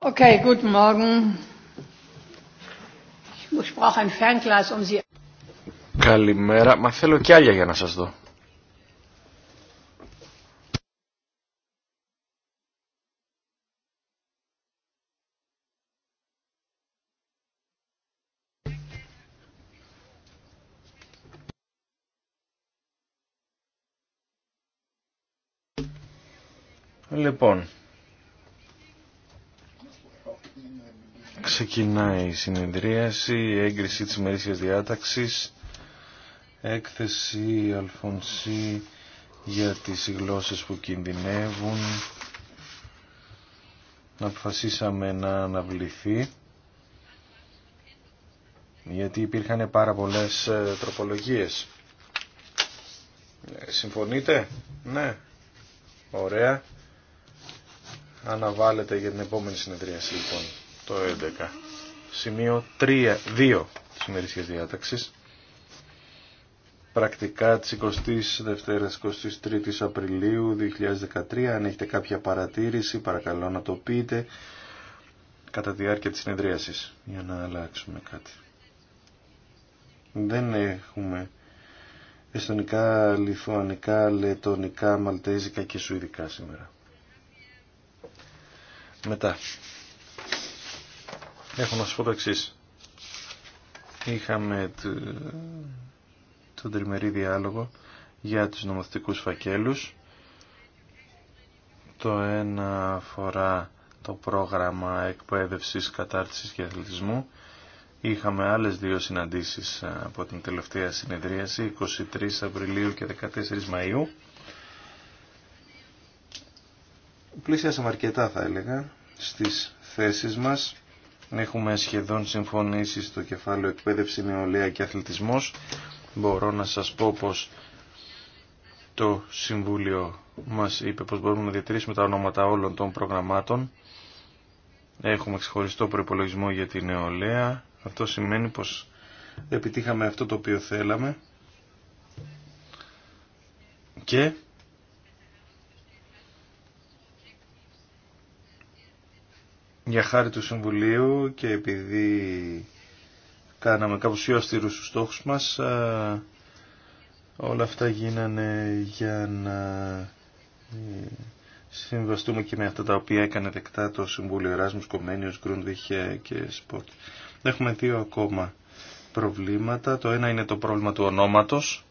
Okay, guten Morgen. Ich brauche ein Fernglas, um Sie... Καλημέρα. Μα θέλω κι άλλα για να σας δω. Λοιπόν, Ξεκινάει η συνεδρίαση, η έγκριση της ημερήσιας διάταξης, έκθεση Αλφονσί για τις γλώσσες που κινδυνεύουν. Αποφασίσαμε να αναβληθεί, γιατί υπήρχαν πάρα πολλές ε, τροπολογίες. Ε, συμφωνείτε? Ναι. Ωραία. Αναβάλλεται για την επόμενη συνεδρίαση λοιπόν το 11. Σημείο 3, 2 της ημερησίας διάταξης. Πρακτικά της 22ης 23ης Απριλίου 2013. Αν έχετε κάποια παρατήρηση παρακαλώ να το πείτε κατά τη διάρκεια της συνεδρίασης για να αλλάξουμε κάτι. Δεν έχουμε εστονικά, λιθουανικά, λετονικά, μαλτέζικα και σουηδικά σήμερα. Μετά, έχω να σα πω το Είχαμε τον το τριμερή διάλογο για τους νομοθετικούς φακέλους. Το ένα αφορά το πρόγραμμα εκπαίδευσης, κατάρτισης και αθλητισμού. Είχαμε άλλες δύο συναντήσεις από την τελευταία συνεδρίαση, 23 Απριλίου και 14 Μαΐου. Πλησιάσαμε αρκετά θα έλεγα στις θέσεις μας. Έχουμε σχεδόν συμφωνήσει στο κεφάλαιο εκπαίδευση, νεολαία και αθλητισμός. Μπορώ να σας πω πως το Συμβούλιο μας είπε πως μπορούμε να διατηρήσουμε τα ονόματα όλων των προγραμμάτων. Έχουμε ξεχωριστό προϋπολογισμό για τη νεολαία. Αυτό σημαίνει πως επιτύχαμε αυτό το οποίο θέλαμε. Και για χάρη του Συμβουλίου και επειδή κάναμε κάπως πιο στους τους στόχους μας, όλα αυτά γίνανε για να ε, συμβαστούμε και με αυτά τα οποία έκανε δεκτά το Συμβούλιο Εράσμους, Κομμένιος, Γκρούντιχ και Σπότ. Έχουμε δύο ακόμα προβλήματα. Το ένα είναι το πρόβλημα του ονόματος,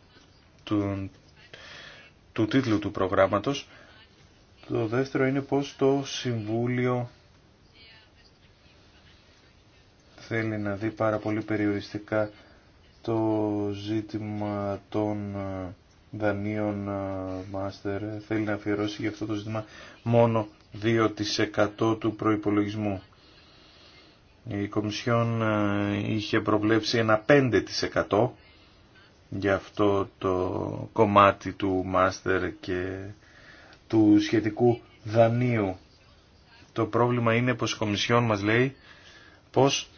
του, του τίτλου του προγράμματος. Το δεύτερο είναι πως το Συμβούλιο θέλει να δει πάρα πολύ περιοριστικά το ζήτημα των ε, δανείων ε, μάστερ. Θέλει να αφιερώσει για αυτό το ζήτημα μόνο 2% του προϋπολογισμού. Η Κομισιόν ε, είχε προβλέψει ένα 5% για αυτό το κομμάτι του μάστερ και του σχετικού δανείου. Το πρόβλημα είναι πως η Κομισιόν μας λέει πως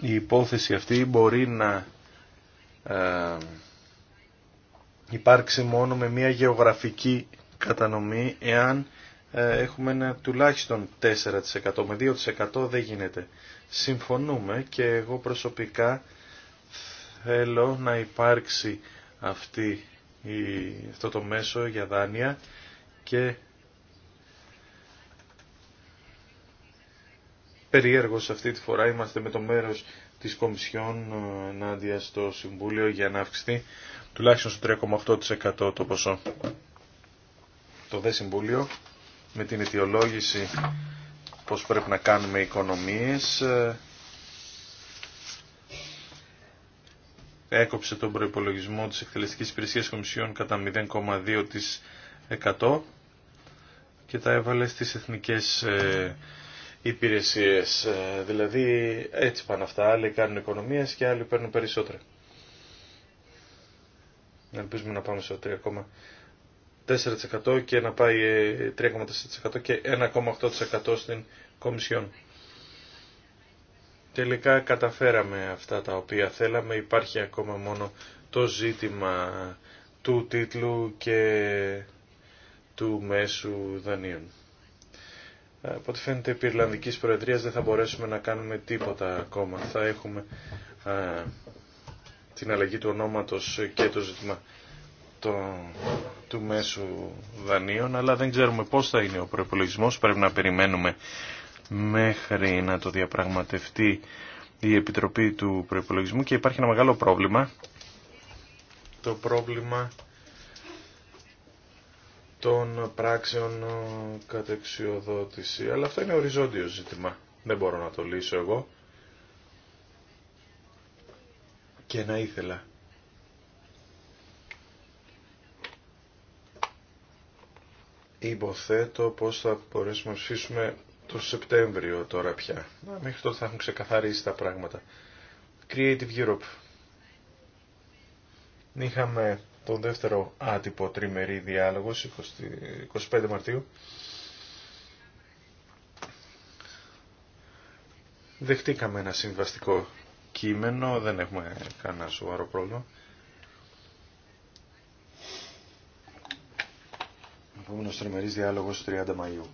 η υπόθεση αυτή μπορεί να ε, υπάρξει μόνο με μια γεωγραφική κατανομή εάν ε, έχουμε ένα τουλάχιστον 4%. Με 2% δεν γίνεται. Συμφωνούμε και εγώ προσωπικά θέλω να υπάρξει αυτή, αυτό το μέσο για δάνεια και Περίεργος αυτή τη φορά είμαστε με το μέρος της Κομισιόν ε, ενάντια στο Συμβούλιο για να αυξηθεί τουλάχιστον στο 3,8% το ποσό. Το δε Συμβούλιο με την αιτιολόγηση πως πρέπει να κάνουμε οικονομίες ε, έκοψε τον προϋπολογισμό της εκτελεστικής υπηρεσίας Κομισιόν κατά 0,2% και τα έβαλε στις εθνικές ε, υπηρεσίες. Ε, δηλαδή έτσι πάνε αυτά, άλλοι κάνουν οικονομίες και άλλοι παίρνουν περισσότερα. Ελπίζουμε να πάμε στο 3,4% και να πάει 3,4% ε, και 1,8% στην Κομισιόν. Τελικά καταφέραμε αυτά τα οποία θέλαμε. Υπάρχει ακόμα μόνο το ζήτημα του τίτλου και του μέσου δανείων. Ε, από ό,τι φαίνεται επί Ιρλανδικής Προεδρίας δεν θα μπορέσουμε να κάνουμε τίποτα ακόμα. Θα έχουμε ε, την αλλαγή του ονόματος και το ζήτημα το, του μέσου δανείων, αλλά δεν ξέρουμε πώς θα είναι ο προπολογισμό. Πρέπει να περιμένουμε μέχρι να το διαπραγματευτεί η Επιτροπή του Προπολογισμού και υπάρχει ένα μεγάλο πρόβλημα. Το πρόβλημα των πράξεων ε, κατεξιοδότηση. Αλλά αυτό είναι οριζόντιο ζήτημα. Δεν μπορώ να το λύσω εγώ. Και να ήθελα. Υποθέτω πως θα μπορέσουμε να ψήσουμε το Σεπτέμβριο τώρα πια. Μέχρι τότε θα έχουν ξεκαθαρίσει τα πράγματα. Creative Europe. Είχαμε τον δεύτερο άτυπο τριμερή διάλογο 25 Μαρτίου. Δεχτήκαμε ένα συμβαστικό κείμενο, δεν έχουμε κανένα σοβαρό πρόβλημα. Επόμενος τριμερής διάλογος 30 Μαΐου.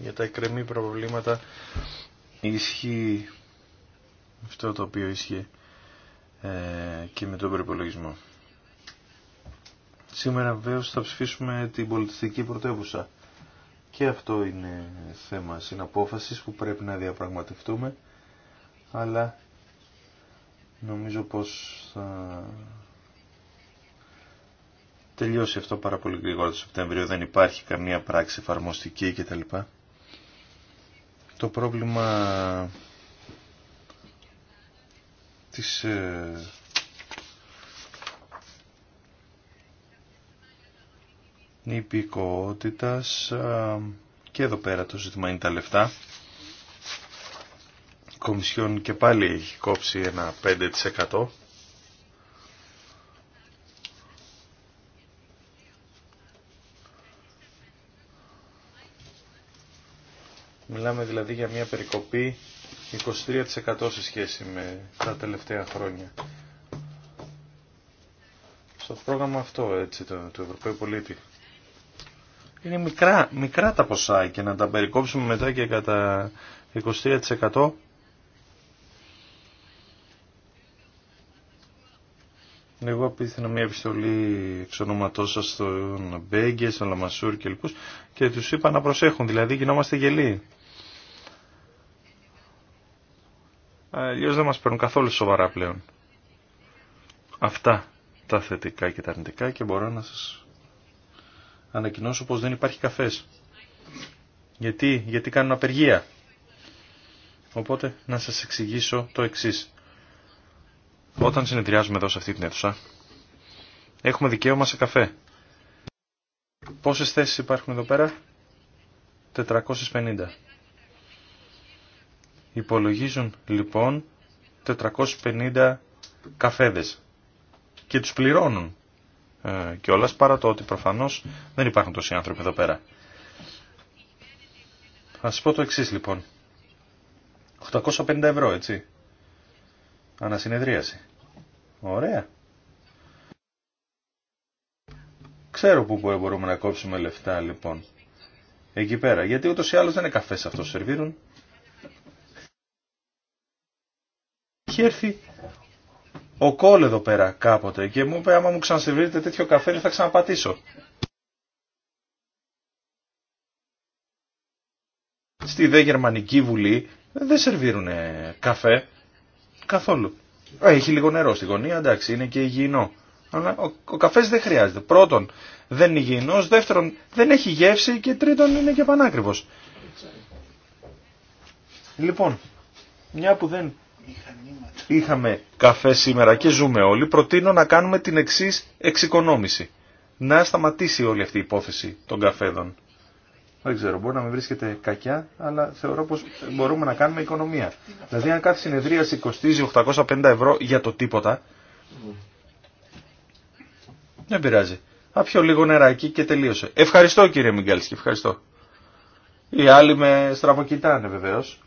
Για τα εκκρεμή προβλήματα ισχύει αυτό το οποίο ισχύει ε, και με τον προπολογισμό. Σήμερα βεβαίω θα ψηφίσουμε την πολιτιστική πρωτεύουσα. Και αυτό είναι θέμα συναπόφασης που πρέπει να διαπραγματευτούμε, αλλά νομίζω πως θα τελειώσει αυτό πάρα πολύ γρήγορα το Σεπτέμβριο, δεν υπάρχει καμία πράξη εφαρμοστική κτλ. Το πρόβλημα της ε, νηπικότητας ε, και εδώ πέρα το ζήτημα είναι τα λεφτά. Η Κομισιόν και πάλι έχει κόψει ένα 5%. Μιλάμε δηλαδή για μια περικοπή 23% σε σχέση με τα τελευταία χρόνια. Στο πρόγραμμα αυτό, έτσι, του, του Ευρωπαίου Πολίτη. Είναι μικρά, μικρά τα ποσά και να τα περικόψουμε μετά και κατά 23%. Εγώ απίθυνα μια επιστολή εξ ονόματός σας στον Μπέγκε, στον Λαμασούρ και λοιπούς και τους είπα να προσέχουν, δηλαδή γινόμαστε γελοί. Αλλιώ δεν μας παίρνουν καθόλου σοβαρά πλέον. Αυτά τα θετικά και τα αρνητικά και μπορώ να σας ανακοινώσω πως δεν υπάρχει καφές. Γιατί, γιατί κάνουν απεργία. Οπότε να σας εξηγήσω το εξής. Όταν συνεδριάζουμε εδώ σε αυτή την αίθουσα, έχουμε δικαίωμα σε καφέ. Πόσες θέσεις υπάρχουν εδώ πέρα? 450. Υπολογίζουν λοιπόν 450 καφέδες και τους πληρώνουν ε, όλας παρά το ότι προφανώς δεν υπάρχουν τόσοι άνθρωποι εδώ πέρα. Θα πω το εξής λοιπόν. 850 ευρώ έτσι. Ανασυνεδρίαση. Ωραία. Ξέρω που μπορούμε να κόψουμε λεφτά λοιπόν. Εκεί πέρα. Γιατί ούτως ή άλλως δεν είναι καφές αυτό σερβίρουν. Είχε έρθει ο Κόλ εδώ πέρα κάποτε και μου είπε άμα μου ξανασυμβείτε τέτοιο καφέ θα ξαναπατήσω. Στη δε Γερμανική Βουλή δεν σερβίρουν καφέ καθόλου. Ε, έχει λίγο νερό στη γωνία, εντάξει, είναι και υγιεινό. Αλλά ο, ο καφές δεν χρειάζεται. Πρώτον, δεν είναι υγιεινός. Δεύτερον, δεν έχει γεύση. Και τρίτον, είναι και πανάκριβος. Λοιπόν, μια που δεν Είχαμε καφέ σήμερα και ζούμε όλοι. Προτείνω να κάνουμε την εξή εξοικονόμηση. Να σταματήσει όλη αυτή η υπόθεση των καφέδων. Δεν ξέρω, μπορεί να με βρίσκεται κακιά, αλλά θεωρώ πως μπορούμε να κάνουμε οικονομία. Δηλαδή αν κάθε συνεδρίαση κοστίζει 850 ευρώ για το τίποτα, δεν πειράζει. Α, λίγο λίγο εκεί και τελείωσε. Ευχαριστώ κύριε Μιγκάλσκι, ευχαριστώ. Οι άλλοι με στραβοκοιτάνε βεβαίως.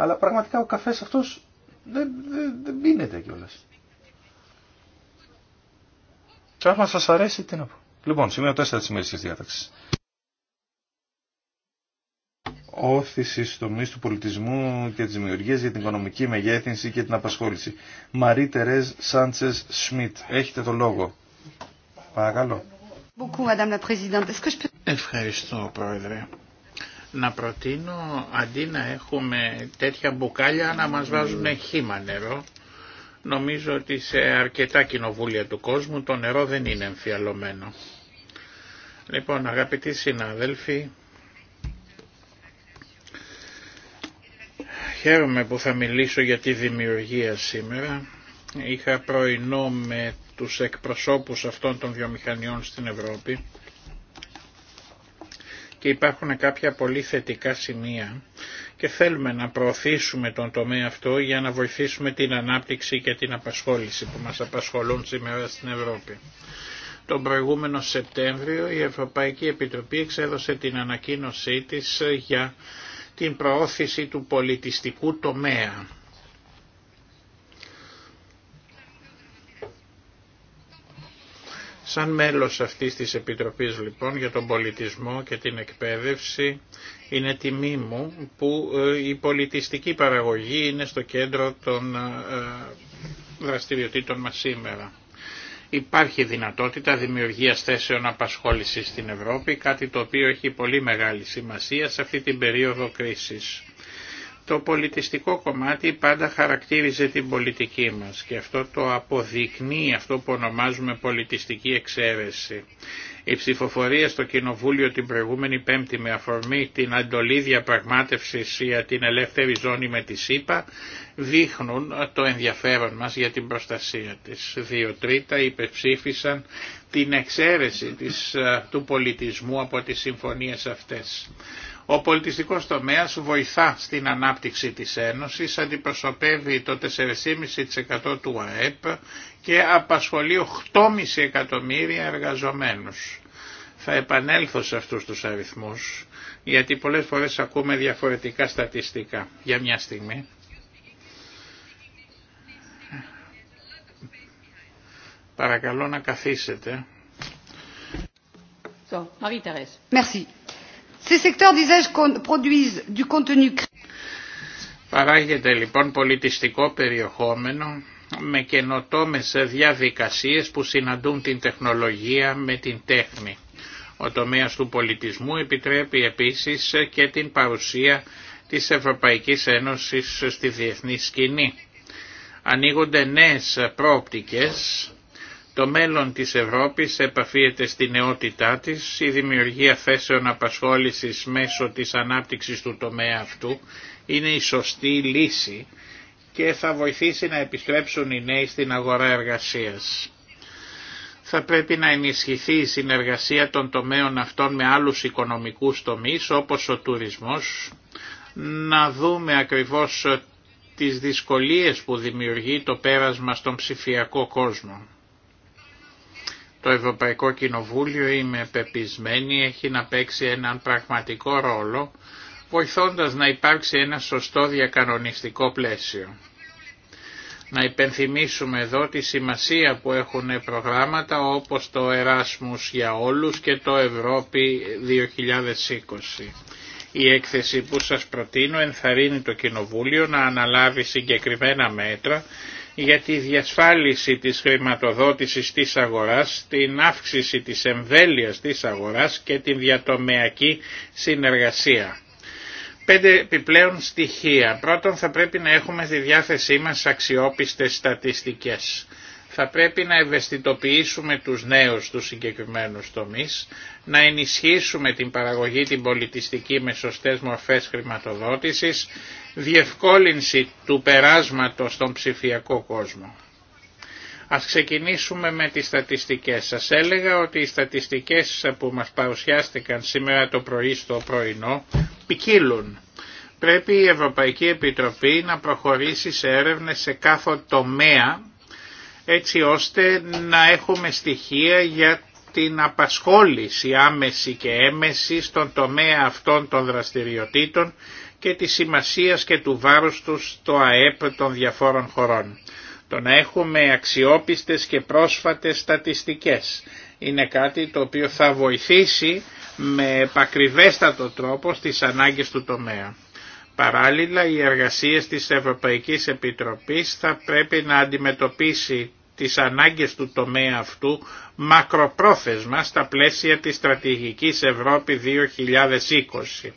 Αλλά πραγματικά ο καφές αυτός δεν, δεν, δεν πίνεται κιόλας. Και άμα σας αρέσει, τι να πω. Λοιπόν, σημείο 4 της ημερήσιας διάταξης. Όθηση στο του πολιτισμού και της δημιουργία για την οικονομική μεγέθυνση και την απασχόληση. Μαρή Τερέζ Σάντσες Σμιτ. Έχετε το λόγο. Παρακαλώ. Ευχαριστώ, Πρόεδρε να προτείνω αντί να έχουμε τέτοια μπουκάλια να μας βάζουν χήμα νερό. Νομίζω ότι σε αρκετά κοινοβούλια του κόσμου το νερό δεν είναι εμφιαλωμένο. Λοιπόν αγαπητοί συνάδελφοι, χαίρομαι που θα μιλήσω για τη δημιουργία σήμερα. Είχα πρωινό με τους εκπροσώπους αυτών των βιομηχανιών στην Ευρώπη και υπάρχουν κάποια πολύ θετικά σημεία και θέλουμε να προωθήσουμε τον τομέα αυτό για να βοηθήσουμε την ανάπτυξη και την απασχόληση που μας απασχολούν σήμερα στην Ευρώπη. Τον προηγούμενο Σεπτέμβριο η Ευρωπαϊκή Επιτροπή εξέδωσε την ανακοίνωσή της για την προώθηση του πολιτιστικού τομέα Σαν μέλος αυτής της Επιτροπής λοιπόν για τον πολιτισμό και την εκπαίδευση είναι τιμή μου που ε, η πολιτιστική παραγωγή είναι στο κέντρο των ε, δραστηριοτήτων μας σήμερα. Υπάρχει δυνατότητα δημιουργίας θέσεων απασχόλησης στην Ευρώπη, κάτι το οποίο έχει πολύ μεγάλη σημασία σε αυτή την περίοδο κρίσης. Το πολιτιστικό κομμάτι πάντα χαρακτήριζε την πολιτική μας και αυτό το αποδεικνύει αυτό που ονομάζουμε πολιτιστική εξαίρεση. Η ψηφοφορία στο Κοινοβούλιο την προηγούμενη Πέμπτη με αφορμή την αντολή διαπραγμάτευση για την ελεύθερη ζώνη με τη ΣΥΠΑ δείχνουν το ενδιαφέρον μας για την προστασία της. Δύο τρίτα υπεψήφισαν την εξαίρεση της, ε, του πολιτισμού από τις συμφωνίες αυτές. Ο πολιτιστικός τομέας βοηθά στην ανάπτυξη της Ένωσης, αντιπροσωπεύει το 4,5% του ΑΕΠ και απασχολεί 8,5 εκατομμύρια εργαζομένους. Θα επανέλθω σε αυτούς τους αριθμούς, γιατί πολλές φορές ακούμε διαφορετικά στατιστικά. Για μια στιγμή. Παρακαλώ να καθίσετε. So, Ces secteurs, disais-je, produisent du contenu. Παράγεται λοιπόν πολιτιστικό περιεχόμενο με καινοτόμες διαδικασίες που συναντούν την τεχνολογία με την τέχνη. Ο τομέας του πολιτισμού επιτρέπει επίσης και την παρουσία της Ευρωπαϊκής Ένωσης στη διεθνή σκηνή. Ανοίγονται νέες πρόπτικες το μέλλον της Ευρώπης επαφίεται στη νεότητά της, η δημιουργία θέσεων απασχόλησης μέσω της ανάπτυξης του τομέα αυτού είναι η σωστή λύση και θα βοηθήσει να επιστρέψουν οι νέοι στην αγορά εργασίας. Θα πρέπει να ενισχυθεί η συνεργασία των τομέων αυτών με άλλους οικονομικούς τομείς όπως ο τουρισμός, να δούμε ακριβώς τις δυσκολίες που δημιουργεί το πέρασμα στον ψηφιακό κόσμο. Το Ευρωπαϊκό Κοινοβούλιο είμαι πεπισμένη έχει να παίξει έναν πραγματικό ρόλο βοηθώντας να υπάρξει ένα σωστό διακανονιστικό πλαίσιο. Να υπενθυμίσουμε εδώ τη σημασία που έχουν προγράμματα όπως το Εράσμους για όλους και το Ευρώπη 2020. Η έκθεση που σας προτείνω ενθαρρύνει το Κοινοβούλιο να αναλάβει συγκεκριμένα μέτρα για τη διασφάλιση της χρηματοδότησης της αγοράς, την αύξηση της εμβέλειας της αγοράς και την διατομεακή συνεργασία. Πέντε επιπλέον στοιχεία. Πρώτον θα πρέπει να έχουμε στη διάθεσή μας αξιόπιστες στατιστικές θα πρέπει να ευαισθητοποιήσουμε τους νέους του συγκεκριμένους τομείς, να ενισχύσουμε την παραγωγή την πολιτιστική με σωστές μορφές χρηματοδότησης, διευκόλυνση του περάσματος στον ψηφιακό κόσμο. Ας ξεκινήσουμε με τις στατιστικές. Σας έλεγα ότι οι στατιστικές που μας παρουσιάστηκαν σήμερα το πρωί στο πρωινό ποικίλουν. Πρέπει η Ευρωπαϊκή Επιτροπή να προχωρήσει σε έρευνες σε κάθε τομέα έτσι ώστε να έχουμε στοιχεία για την απασχόληση άμεση και έμεση στον τομέα αυτών των δραστηριοτήτων και τη σημασία και του βάρους τους στο ΑΕΠ των διαφόρων χωρών. Το να έχουμε αξιόπιστες και πρόσφατες στατιστικές είναι κάτι το οποίο θα βοηθήσει με επακριβέστατο τρόπο στις ανάγκες του τομέα. Παράλληλα, οι εργασίες της Ευρωπαϊκής Επιτροπής θα πρέπει να αντιμετωπίσει τις ανάγκες του τομέα αυτού μακροπρόθεσμα στα πλαίσια της στρατηγικής Ευρώπη 2020.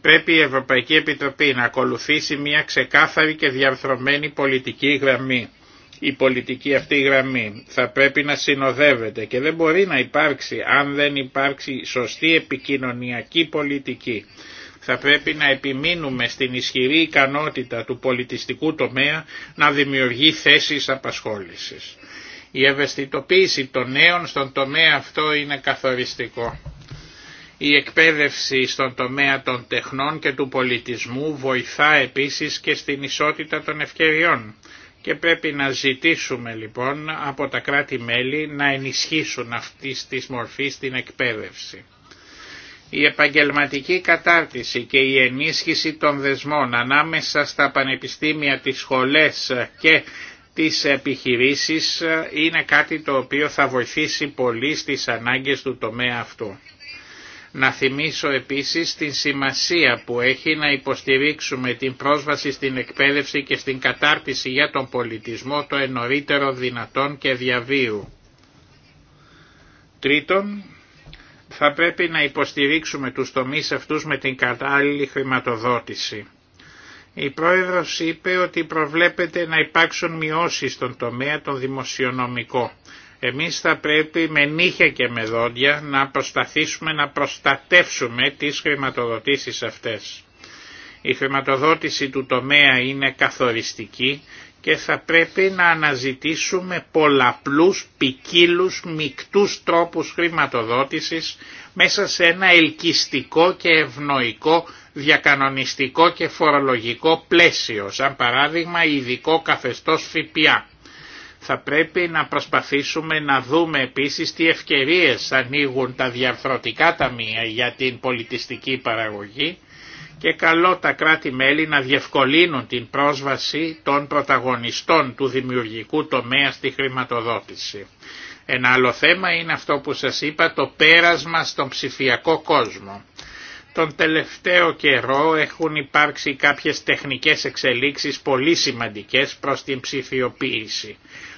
Πρέπει η Ευρωπαϊκή Επιτροπή να ακολουθήσει μια ξεκάθαρη και διαρθρωμένη πολιτική γραμμή. Η πολιτική αυτή γραμμή θα πρέπει να συνοδεύεται και δεν μπορεί να υπάρξει αν δεν υπάρξει σωστή επικοινωνιακή πολιτική. Θα πρέπει να επιμείνουμε στην ισχυρή ικανότητα του πολιτιστικού τομέα να δημιουργεί θέσεις απασχόλησης. Η ευαισθητοποίηση των νέων στον τομέα αυτό είναι καθοριστικό. Η εκπαίδευση στον τομέα των τεχνών και του πολιτισμού βοηθά επίσης και στην ισότητα των ευκαιριών και πρέπει να ζητήσουμε λοιπόν από τα κράτη-μέλη να ενισχύσουν αυτή τη μορφή στην εκπαίδευση. Η επαγγελματική κατάρτιση και η ενίσχυση των δεσμών ανάμεσα στα πανεπιστήμια, τις σχολές και τις επιχειρήσεις είναι κάτι το οποίο θα βοηθήσει πολύ στις ανάγκες του τομέα αυτού. Να θυμίσω επίσης την σημασία που έχει να υποστηρίξουμε την πρόσβαση στην εκπαίδευση και στην κατάρτιση για τον πολιτισμό το ενωρίτερο δυνατόν και διαβίου. Τρίτον, θα πρέπει να υποστηρίξουμε τους τομείς αυτούς με την κατάλληλη χρηματοδότηση. Η πρόεδρος είπε ότι προβλέπεται να υπάρξουν μειώσεις στον τομέα τον δημοσιονομικό. Εμείς θα πρέπει με νύχια και με δόντια να προσταθήσουμε να προστατεύσουμε τις χρηματοδοτήσεις αυτές. Η χρηματοδότηση του τομέα είναι καθοριστική και θα πρέπει να αναζητήσουμε πολλαπλούς, ποικίλου, μικτούς τρόπους χρηματοδότησης μέσα σε ένα ελκυστικό και ευνοϊκό διακανονιστικό και φορολογικό πλαίσιο, σαν παράδειγμα ειδικό καθεστώς ΦΠΑ. Θα πρέπει να προσπαθήσουμε να δούμε επίσης τι ευκαιρίες ανοίγουν τα διαρθρωτικά ταμεία για την πολιτιστική παραγωγή και καλό τα κράτη-μέλη να διευκολύνουν την πρόσβαση των πρωταγωνιστών του δημιουργικού τομέα στη χρηματοδότηση. Ένα άλλο θέμα είναι αυτό που σας είπα το πέρασμα στον ψηφιακό κόσμο. Τον τελευταίο καιρό έχουν υπάρξει κάποιες τεχνικές εξελίξεις πολύ σημαντικές προς την ψηφιοποίηση.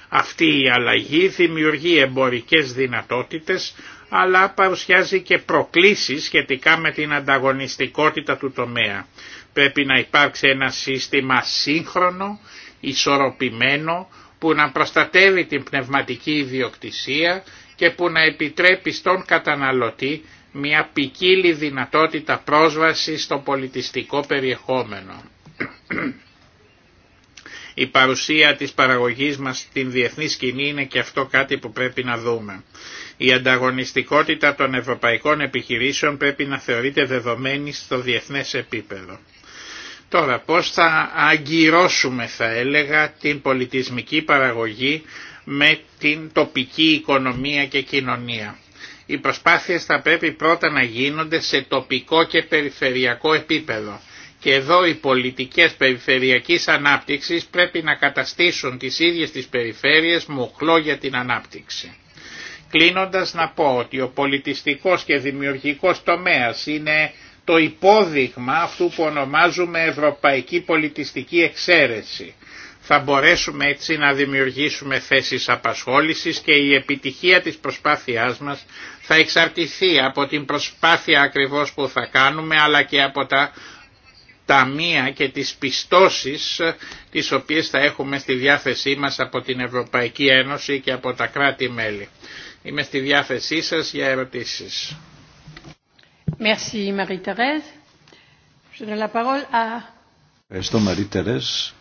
Αυτή η αλλαγή δημιουργεί εμπορικές δυνατότητες αλλά παρουσιάζει και προκλήσεις σχετικά με την ανταγωνιστικότητα του τομέα. Πρέπει να υπάρξει ένα σύστημα σύγχρονο, ισορροπημένο, που να προστατεύει την πνευματική ιδιοκτησία και που να επιτρέπει στον καταναλωτή μια ποικίλη δυνατότητα πρόσβαση στο πολιτιστικό περιεχόμενο. Η παρουσία της παραγωγής μας στην διεθνή σκηνή είναι και αυτό κάτι που πρέπει να δούμε. Η ανταγωνιστικότητα των ευρωπαϊκών επιχειρήσεων πρέπει να θεωρείται δεδομένη στο διεθνές επίπεδο. Τώρα, πώς θα αγκυρώσουμε θα έλεγα την πολιτισμική παραγωγή με την τοπική οικονομία και κοινωνία. Οι προσπάθειες θα πρέπει πρώτα να γίνονται σε τοπικό και περιφερειακό επίπεδο. Και εδώ οι πολιτικές περιφερειακής ανάπτυξης πρέπει να καταστήσουν τις ίδιες τις περιφέρειες μοχλό για την ανάπτυξη. Κλείνοντας να πω ότι ο πολιτιστικός και δημιουργικός τομέας είναι το υπόδειγμα αυτού που ονομάζουμε Ευρωπαϊκή Πολιτιστική Εξαίρεση. Θα μπορέσουμε έτσι να δημιουργήσουμε θέσεις απασχόλησης και η επιτυχία της προσπάθειάς μας θα εξαρτηθεί από την προσπάθεια ακριβώς που θα κάνουμε αλλά και από τα ταμεία και τις πιστώσεις τις οποίες θα έχουμε στη διάθεσή μας από την Ευρωπαϊκή Ένωση και από τα κράτη-μέλη. Είμαι στη διάθεσή σας για ερωτήσεις. Merci Marie-Thérèse. Je donne la parole à... Ευχαριστώ Marie-Thérèse.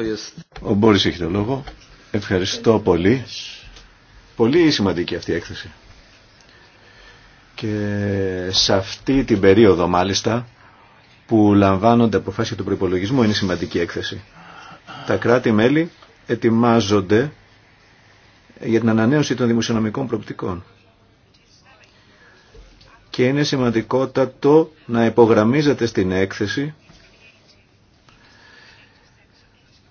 Ε, Ο Μπόρις έχει το λόγο. Ευχαριστώ πολύ. Πολύ σημαντική αυτή η έκθεση. Και σε αυτή την περίοδο μάλιστα που λαμβάνονται αποφάσεις για τον είναι σημαντική έκθεση. Τα κράτη-μέλη ετοιμάζονται για την ανανέωση των δημοσιονομικών προοπτικών Και είναι σημαντικότατο να υπογραμμίζεται στην έκθεση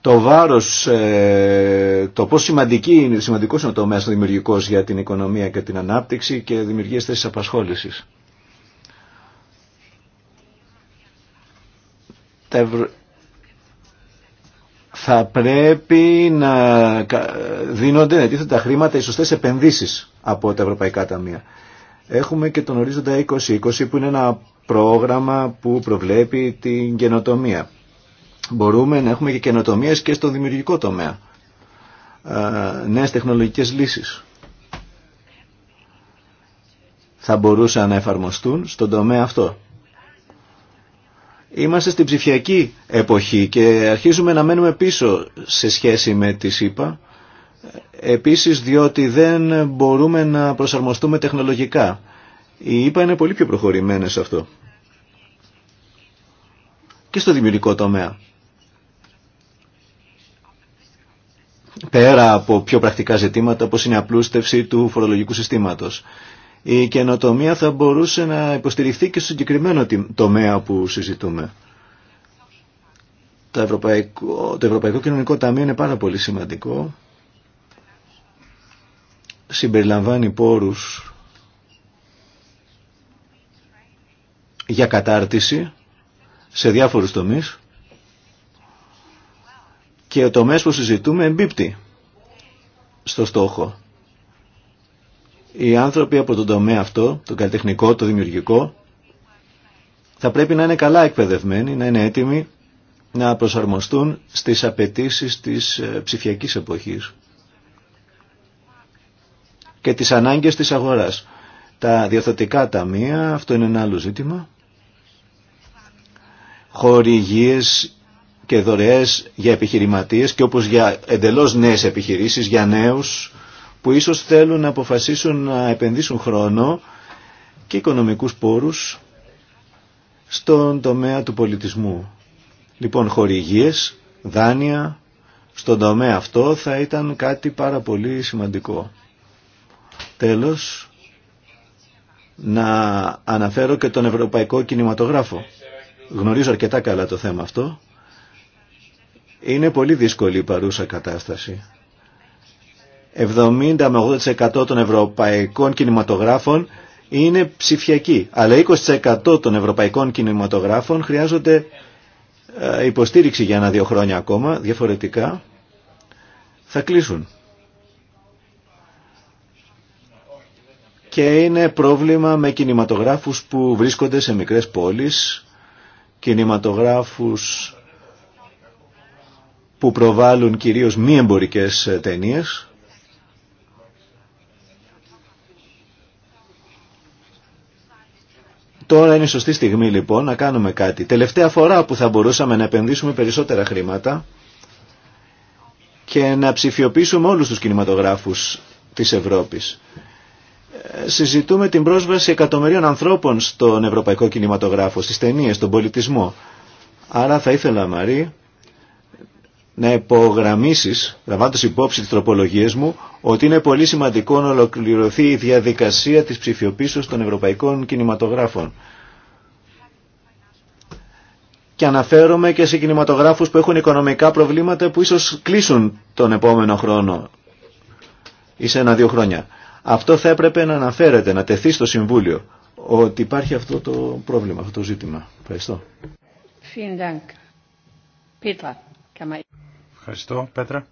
το βάρος, ε, το πόσο σημαντική είναι, σημαντικός είναι ο τομέας δημιουργικός για την οικονομία και την ανάπτυξη και δημιουργίες της απασχόλησης θα πρέπει να δίνονται, να τα χρήματα οι σωστές επενδύσεις από τα Ευρωπαϊκά Ταμεία. Έχουμε και τον ορίζοντα 2020 που είναι ένα πρόγραμμα που προβλέπει την καινοτομία. Μπορούμε να έχουμε και καινοτομίε και στο δημιουργικό τομέα. Νέες τεχνολογικές λύσεις θα μπορούσαν να εφαρμοστούν στον τομέα αυτό. Είμαστε στην ψηφιακή εποχή και αρχίζουμε να μένουμε πίσω σε σχέση με τη ΣΥΠΑ, επίσης διότι δεν μπορούμε να προσαρμοστούμε τεχνολογικά. Η ΕΠΑ είναι πολύ πιο προχωρημένη σε αυτό και στο δημιουργικό τομέα. Πέρα από πιο πρακτικά ζητήματα όπως είναι η απλούστευση του φορολογικού συστήματος η καινοτομία θα μπορούσε να υποστηριχθεί και στο συγκεκριμένο τομέα που συζητούμε. Το Ευρωπαϊκό, το Ευρωπαϊκό Κοινωνικό Ταμείο είναι πάρα πολύ σημαντικό. Συμπεριλαμβάνει πόρους για κατάρτιση σε διάφορους τομείς και ο τομέας που συζητούμε εμπίπτει στο στόχο οι άνθρωποι από τον τομέα αυτό, το καλλιτεχνικό, το δημιουργικό, θα πρέπει να είναι καλά εκπαιδευμένοι, να είναι έτοιμοι να προσαρμοστούν στις απαιτήσεις της ε, ψηφιακής εποχής και τις ανάγκες της αγοράς. Τα τα ταμεία, αυτό είναι ένα άλλο ζήτημα, χορηγίες και δωρεές για επιχειρηματίες και όπως για εντελώς νέες επιχειρήσεις, για νέους, που ίσως θέλουν να αποφασίσουν να επενδύσουν χρόνο και οικονομικούς πόρους στον τομέα του πολιτισμού. Λοιπόν, χορηγίες, δάνεια, στον τομέα αυτό θα ήταν κάτι πάρα πολύ σημαντικό. Τέλος, να αναφέρω και τον Ευρωπαϊκό Κινηματογράφο. Γνωρίζω αρκετά καλά το θέμα αυτό. Είναι πολύ δύσκολη η παρούσα κατάσταση. 70 με 80% των ευρωπαϊκών κινηματογράφων είναι ψηφιακοί, αλλά 20% των ευρωπαϊκών κινηματογράφων χρειάζονται ε, υποστήριξη για ένα-δύο χρόνια ακόμα, διαφορετικά θα κλείσουν. Και είναι πρόβλημα με κινηματογράφους που βρίσκονται σε μικρές πόλεις, κινηματογράφους που προβάλλουν κυρίως μη εμπορικές ε, ταινίες, Τώρα είναι η σωστή στιγμή λοιπόν να κάνουμε κάτι. Τελευταία φορά που θα μπορούσαμε να επενδύσουμε περισσότερα χρήματα και να ψηφιοποιήσουμε όλους τους κινηματογράφους της Ευρώπης. Ε, συζητούμε την πρόσβαση εκατομμυρίων ανθρώπων στον ευρωπαϊκό κινηματογράφο, στις ταινίες, στον πολιτισμό. Άρα θα ήθελα Μαρή να υπογραμμίσεις, λαμβάνοντας υπόψη τις τροπολογίες μου, ότι είναι πολύ σημαντικό να ολοκληρωθεί η διαδικασία της ψηφιοποίησης των ευρωπαϊκών κινηματογράφων. Και αναφέρομαι και σε κινηματογράφους που έχουν οικονομικά προβλήματα που ίσως κλείσουν τον επόμενο χρόνο ή σε ένα-δύο χρόνια. Αυτό θα έπρεπε να αναφέρεται, να τεθεί στο Συμβούλιο, ότι υπάρχει αυτό το πρόβλημα, αυτό το ζήτημα. Ευχαριστώ. Ευχαριστώ, Πέτρα.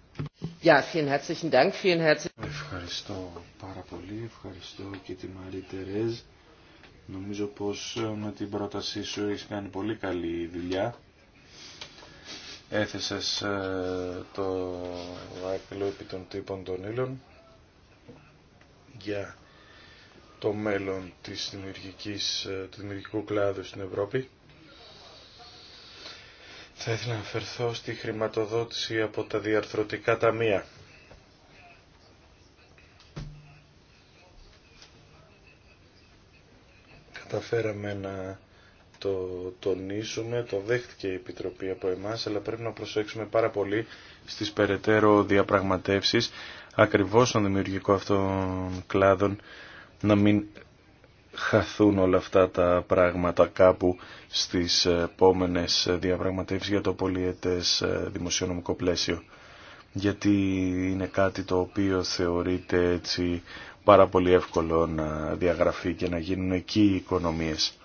Ευχαριστώ πάρα πολύ, ευχαριστώ και τη Μαρή Τερέζ. Νομίζω πως ε, με την πρότασή σου έχει κάνει πολύ καλή δουλειά. Έθεσες ε, το δάκτυλο επί των τύπων των ήλων για το μέλλον της δημιουργικής, ε, του δημιουργικού κλάδου στην Ευρώπη. Θα ήθελα να αφαιρθώ στη χρηματοδότηση από τα διαρθρωτικά ταμεία. Καταφέραμε να το τονίσουμε, το δέχτηκε η Επιτροπή από εμάς, αλλά πρέπει να προσέξουμε πάρα πολύ στις περαιτέρω διαπραγματεύσεις, ακριβώς στον δημιουργικό αυτών κλάδων, να μην χαθούν όλα αυτά τα πράγματα κάπου στις επόμενες διαπραγματεύσεις για το πολιετές ε, δημοσιονομικό πλαίσιο. Γιατί είναι κάτι το οποίο θεωρείται έτσι πάρα πολύ εύκολο να διαγραφεί και να γίνουν εκεί οι οικονομίες.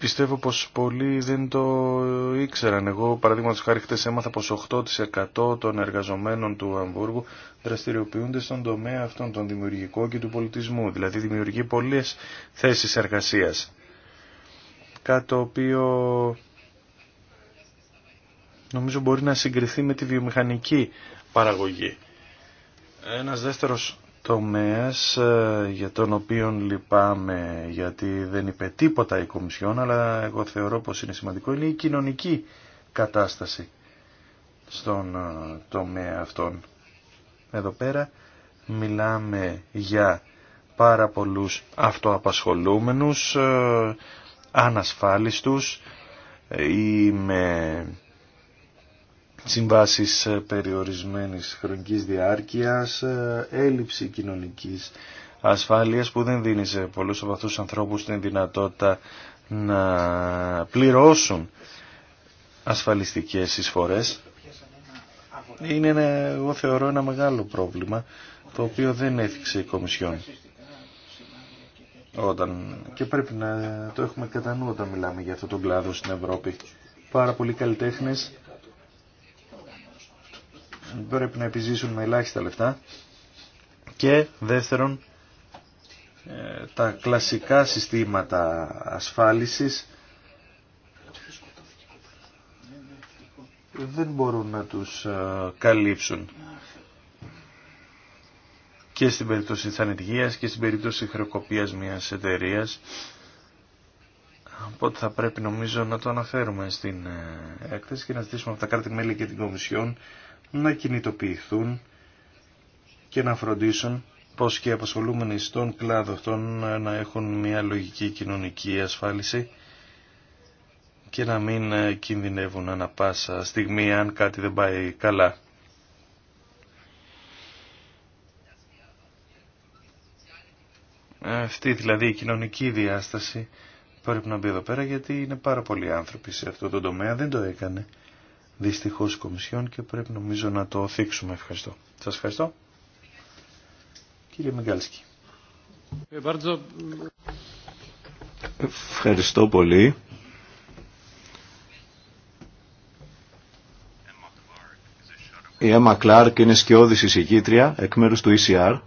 πιστεύω πως πολλοί δεν το ήξεραν. Εγώ παραδείγματος χάρη χτες έμαθα πως 8% των εργαζομένων του Αμβούργου δραστηριοποιούνται στον τομέα αυτών, τον δημιουργικό και του πολιτισμού. Δηλαδή δημιουργεί πολλές θέσεις εργασίας. Κάτι το οποίο νομίζω μπορεί να συγκριθεί με τη βιομηχανική παραγωγή. Ένας δεύτερος τομέας ε, για τον οποίο λυπάμαι γιατί δεν είπε τίποτα η Κομισιόν αλλά εγώ θεωρώ πως είναι σημαντικό είναι η κοινωνική κατάσταση στον ε, τομέα αυτών. Εδώ πέρα μιλάμε για πάρα πολλούς αυτοαπασχολούμενους, ε, ανασφάλιστους ή με συμβάσεις ε, περιορισμένης χρονικής διάρκειας, ε, έλλειψη κοινωνικής ασφάλειας που δεν δίνει σε πολλούς από αυτούς τους ανθρώπους την δυνατότητα να πληρώσουν ασφαλιστικές εισφορές. Είναι, ένα, εγώ θεωρώ, ένα μεγάλο πρόβλημα το οποίο δεν έφυξε η Κομισιόν. Όταν... Και πρέπει να το έχουμε κατά νου όταν μιλάμε για αυτό τον κλάδο στην Ευρώπη. Πάρα πολλοί καλλιτέχνες πρέπει να επιζήσουν με ελάχιστα λεφτά και δεύτερον ε, τα κλασικά συστήματα ασφάλισης δεν μπορούν να τους ε, καλύψουν και στην περίπτωση της και στην περίπτωση χρεοκοπίας μιας εταιρείας Οπότε θα πρέπει νομίζω να το αναφέρουμε στην ε, έκθεση και να ζητήσουμε από τα κράτη-μέλη και την Κομισιόν να κινητοποιηθούν και να φροντίσουν πως και οι απασχολούμενοι στον κλάδο αυτών να έχουν μια λογική κοινωνική ασφάλιση και να μην ε, κινδυνεύουν ανα πάσα στιγμή αν κάτι δεν πάει καλά. Αυτή δηλαδή η κοινωνική διάσταση πρέπει να μπει εδώ πέρα γιατί είναι πάρα πολλοί άνθρωποι σε αυτό το τομέα, δεν το έκανε δυστυχώς Κομισιόν και πρέπει νομίζω να το θίξουμε. Ευχαριστώ. Σας ευχαριστώ. Κύριε Μεγκάλσκι. Ευχαριστώ πολύ. Η Έμα Κλάρκ είναι σκιώδης εισηγήτρια εκ μέρους του ECR.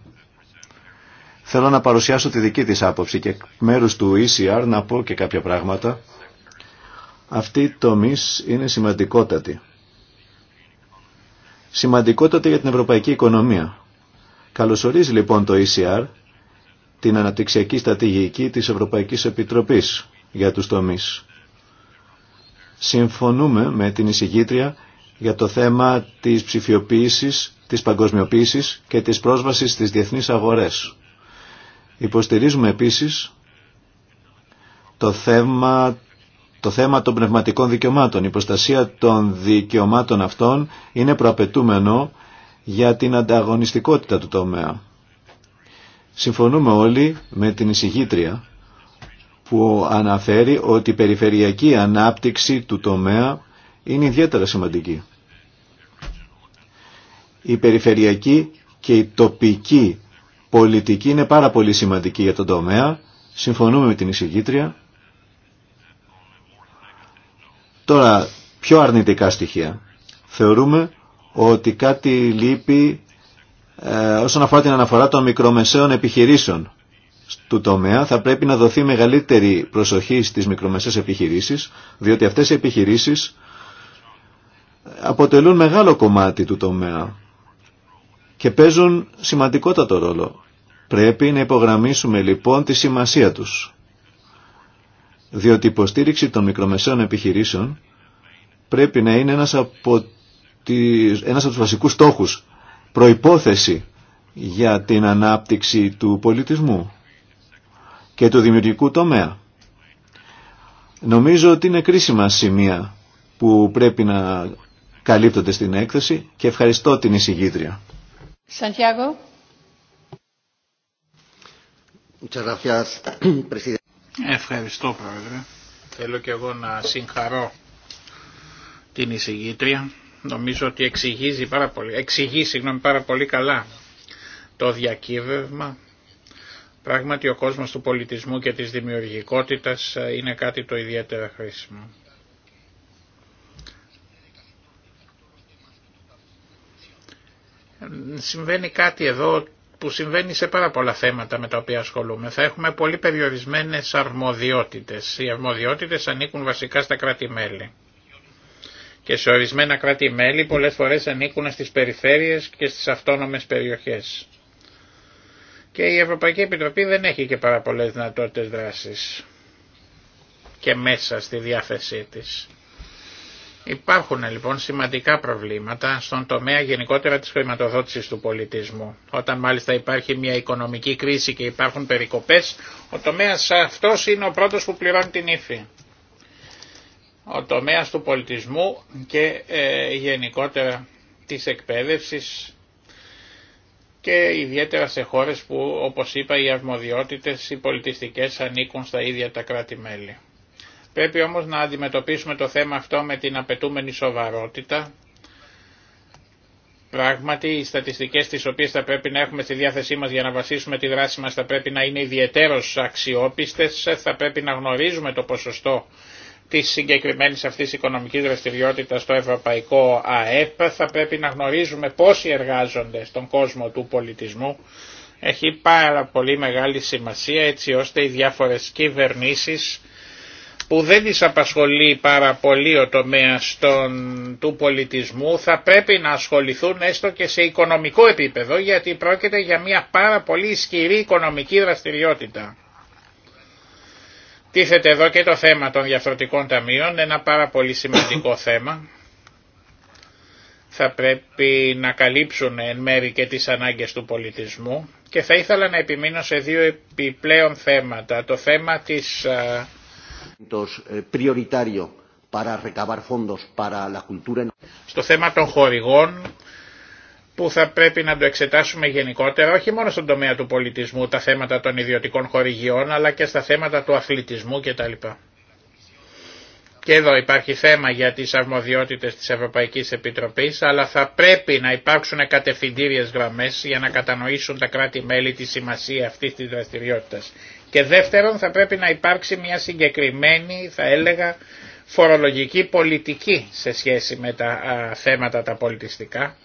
Θέλω να παρουσιάσω τη δική της άποψη και εκ μέρους του ECR να πω και κάποια πράγματα αυτή η τομή είναι σημαντικότατη. Σημαντικότατη για την ευρωπαϊκή οικονομία. Καλωσορίζει λοιπόν το ECR την αναπτυξιακή στρατηγική της Ευρωπαϊκής Επιτροπής για τους τομείς. Συμφωνούμε με την εισηγήτρια για το θέμα της ψηφιοποίησης, της παγκοσμιοποίησης και της πρόσβασης στις διεθνείς αγορές. Υποστηρίζουμε επίσης το θέμα το θέμα των πνευματικών δικαιωμάτων, η προστασία των δικαιωμάτων αυτών είναι προαπαιτούμενο για την ανταγωνιστικότητα του τομέα. Συμφωνούμε όλοι με την εισηγήτρια που αναφέρει ότι η περιφερειακή ανάπτυξη του τομέα είναι ιδιαίτερα σημαντική. Η περιφερειακή και η τοπική πολιτική είναι πάρα πολύ σημαντική για τον τομέα. Συμφωνούμε με την εισηγήτρια Τώρα, πιο αρνητικά στοιχεία. Θεωρούμε ότι κάτι λείπει ε, όσον αφορά την αναφορά των μικρομεσαίων επιχειρήσεων του τομέα θα πρέπει να δοθεί μεγαλύτερη προσοχή στις μικρομεσαίες επιχειρήσεις διότι αυτές οι επιχειρήσεις αποτελούν μεγάλο κομμάτι του τομέα και παίζουν σημαντικότατο ρόλο. Πρέπει να υπογραμμίσουμε λοιπόν τη σημασία τους διότι η υποστήριξη των μικρομεσαίων επιχειρήσεων πρέπει να είναι ένας από, τις, ένας από τους βασικούς στόχους, προϋπόθεση για την ανάπτυξη του πολιτισμού και του δημιουργικού τομέα. Νομίζω ότι είναι κρίσιμα σημεία που πρέπει να καλύπτονται στην έκθεση και ευχαριστώ την εισηγήτρια. Ευχαριστώ Πρόεδρε. Θέλω και εγώ να συγχαρώ την εισηγήτρια. Νομίζω ότι εξηγεί πάρα πολύ, εξηγεί, συγγνώμη, πάρα πολύ καλά το διακύβευμα. Πράγματι ο κόσμος του πολιτισμού και της δημιουργικότητας ε, είναι κάτι το ιδιαίτερα χρήσιμο. Συμβαίνει κάτι εδώ που συμβαίνει σε πάρα πολλά θέματα με τα οποία ασχολούμαι. Θα έχουμε πολύ περιορισμένες αρμοδιότητες. Οι αρμοδιότητες ανήκουν βασικά στα κράτη-μέλη. Και σε ορισμένα κράτη-μέλη πολλές φορές ανήκουν στις περιφέρειες και στις αυτόνομες περιοχές. Και η Ευρωπαϊκή Επιτροπή δεν έχει και πάρα πολλές δυνατότητες δράσης και μέσα στη διάθεσή της. Υπάρχουν λοιπόν σημαντικά προβλήματα στον τομέα γενικότερα της χρηματοδότησης του πολιτισμού. Όταν μάλιστα υπάρχει μια οικονομική κρίση και υπάρχουν περικοπές, ο τομέας αυτός είναι ο πρώτος που πληρώνει την ύφη. Ο τομέας του πολιτισμού και ε, γενικότερα της εκπαίδευσης και ιδιαίτερα σε χώρες που όπως είπα οι αρμοδιότητες οι πολιτιστικές ανήκουν στα ίδια τα κράτη-μέλη. Πρέπει όμως να αντιμετωπίσουμε το θέμα αυτό με την απαιτούμενη σοβαρότητα. Πράγματι, οι στατιστικές τις οποίες θα πρέπει να έχουμε στη διάθεσή μας για να βασίσουμε τη δράση μας θα πρέπει να είναι ιδιαίτερως αξιόπιστες, θα πρέπει να γνωρίζουμε το ποσοστό τη συγκεκριμένη αυτή οικονομική δραστηριότητα στο Ευρωπαϊκό ΑΕΠ, θα πρέπει να γνωρίζουμε πόσοι εργάζονται στον κόσμο του πολιτισμού. Έχει πάρα πολύ μεγάλη σημασία έτσι ώστε οι διάφορε κυβερνήσει που δεν τις απασχολεί πάρα πολύ ο τομέας του πολιτισμού θα πρέπει να ασχοληθούν έστω και σε οικονομικό επίπεδο γιατί πρόκειται για μια πάρα πολύ ισχυρή οικονομική δραστηριότητα. Τίθεται εδώ και το θέμα των διαφορετικών ταμείων, ένα πάρα πολύ σημαντικό θέμα. Θα πρέπει να καλύψουν εν μέρη και τις ανάγκες του πολιτισμού και θα ήθελα να επιμείνω σε δύο επιπλέον θέματα. Το θέμα της Eh, Στο θέμα των χορηγών που θα πρέπει να το εξετάσουμε γενικότερα όχι μόνο στον τομέα του πολιτισμού, τα θέματα των ιδιωτικών χορηγιών αλλά και στα θέματα του αθλητισμού κτλ. Και εδώ υπάρχει θέμα για τις αρμοδιότητες της Ευρωπαϊκής Επιτροπής, αλλά θα πρέπει να υπάρξουν κατευθυντήριες γραμμές για να κατανοήσουν τα κράτη-μέλη τη σημασία αυτής της δραστηριότητας. Και δεύτερον θα πρέπει να υπάρξει μια συγκεκριμένη θα έλεγα φορολογική πολιτική σε σχέση με τα θέματα τα πολιτιστικά.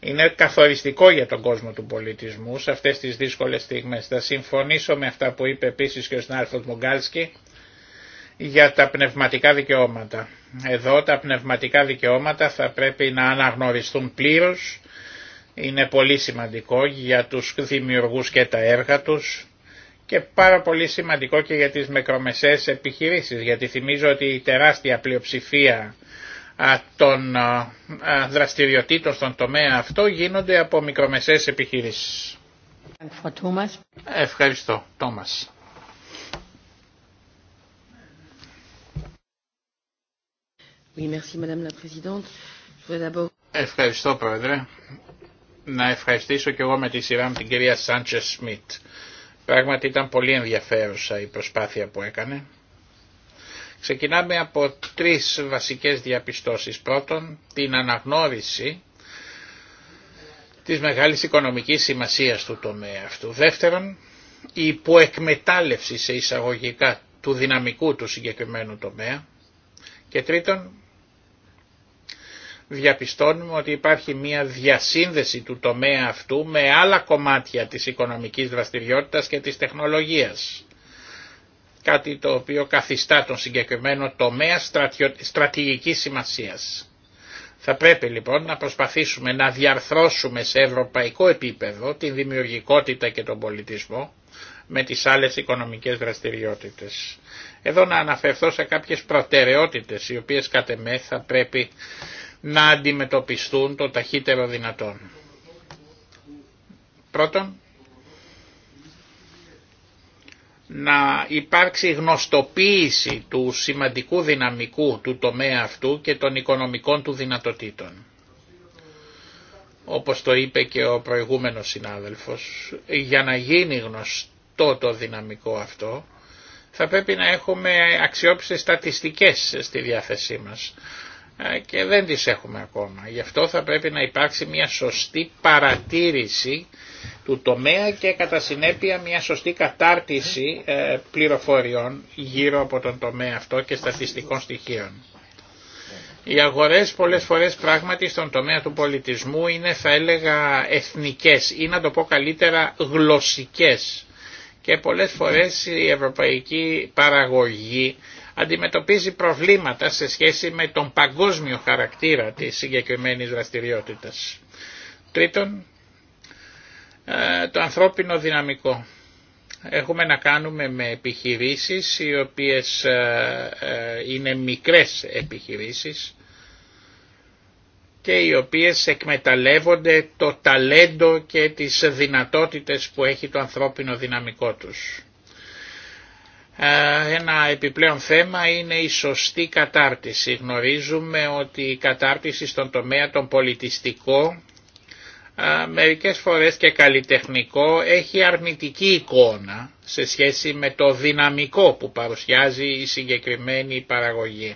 Είναι καθοριστικό για τον κόσμο του πολιτισμού σε αυτές τις δύσκολες στιγμές. Θα συμφωνήσω με αυτά που είπε επίσης και ο Σνάρφος Μουγκάλσκι για τα πνευματικά δικαιώματα. Εδώ τα πνευματικά δικαιώματα θα πρέπει να αναγνωριστούν πλήρως. Είναι πολύ σημαντικό για τους δημιουργούς και τα έργα τους και πάρα πολύ σημαντικό και για τις μικρομεσαίες επιχειρήσεις γιατί θυμίζω ότι η τεράστια πλειοψηφία των δραστηριοτήτων στον τομέα αυτό γίνονται από μικρομεσαίες επιχειρήσεις. Ευχαριστώ, Τόμας. Ευχαριστώ, Πρόεδρε. Να ευχαριστήσω και εγώ με τη σειρά μου την κυρία Σάντσε Σμιτ Πράγματι ήταν πολύ ενδιαφέρουσα η προσπάθεια που έκανε. Ξεκινάμε από τρεις βασικές διαπιστώσεις. Πρώτον, την αναγνώριση της μεγάλης οικονομικής σημασίας του τομέα αυτού. Δεύτερον, η υποεκμετάλλευση σε εισαγωγικά του δυναμικού του συγκεκριμένου τομέα. Και τρίτον, διαπιστώνουμε ότι υπάρχει μια διασύνδεση του τομέα αυτού με άλλα κομμάτια της οικονομικής δραστηριότητας και της τεχνολογίας. Κάτι το οποίο καθιστά τον συγκεκριμένο τομέα στρατηγικής σημασίας. Θα πρέπει λοιπόν να προσπαθήσουμε να διαρθρώσουμε σε ευρωπαϊκό επίπεδο την δημιουργικότητα και τον πολιτισμό με τις άλλες οικονομικές δραστηριότητες. Εδώ να αναφερθώ σε κάποιες προτεραιότητες οι οποίες κατ' θα πρέπει να αντιμετωπιστούν το ταχύτερο δυνατόν. Πρώτον, να υπάρξει γνωστοποίηση του σημαντικού δυναμικού του τομέα αυτού και των οικονομικών του δυνατοτήτων. Όπως το είπε και ο προηγούμενος συνάδελφος, για να γίνει γνωστό το δυναμικό αυτό, θα πρέπει να έχουμε αξιόπιστες στατιστικές στη διάθεσή μας. Ε, και δεν τις έχουμε ακόμα. Γι' αυτό θα πρέπει να υπάρξει μια σωστή παρατήρηση του τομέα και κατά συνέπεια μια σωστή κατάρτιση ε, πληροφοριών γύρω από τον τομέα αυτό και στατιστικών στοιχείων. Οι αγορές πολλές φορές πράγματι στον τομέα του πολιτισμού είναι θα έλεγα εθνικές ή να το πω καλύτερα γλωσσικές και πολλές φορές η ευρωπαϊκή παραγωγή αντιμετωπίζει προβλήματα σε σχέση με τον παγκόσμιο χαρακτήρα της συγκεκριμένης δραστηριότητας. Τρίτον, ε, το ανθρώπινο δυναμικό. Έχουμε να κάνουμε με επιχειρήσεις οι οποίες ε, ε, είναι μικρές επιχειρήσεις και οι οποίες εκμεταλλεύονται το ταλέντο και τις δυνατότητες που έχει το ανθρώπινο δυναμικό τους. Ε, ένα επιπλέον θέμα είναι η σωστή κατάρτιση. Γνωρίζουμε ότι η κατάρτιση στον τομέα τον πολιτιστικό, ε, μερικές φορές και καλλιτεχνικό, έχει αρνητική εικόνα σε σχέση με το δυναμικό που παρουσιάζει η συγκεκριμένη παραγωγή.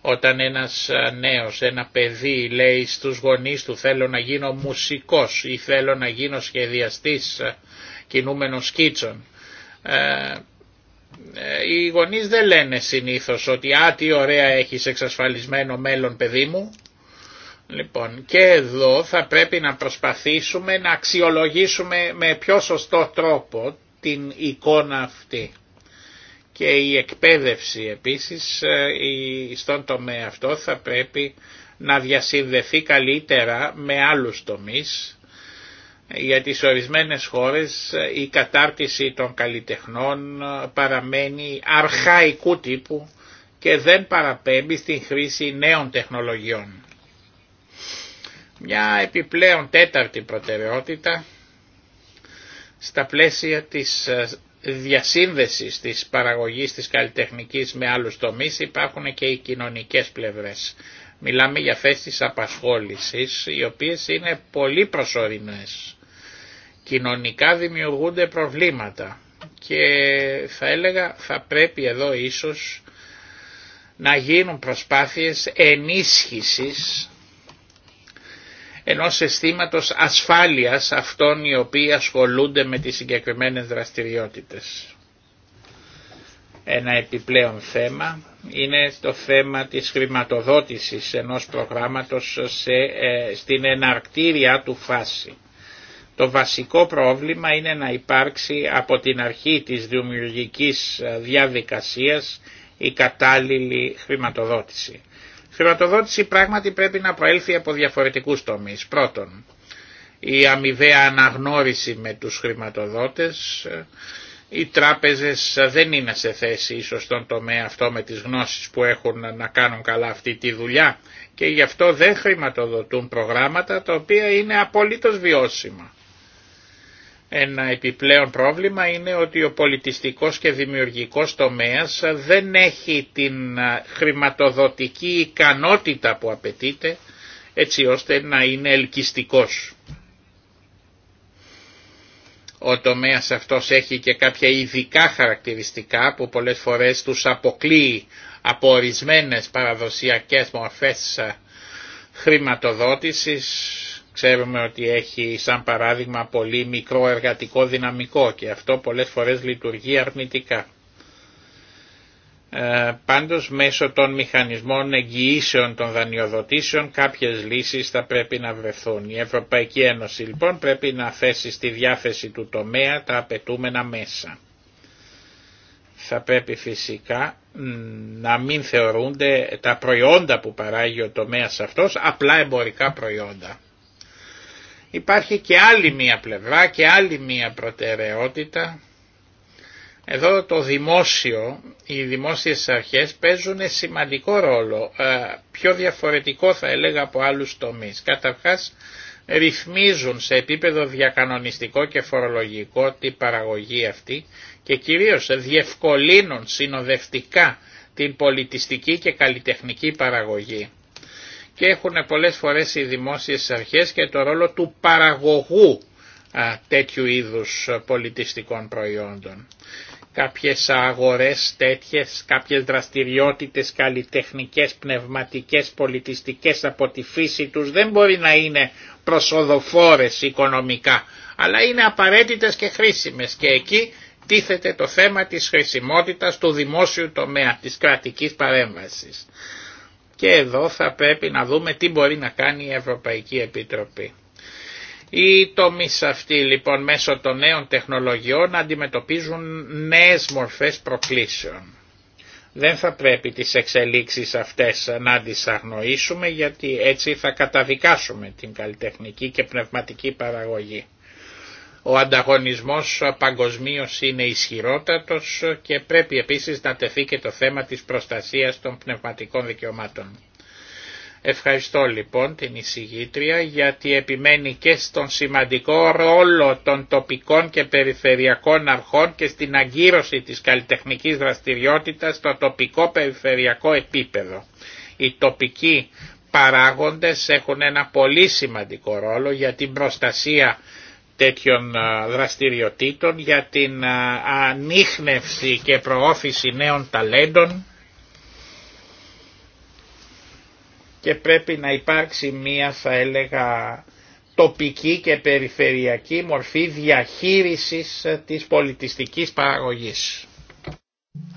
Όταν ένας ε, νέος, ένα παιδί λέει στους γονείς του θέλω να γίνω μουσικός ή θέλω να γίνω σχεδιαστής κινούμενων σκίτσων, ε, οι γονείς δεν λένε συνήθως ότι «Α, τι ωραία έχεις εξασφαλισμένο μέλλον παιδί μου». Λοιπόν, και εδώ θα πρέπει να προσπαθήσουμε να αξιολογήσουμε με πιο σωστό τρόπο την εικόνα αυτή. Και η εκπαίδευση επίσης ε, στον τομέα αυτό θα πρέπει να διασυνδεθεί καλύτερα με άλλους τομείς για τις ορισμένες χώρες η κατάρτιση των καλλιτεχνών παραμένει αρχαϊκού τύπου και δεν παραπέμπει στην χρήση νέων τεχνολογιών. Μια επιπλέον τέταρτη προτεραιότητα στα πλαίσια της ε, διασύνδεσης της παραγωγής της καλλιτεχνικής με άλλους τομείς υπάρχουν και οι κοινωνικές πλευρές. Μιλάμε για θέσεις απασχόλησης οι οποίες είναι πολύ προσωρινές. Κοινωνικά δημιουργούνται προβλήματα και θα έλεγα θα πρέπει εδώ ίσως να γίνουν προσπάθειες ενίσχυσης ενός αισθήματο ασφάλειας αυτών οι οποίοι ασχολούνται με τις συγκεκριμένες δραστηριότητες. Ένα επιπλέον θέμα είναι το θέμα της χρηματοδότησης ενός προγράμματος σε, ε, στην εναρκτήρια του φάση. Το βασικό πρόβλημα είναι να υπάρξει από την αρχή της δημιουργικής ε, διαδικασίας η κατάλληλη χρηματοδότηση. Χρηματοδότηση πράγματι πρέπει να προέλθει από διαφορετικούς τομείς. Πρώτον, η αμοιβαία αναγνώριση με τους χρηματοδότες. Οι τράπεζες δεν είναι σε θέση ίσως στον τομέα αυτό με τις γνώσεις που έχουν να κάνουν καλά αυτή τη δουλειά και γι' αυτό δεν χρηματοδοτούν προγράμματα τα οποία είναι απολύτως βιώσιμα. Ένα επιπλέον πρόβλημα είναι ότι ο πολιτιστικός και δημιουργικός τομέας δεν έχει την χρηματοδοτική ικανότητα που απαιτείται έτσι ώστε να είναι ελκυστικός. Ο τομέας αυτός έχει και κάποια ειδικά χαρακτηριστικά που πολλές φορές τους αποκλείει από ορισμένε παραδοσιακές μορφές χρηματοδότησης Ξέρουμε ότι έχει σαν παράδειγμα πολύ μικρό εργατικό δυναμικό και αυτό πολλές φορές λειτουργεί αρνητικά. Ε, πάντως μέσω των μηχανισμών εγγυήσεων των δανειοδοτήσεων κάποιες λύσεις θα πρέπει να βρεθούν. Η Ευρωπαϊκή Ένωση λοιπόν πρέπει να θέσει στη διάθεση του τομέα τα απαιτούμενα μέσα. Θα πρέπει φυσικά να μην θεωρούνται τα προϊόντα που παράγει ο τομέας αυτός απλά εμπορικά προϊόντα. Υπάρχει και άλλη μία πλευρά και άλλη μία προτεραιότητα. Εδώ το δημόσιο, οι δημόσιες αρχές παίζουν σημαντικό ρόλο, ε, πιο διαφορετικό θα έλεγα από άλλους τομείς. Καταρχάς ρυθμίζουν σε επίπεδο διακανονιστικό και φορολογικό την παραγωγή αυτή και κυρίως διευκολύνουν συνοδευτικά την πολιτιστική και καλλιτεχνική παραγωγή και έχουν πολλές φορές οι δημόσιες αρχές και το ρόλο του παραγωγού τέτοιου είδους πολιτιστικών προϊόντων. Κάποιες αγορές τέτοιες, κάποιες δραστηριότητες καλλιτεχνικές, πνευματικές, πολιτιστικές από τη φύση τους δεν μπορεί να είναι προσοδοφόρες οικονομικά, αλλά είναι απαραίτητες και χρήσιμες και εκεί τίθεται το θέμα της χρησιμότητας του δημόσιου τομέα, της κρατικής παρέμβασης. Και εδώ θα πρέπει να δούμε τι μπορεί να κάνει η Ευρωπαϊκή Επιτροπή. Οι τομεί αυτοί λοιπόν μέσω των νέων τεχνολογιών αντιμετωπίζουν νέες μορφές προκλήσεων. Δεν θα πρέπει τις εξελίξεις αυτές να τις γιατί έτσι θα καταδικάσουμε την καλλιτεχνική και πνευματική παραγωγή. Ο ανταγωνισμός παγκοσμίω είναι ισχυρότατος και πρέπει επίσης να τεθεί και το θέμα της προστασίας των πνευματικών δικαιωμάτων. Ευχαριστώ λοιπόν την εισηγήτρια γιατί επιμένει και στον σημαντικό ρόλο των τοπικών και περιφερειακών αρχών και στην αγκύρωση της καλλιτεχνικής δραστηριότητας στο τοπικό περιφερειακό επίπεδο. Οι τοπικοί παράγοντες έχουν ένα πολύ σημαντικό ρόλο για την προστασία τέτοιων δραστηριοτήτων, για την ανείχνευση και προώθηση νέων ταλέντων και πρέπει να υπάρξει μία θα έλεγα τοπική και περιφερειακή μορφή διαχείρισης της πολιτιστικής παραγωγής.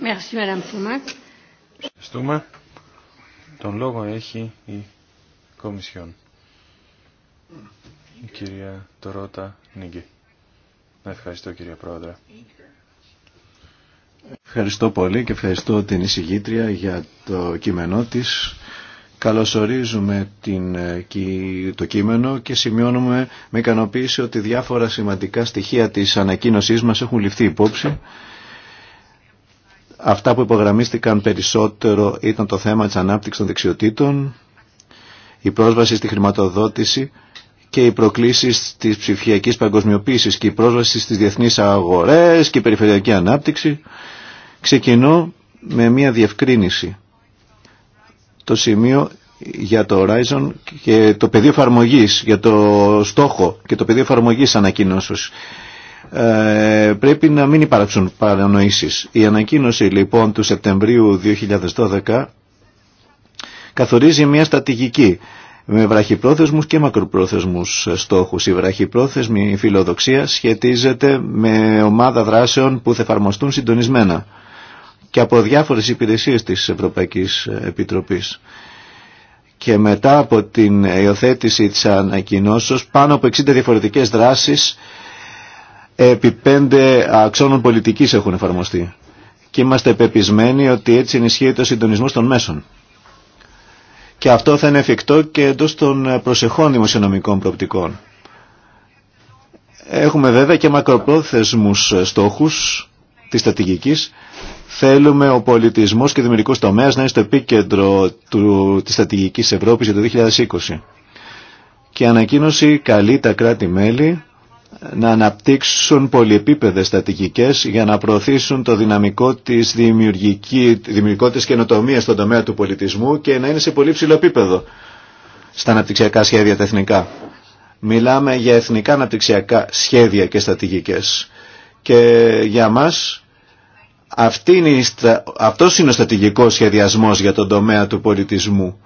Ευχαριστούμε. Τον λόγο έχει η Κομισιόν. Mm. Η κυρία Τωρότα Νίγκη. Ευχαριστώ κυρία Πρόεδρε. Ευχαριστώ πολύ και ευχαριστώ την εισηγήτρια για το κείμενό της. Καλωσορίζουμε την, ε, το κείμενο και σημειώνουμε με ικανοποίηση ότι διάφορα σημαντικά στοιχεία της ανακοίνωσής μας έχουν ληφθεί υπόψη. Αυτά που υπογραμμίστηκαν περισσότερο ήταν το θέμα της ανάπτυξης των δεξιοτήτων, η πρόσβαση στη χρηματοδότηση και οι προκλήσεις της ψηφιακής παγκοσμιοποίησης και η πρόσβαση στις διεθνείς αγορές και η περιφερειακή ανάπτυξη, ξεκινώ με μια διευκρίνηση. Το σημείο για το Horizon και το πεδίο εφαρμογή για το στόχο και το πεδίο εφαρμογή ανακοινώσεως. Ε, πρέπει να μην υπάρξουν παρανοήσεις. Η ανακοίνωση λοιπόν του Σεπτεμβρίου 2012 καθορίζει μια στρατηγική με βραχυπρόθεσμους και μακροπρόθεσμους στόχους. Η βραχυπρόθεσμη φιλοδοξία σχετίζεται με ομάδα δράσεων που θα εφαρμοστούν συντονισμένα και από διάφορες υπηρεσίες της Ευρωπαϊκής Επιτροπής. Και μετά από την υιοθέτηση της ανακοινώσεως πάνω από 60 διαφορετικές δράσεις επί πέντε αξώνων πολιτικής έχουν εφαρμοστεί. Και είμαστε πεπισμένοι ότι έτσι ενισχύεται ο συντονισμός των μέσων και αυτό θα είναι εφικτό και εντό των προσεχών δημοσιονομικών προοπτικών. Έχουμε βέβαια και μακροπρόθεσμους στόχους της στρατηγικής. Θέλουμε ο πολιτισμός και ο δημιουργικός τομέας να είναι στο επίκεντρο του, της στρατηγικής Ευρώπης για το 2020. Και ανακοίνωση καλεί τα κράτη-μέλη να αναπτύξουν πολυεπίπεδες στρατηγικές για να προωθήσουν το δυναμικό της δημιουργικότητας καινοτομίας στον τομέα του πολιτισμού και να είναι σε πολύ ψηλό επίπεδο στα αναπτυξιακά σχέδια τα εθνικά. Μιλάμε για εθνικά αναπτυξιακά σχέδια και στρατηγικές. Και για μας αυτή είναι, αυτός είναι ο στρατηγικός σχεδιασμός για τον τομέα του πολιτισμού.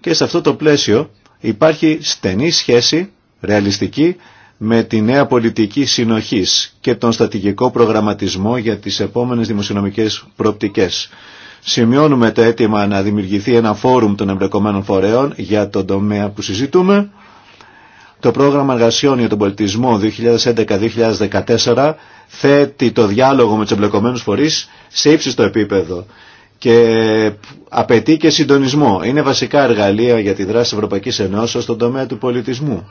Και σε αυτό το πλαίσιο υπάρχει στενή σχέση, ρεαλιστική, με τη νέα πολιτική συνοχής και τον στατηγικό προγραμματισμό για τις επόμενες δημοσιονομικές προοπτικές. Σημειώνουμε το αίτημα να δημιουργηθεί ένα φόρουμ των εμπλεκομένων φορέων για τον τομέα που συζητούμε. Το πρόγραμμα εργασιών για τον πολιτισμό 2011-2014 θέτει το διάλογο με τους εμπλεκομένους φορείς σε ύψιστο επίπεδο και απαιτεί και συντονισμό. Είναι βασικά εργαλεία για τη δράση Ευρωπαϊκής Ενώσης στον τομέα του πολιτισμού.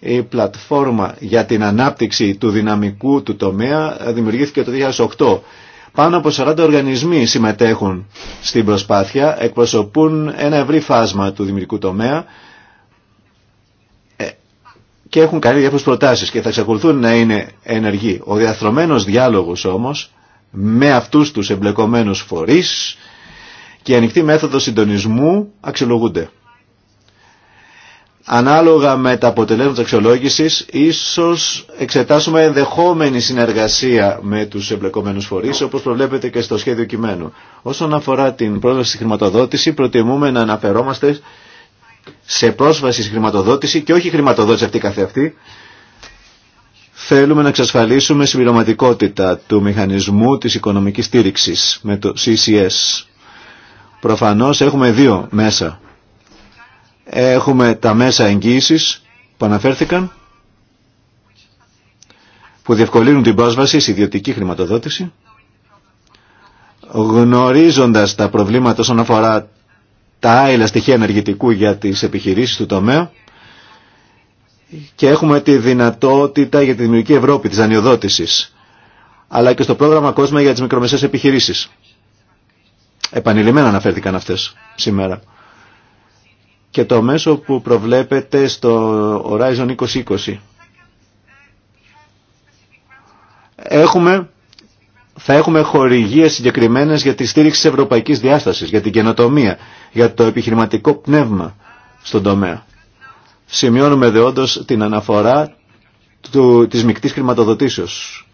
Η πλατφόρμα για την ανάπτυξη του δυναμικού του τομέα δημιουργήθηκε το 2008. Πάνω από 40 οργανισμοί συμμετέχουν στην προσπάθεια, εκπροσωπούν ένα ευρύ φάσμα του δημιουργικού τομέα ε, και έχουν κάνει διάφορες προτάσεις και θα εξακολουθούν να είναι ενεργοί. Ο διαθρωμένος διάλογος όμως με αυτούς τους εμπλεκομένους φορείς και η ανοιχτή μέθοδος συντονισμού αξιολογούνται. Ανάλογα με τα αποτελέσματα αξιολόγησης, ίσως εξετάσουμε ενδεχόμενη συνεργασία με τους εμπλεκόμενους φορείς, όπως προβλέπετε και στο σχέδιο κειμένου. Όσον αφορά την πρόσβαση στη χρηματοδότηση, προτιμούμε να αναφερόμαστε σε πρόσβαση στη χρηματοδότηση και όχι χρηματοδότηση αυτή αυτή. Θέλουμε να εξασφαλίσουμε συμπληρωματικότητα του μηχανισμού της οικονομικής στήριξης με το CCS. Προφανώς έχουμε δύο μέσα Έχουμε τα μέσα εγγύησης που αναφέρθηκαν, που διευκολύνουν την πρόσβαση σε ιδιωτική χρηματοδότηση, γνωρίζοντας τα προβλήματα όσον αφορά τα άειλα στοιχεία ενεργητικού για τις επιχειρήσεις του τομέα και έχουμε τη δυνατότητα για τη δημιουργική Ευρώπη της ανιοδότησης αλλά και στο πρόγραμμα κόσμο για τις μικρομεσαίες επιχειρήσεις. Επανειλημμένα αναφέρθηκαν αυτές σήμερα και το μέσο που προβλέπεται στο Horizon 2020. Έχουμε, θα έχουμε χορηγίες συγκεκριμένες για τη στήριξη της ευρωπαϊκής διάστασης, για την καινοτομία, για το επιχειρηματικό πνεύμα στον τομέα. Σημειώνουμε όντως την αναφορά του, της μικτής χρηματοδοτήσεως.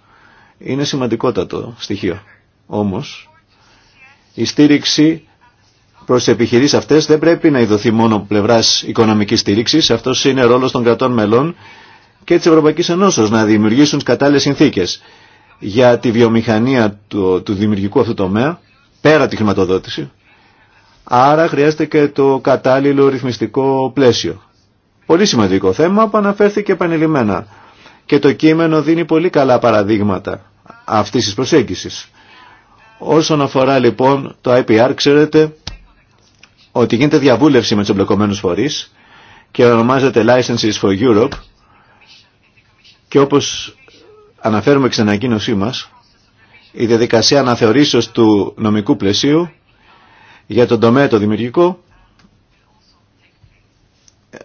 Είναι σημαντικότατο στοιχείο. Όμως, η στήριξη προ τι επιχειρήσει αυτέ δεν πρέπει να ειδωθεί μόνο πλευρά οικονομική στήριξη. Αυτό είναι ρόλο των κρατών μελών και τη Ευρωπαϊκή Ενώσεω να δημιουργήσουν τι κατάλληλε συνθήκε για τη βιομηχανία του, του δημιουργικού αυτού τομέα, πέρα τη χρηματοδότηση. Άρα χρειάζεται και το κατάλληλο ρυθμιστικό πλαίσιο. Πολύ σημαντικό θέμα που αναφέρθηκε επανειλημμένα. Και το κείμενο δίνει πολύ καλά παραδείγματα αυτή τη προσέγγιση. Όσον αφορά λοιπόν το IPR, ξέρετε, ότι γίνεται διαβούλευση με τους εμπλεκομένους φορείς και ονομάζεται Licenses for Europe και όπως αναφέρουμε στην ανακοίνωσή μας, η διαδικασία αναθεωρήσεως του νομικού πλαισίου για τον τομέα το δημιουργικό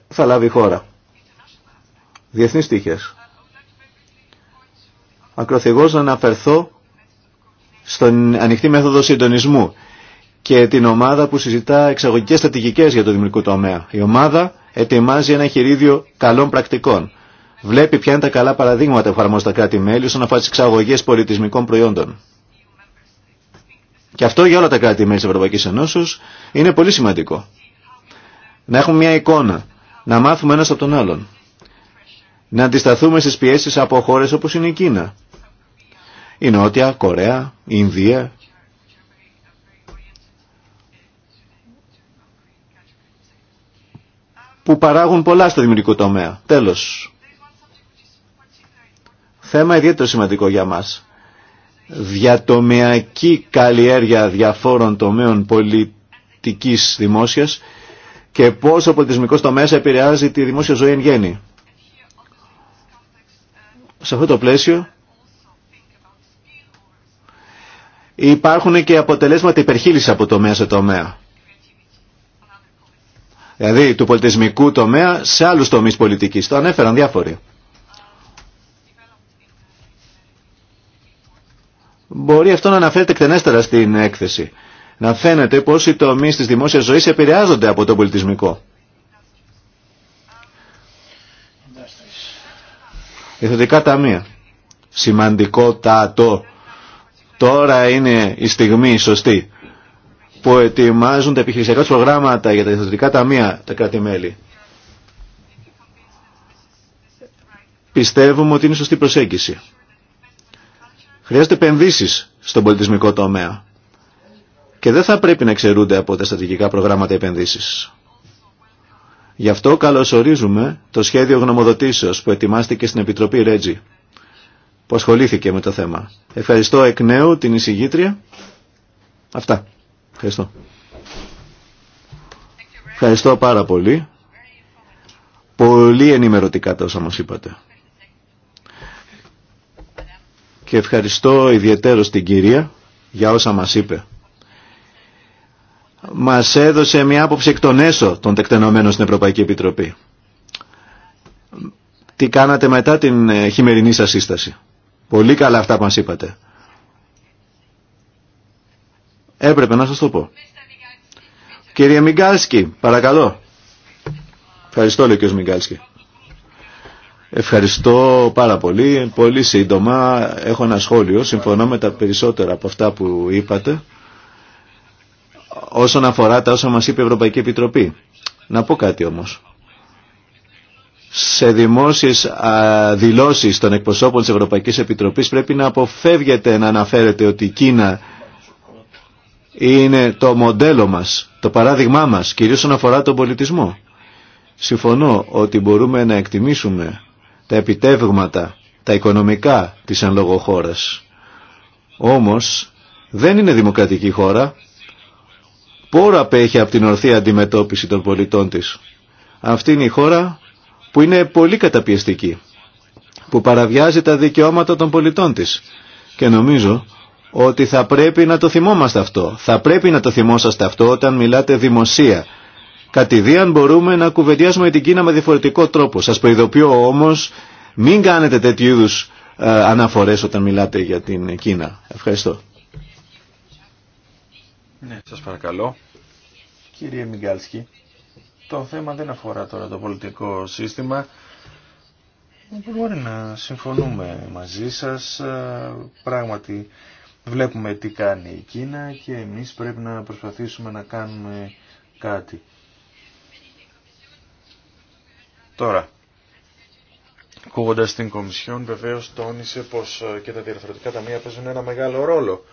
θα λάβει χώρα. Διεθνείς τύχε. Ακροθυγώς να αναφερθώ στον ανοιχτή μέθοδο συντονισμού και την ομάδα που συζητά εξαγωγικέ στρατηγικέ για το δημιουργικό τομέα. Η ομάδα ετοιμάζει ένα χειρίδιο καλών πρακτικών. Βλέπει ποια είναι τα καλά παραδείγματα που εφαρμόζουν τα κράτη-μέλη όσον αφορά τι εξαγωγέ πολιτισμικών προϊόντων. Και αυτό για όλα τα κράτη-μέλη τη Ευρωπαϊκή Ενώσεω είναι πολύ σημαντικό. Να έχουμε μια εικόνα. Να μάθουμε ένα από τον άλλον. Να αντισταθούμε στι πιέσει από χώρε όπω είναι η Κίνα. Η Νότια, Κορέα, η Ινδία, που παράγουν πολλά στο δημιουργικό τομέα. Τέλος. Θέμα ιδιαίτερο σημαντικό για μας. Διατομιακή καλλιέργεια διαφόρων τομέων πολιτικής δημόσιας και πώς ο πολιτισμικός τομέας επηρεάζει τη δημόσια ζωή εν γέννη. Σε αυτό το πλαίσιο υπάρχουν και αποτελέσματα υπερχείλησης από τομέα σε τομέα δηλαδή του πολιτισμικού τομέα σε άλλους τομείς πολιτικής. Το ανέφεραν διάφοροι. Μπορεί αυτό να αναφέρεται εκτενέστερα στην έκθεση. Να φαίνεται πως οι τομείς της δημόσιας ζωής επηρεάζονται από το πολιτισμικό. σημαντικό ταμεία. τάτο. Τώρα είναι η στιγμή σωστή που ετοιμάζουν τα επιχειρησιακά προγράμματα για τα διευθυντικά ταμεία, τα κράτη-μέλη. Πιστεύουμε ότι είναι σωστή προσέγγιση. χρειάζεται επενδύσεις στον πολιτισμικό τομέα και δεν θα πρέπει να εξαιρούνται από τα στρατηγικά προγράμματα επενδύσεις. Γι' αυτό καλωσορίζουμε το σχέδιο γνωμοδοτήσεως που ετοιμάστηκε στην Επιτροπή Ρέτζι, που ασχολήθηκε με το θέμα. Ευχαριστώ εκ νέου την εισηγήτρια. Αυτά. Ευχαριστώ. Ευχαριστώ πάρα πολύ. Πολύ ενημερωτικά τα όσα μας είπατε. Και ευχαριστώ ιδιαίτερο την κυρία για όσα μας είπε. Μας έδωσε μια άποψη εκ των έσω των τεκτενωμένων στην Ευρωπαϊκή Επιτροπή. Τι κάνατε μετά την ε, χειμερινή σας σύσταση. Πολύ καλά αυτά που μας είπατε. Έπρεπε να σας το πω. Κύριε Μιγκάλσκι, παρακαλώ. Ευχαριστώ, λέει ο Μιγκάλσκι. Ευχαριστώ πάρα πολύ. Πολύ σύντομα έχω ένα σχόλιο. Συμφωνώ με τα περισσότερα από αυτά που είπατε όσον αφορά τα όσα μας είπε η Ευρωπαϊκή Επιτροπή. Να πω κάτι όμως. Σε δημόσιες α, δηλώσεις των εκπροσώπων της Ευρωπαϊκής Επιτροπής πρέπει να αποφεύγετε να αναφέρετε ότι η Κίνα είναι το μοντέλο μας, το παράδειγμά μας, κυρίως όσον αφορά τον πολιτισμό. Συμφωνώ ότι μπορούμε να εκτιμήσουμε τα επιτεύγματα, τα οικονομικά της εν λόγω χώρας. Όμως δεν είναι δημοκρατική χώρα. Πόρα απέχει από την ορθή αντιμετώπιση των πολιτών της. Αυτή είναι η χώρα που είναι πολύ καταπιεστική, που παραβιάζει τα δικαιώματα των πολιτών της. Και νομίζω ότι θα πρέπει να το θυμόμαστε αυτό. Θα πρέπει να το θυμόσαστε αυτό όταν μιλάτε δημοσία. Κατηδίαν μπορούμε να κουβεντιάσουμε την Κίνα με διαφορετικό τρόπο. Σας προειδοποιώ όμως μην κάνετε τέτοιου είδου ε, αναφορές όταν μιλάτε για την Κίνα. Ευχαριστώ. Ναι, σας παρακαλώ. Κύριε Μιγκάλσκι, το θέμα δεν αφορά τώρα το πολιτικό σύστημα. Μπορεί να συμφωνούμε μαζί σας. Ε, πράγματι Βλέπουμε τι κάνει η Κίνα και εμείς πρέπει να προσπαθήσουμε να κάνουμε κάτι. Τώρα, ακούγοντα την Κομισιόν, βεβαίω τόνισε πω ε, και τα διαρθρωτικά ταμεία παίζουν ένα μεγάλο ρόλο.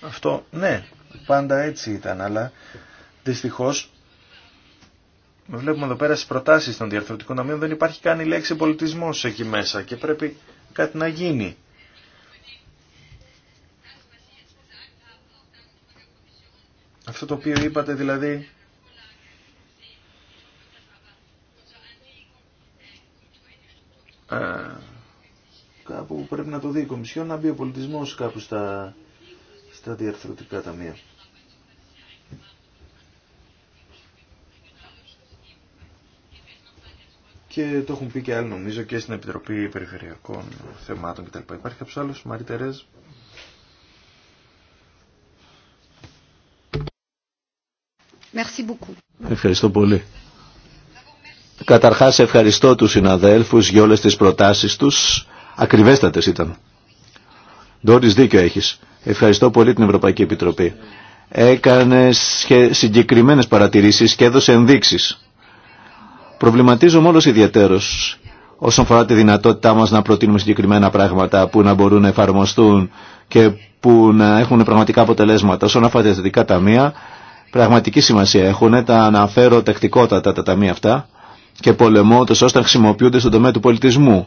Αυτό, ναι, πάντα έτσι ήταν, αλλά δυστυχώ βλέπουμε εδώ πέρα στι προτάσει των διαρθρωτικών ταμείων δεν υπάρχει καν η λέξη πολιτισμό εκεί μέσα και πρέπει κάτι να γίνει. Αυτό το οποίο είπατε δηλαδή κάπου πρέπει να το δει η Κομισιόν να μπει ο πολιτισμός κάπου στα, στα διαρθρωτικά ταμεία. Και το έχουν πει και άλλοι νομίζω και στην Επιτροπή Περιφερειακών Θεμάτων κτλ. Υπάρχει κάποιο άλλο, Μαρή Τερέζ. Ευχαριστώ πολύ. Καταρχάς ευχαριστώ τους συναδέλφους για όλες τις προτάσεις τους. Ακριβέστατες ήταν. Ντόρις δίκιο έχεις. Ευχαριστώ πολύ την Ευρωπαϊκή Επιτροπή. Έκανε συγκεκριμένες παρατηρήσεις και έδωσε ενδείξεις. Προβληματίζομαι όλος ιδιαίτερος όσον αφορά τη δυνατότητά μας να προτείνουμε συγκεκριμένα πράγματα που να μπορούν να εφαρμοστούν και που να έχουν πραγματικά αποτελέσματα. Όσον αφορά τα θετικά ταμεία, Πραγματική σημασία έχουν, τα αναφέρω τακτικότατα τα ταμεία αυτά και πολεμώ τους ώστε να χρησιμοποιούνται στον τομέα του πολιτισμού.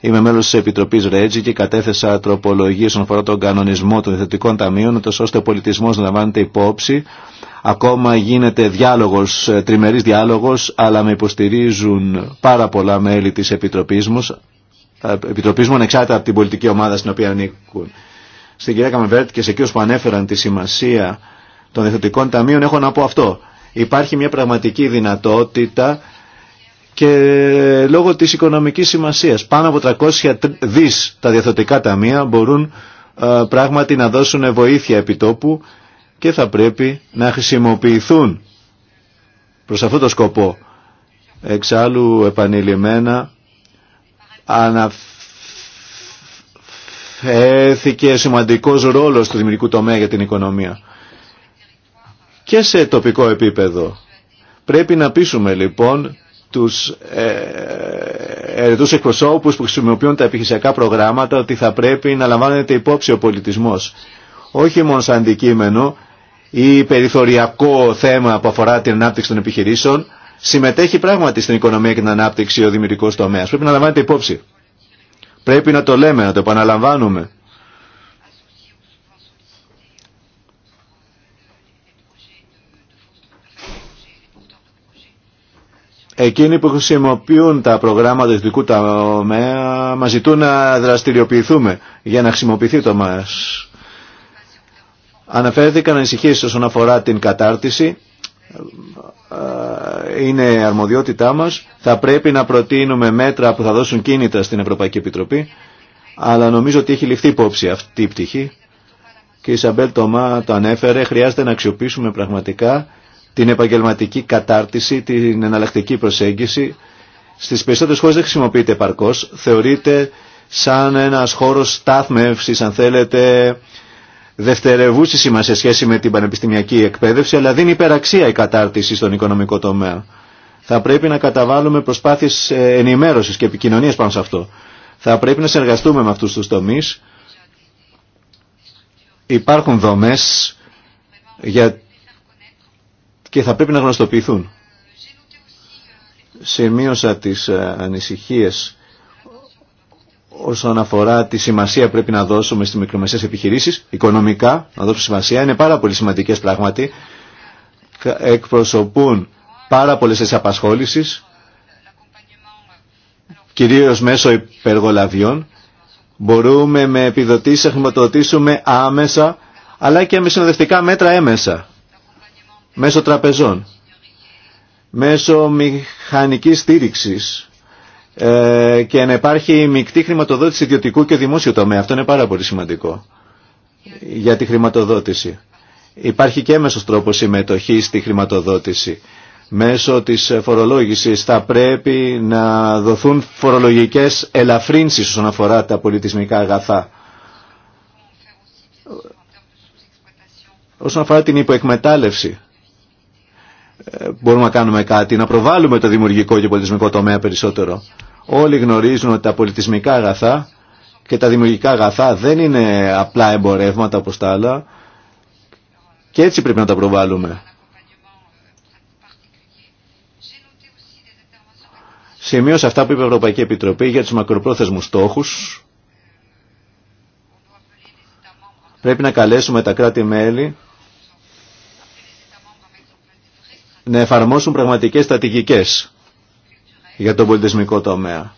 Είμαι μέλο τη Επιτροπή Ρέτζη και κατέθεσα τροπολογίε όσον αφορά τον κανονισμό των ιδιωτικών ταμείων, ώστε ο πολιτισμό να λαμβάνεται υπόψη. Ακόμα γίνεται διάλογο, ε, τριμερή διάλογο, αλλά με υποστηρίζουν πάρα πολλά μέλη τη Επιτροπή μου, ε, Επιτροπής μου ανεξάρτητα από την πολιτική ομάδα στην οποία ανήκουν. Στην κυρία Καμεβέρτη και σε εκείνου που ανέφεραν τη σημασία των Εθνικών Ταμείων έχω να πω αυτό. Υπάρχει μια πραγματική δυνατότητα και λόγω της οικονομικής σημασίας πάνω από 300 δις τα διαθωτικά ταμεία μπορούν πράγματι να δώσουν βοήθεια επιτόπου και θα πρέπει να χρησιμοποιηθούν προς αυτό το σκοπό. Εξάλλου επανειλημμένα αναφέθηκε σημαντικός ρόλος του δημιουργικού τομέα για την οικονομία και σε τοπικό επίπεδο. Πρέπει να πείσουμε λοιπόν τους ερετούς ε, εκπροσώπους που χρησιμοποιούν τα επιχειρησιακά προγράμματα ότι θα πρέπει να λαμβάνεται υπόψη ο πολιτισμός. Όχι μόνο σαν αντικείμενο ή περιθωριακό θέμα που αφορά την ανάπτυξη των επιχειρήσεων, συμμετέχει πράγματι στην οικονομία και την ανάπτυξη ο δημιουργικό τομέας. Πρέπει να λαμβάνεται υπόψη. Πρέπει να το λέμε, να το επαναλαμβάνουμε. εκείνοι που χρησιμοποιούν τα προγράμματα ειδικού τομέα μας ζητούν να δραστηριοποιηθούμε για να χρησιμοποιηθεί το ΜΑΣ. Αναφέρθηκαν ανησυχίες όσον αφορά την κατάρτιση. Ε, είναι αρμοδιότητά μας. Θα πρέπει να προτείνουμε μέτρα που θα δώσουν κίνητα στην Ευρωπαϊκή Επιτροπή. Αλλά νομίζω ότι έχει ληφθεί υπόψη αυτή η πτυχή. Και η Σαμπέλ Τωμά το ανέφερε. Χρειάζεται να αξιοποιήσουμε πραγματικά την επαγγελματική κατάρτιση, την εναλλακτική προσέγγιση. Στις περισσότερες χώρες δεν χρησιμοποιείται επαρκώς. Θεωρείται σαν ένας χώρος στάθμευσης, αν θέλετε, δευτερευούση σημασία σε σχέση με την πανεπιστημιακή εκπαίδευση, αλλά δίνει υπεραξία η κατάρτιση στον οικονομικό τομέα. Θα πρέπει να καταβάλουμε προσπάθειες ενημέρωσης και επικοινωνίας πάνω σε αυτό. Θα πρέπει να συνεργαστούμε με αυτούς τους τομείς. Υπάρχουν δομέ για και θα πρέπει να γνωστοποιηθούν. Σημείωσα τις ε, ανησυχίες όσον αφορά τη σημασία που πρέπει να δώσουμε στις μικρομεσαίες επιχειρήσεις, οικονομικά, να δώσουμε σημασία, είναι πάρα πολύ σημαντικές πράγματι, εκπροσωπούν πάρα πολλές τις απασχόλησης, κυρίως μέσω υπεργολαβιών, μπορούμε με επιδοτήσεις να χρηματοδοτήσουμε άμεσα, αλλά και με συνοδευτικά μέτρα έμεσα μέσω τραπεζών, μέσω μηχανικής στήριξης ε, και να υπάρχει μεικτή χρηματοδότηση ιδιωτικού και δημόσιου τομέα. Αυτό είναι πάρα πολύ σημαντικό για τη χρηματοδότηση. Υπάρχει και μέσος τρόπος συμμετοχή στη χρηματοδότηση. Μέσω της φορολόγησης θα πρέπει να δοθούν φορολογικές ελαφρύνσεις όσον αφορά τα πολιτισμικά αγαθά. Όσον αφορά την υποεκμετάλλευση ε, μπορούμε να κάνουμε κάτι, να προβάλλουμε το δημιουργικό και πολιτισμικό τομέα περισσότερο. Όλοι γνωρίζουν ότι τα πολιτισμικά αγαθά και τα δημιουργικά αγαθά δεν είναι απλά εμπορεύματα όπως τα άλλα και έτσι πρέπει να τα προβάλλουμε. Σημείωσα αυτά που είπε η Ευρωπαϊκή Επιτροπή για τους μακροπρόθεσμους στόχους. Πρέπει να καλέσουμε τα κράτη-μέλη να εφαρμόσουν πραγματικές στρατηγικές για τον πολιτισμικό τομέα.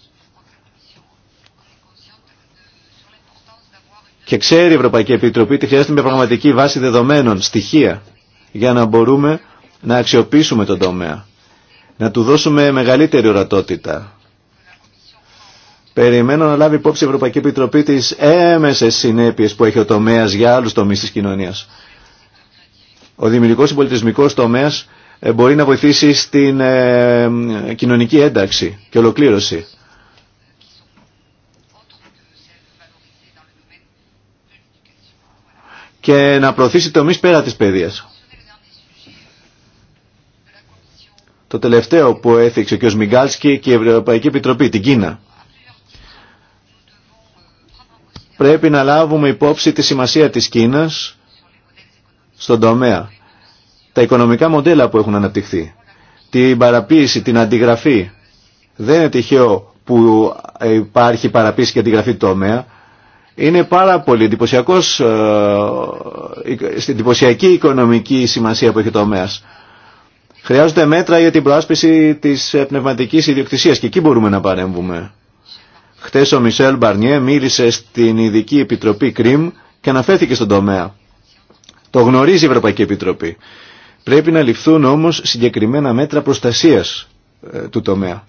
Και ξέρει η Ευρωπαϊκή Επιτροπή ότι χρειάζεται μια πραγματική βάση δεδομένων, στοιχεία, για να μπορούμε να αξιοποιήσουμε τον τομέα. Να του δώσουμε μεγαλύτερη ορατότητα. Περιμένω να λάβει υπόψη η Ευρωπαϊκή Επιτροπή τις έμεσες συνέπειες που έχει ο τομέας για άλλους τομείς της κοινωνίας. Ο δημιουργικός και πολιτισμικός τομέας ε, μπορεί να βοηθήσει στην ε, κοινωνική ένταξη και ολοκλήρωση. και να προωθήσει τομείς πέρα της παιδείας. Το τελευταίο που έθιξε ο κ. και η Ευρωπαϊκή Επιτροπή, την Κίνα. Πρέπει να λάβουμε υπόψη τη σημασία της Κίνας στον τομέα τα οικονομικά μοντέλα που έχουν αναπτυχθεί, την παραποίηση, την αντιγραφή. Δεν είναι τυχαίο που υπάρχει παραποίηση και αντιγραφή τομέα. Είναι πάρα πολύ ε, ε, στην εντυπωσιακή οικονομική σημασία που έχει το τομέας. Χρειάζονται μέτρα για την προάσπιση της πνευματικής ιδιοκτησίας και εκεί μπορούμε να παρέμβουμε. Χθες ο Μισελ Μπαρνιέ μίλησε στην Ειδική Επιτροπή ΚΡΙΜ και αναφέρθηκε στον τομέα. Το γνωρίζει η Ευρωπαϊκή Επιτροπή. Πρέπει να ληφθούν όμως συγκεκριμένα μέτρα προστασίας ε, του τομέα.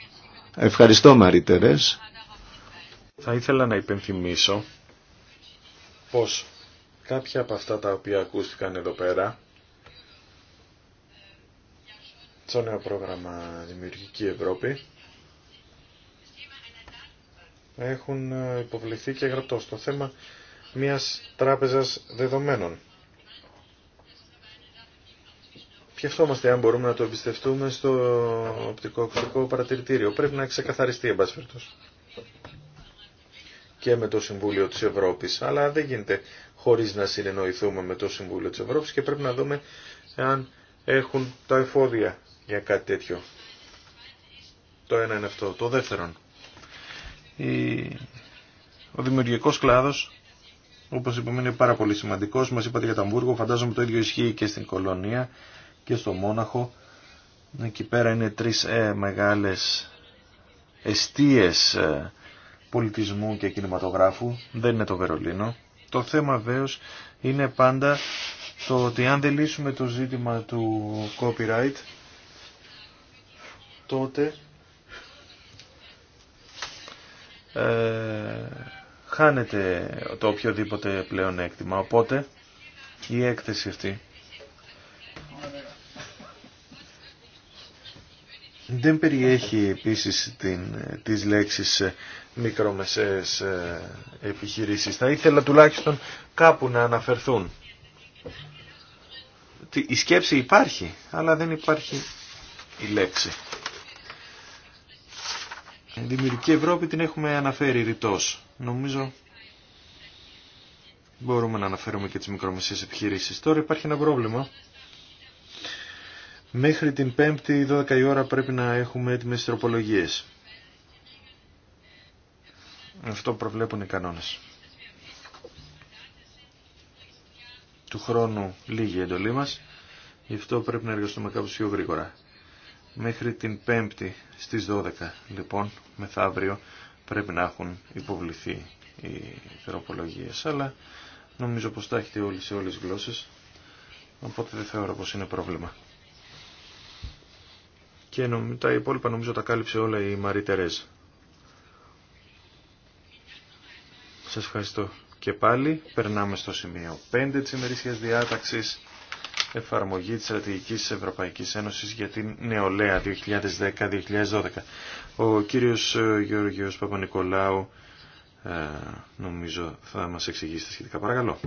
Ευχαριστώ Μαρή Θα ήθελα να υπενθυμίσω πως κάποια από αυτά τα οποία ακούστηκαν εδώ πέρα στο νέο πρόγραμμα Δημιουργική Ευρώπη έχουν ε, υποβληθεί και γραπτό στο θέμα μιας τράπεζας δεδομένων. Πιευτόμαστε αν μπορούμε να το εμπιστευτούμε στο οπτικό ακουστικό παρατηρητήριο. Πρέπει να ξεκαθαριστεί εμπάσφερτος και με το Συμβούλιο της Ευρώπης, αλλά δεν γίνεται χωρίς να συνεννοηθούμε με το Συμβούλιο της Ευρώπης και πρέπει να δούμε αν έχουν τα εφόδια για κάτι τέτοιο. Το ένα είναι αυτό. Το δεύτερον, η... ο δημιουργικό κλάδο, όπω είπαμε, είναι πάρα πολύ σημαντικό, μα είπατε για το Αμβούργο, φαντάζομαι το ίδιο ισχύει και στην Κολονία και στο Μόναχο. Εκεί πέρα είναι τρεις ε, μεγάλες εστίες ε, πολιτισμού και κινηματογράφου. Δεν είναι το Βερολίνο. Το θέμα βέως είναι πάντα το ότι αν δεν λύσουμε το ζήτημα του copyright τότε ε, χάνεται το οποιοδήποτε πλέον έκτημα. Οπότε η έκθεση αυτή Δεν περιέχει επίσης την, τις λέξεις μικρομεσαίες ε, επιχειρήσεις. Θα ήθελα τουλάχιστον κάπου να αναφερθούν. Η σκέψη υπάρχει, αλλά δεν υπάρχει η λέξη. Η δημιουργική Ευρώπη την έχουμε αναφέρει ρητός. Νομίζω μπορούμε να αναφέρουμε και τις μικρομεσαίες επιχειρήσεις. Τώρα υπάρχει ένα πρόβλημα Μέχρι την 5η 12 η ώρα πρέπει να έχουμε έτοιμες τροπολογίες. Αυτό προβλέπουν οι κανόνες. Του χρόνου λίγη εντολή μας, γι' αυτό πρέπει να εργαστούμε κάπως πιο γρήγορα. Μέχρι την 5η στις 12, λοιπόν, μεθαύριο, πρέπει να έχουν υποβληθεί οι τροπολογίες, αλλά νομίζω πως τα έχετε όλοι σε όλες τις γλώσσες, οπότε δεν θεωρώ πως είναι πρόβλημα και τα υπόλοιπα νομίζω τα κάλυψε όλα η Μαρή Τερέζ. Σας ευχαριστώ και πάλι. Περνάμε στο σημείο 5 της ημερήσιας διάταξης εφαρμογή της στρατηγικής της Ευρωπαϊκής Ένωσης για την νεολαία 2010-2012. Ο κύριος ε, Γεωργιος Παπα-Νικολάου ε, νομίζω θα μας εξηγήσει τα σχετικά. Παρακαλώ.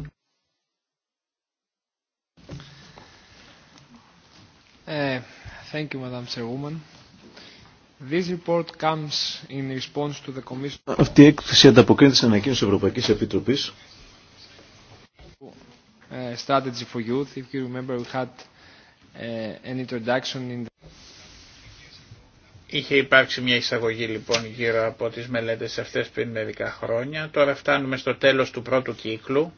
Ε, Thank you, Madam Chairwoman. This report comes in response to the Commission. Αυτή η έκθεση ανταποκρίνεται στην ανακοίνωση Ευρωπαϊκής Επιτροπής. Ε, strategy for Youth. If you remember, we had ε, an introduction in the... Είχε υπάρξει μια εισαγωγή λοιπόν γύρω από τις μελέτες αυτές πριν μερικά χρόνια. Τώρα φτάνουμε στο τέλος του πρώτου κύκλου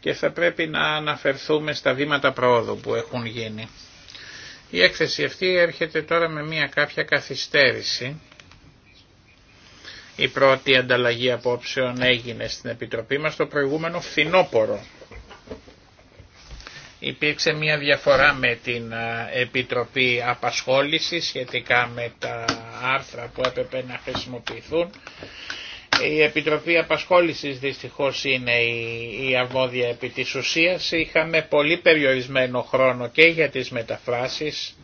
και θα πρέπει να αναφερθούμε στα βήματα πρόοδου που έχουν γίνει. Η έκθεση αυτή έρχεται τώρα με μια κάποια καθυστέρηση. Η πρώτη ανταλλαγή απόψεων έγινε στην Επιτροπή μας το προηγούμενο φθινόπορο. Υπήρξε μια διαφορά με την Επιτροπή Απασχόληση σχετικά με τα άρθρα που έπρεπε να χρησιμοποιηθούν η Επιτροπή Απασχόλησης δυστυχώς είναι η, αρμόδια επί της Είχαμε πολύ περιορισμένο χρόνο και για τις μεταφράσεις.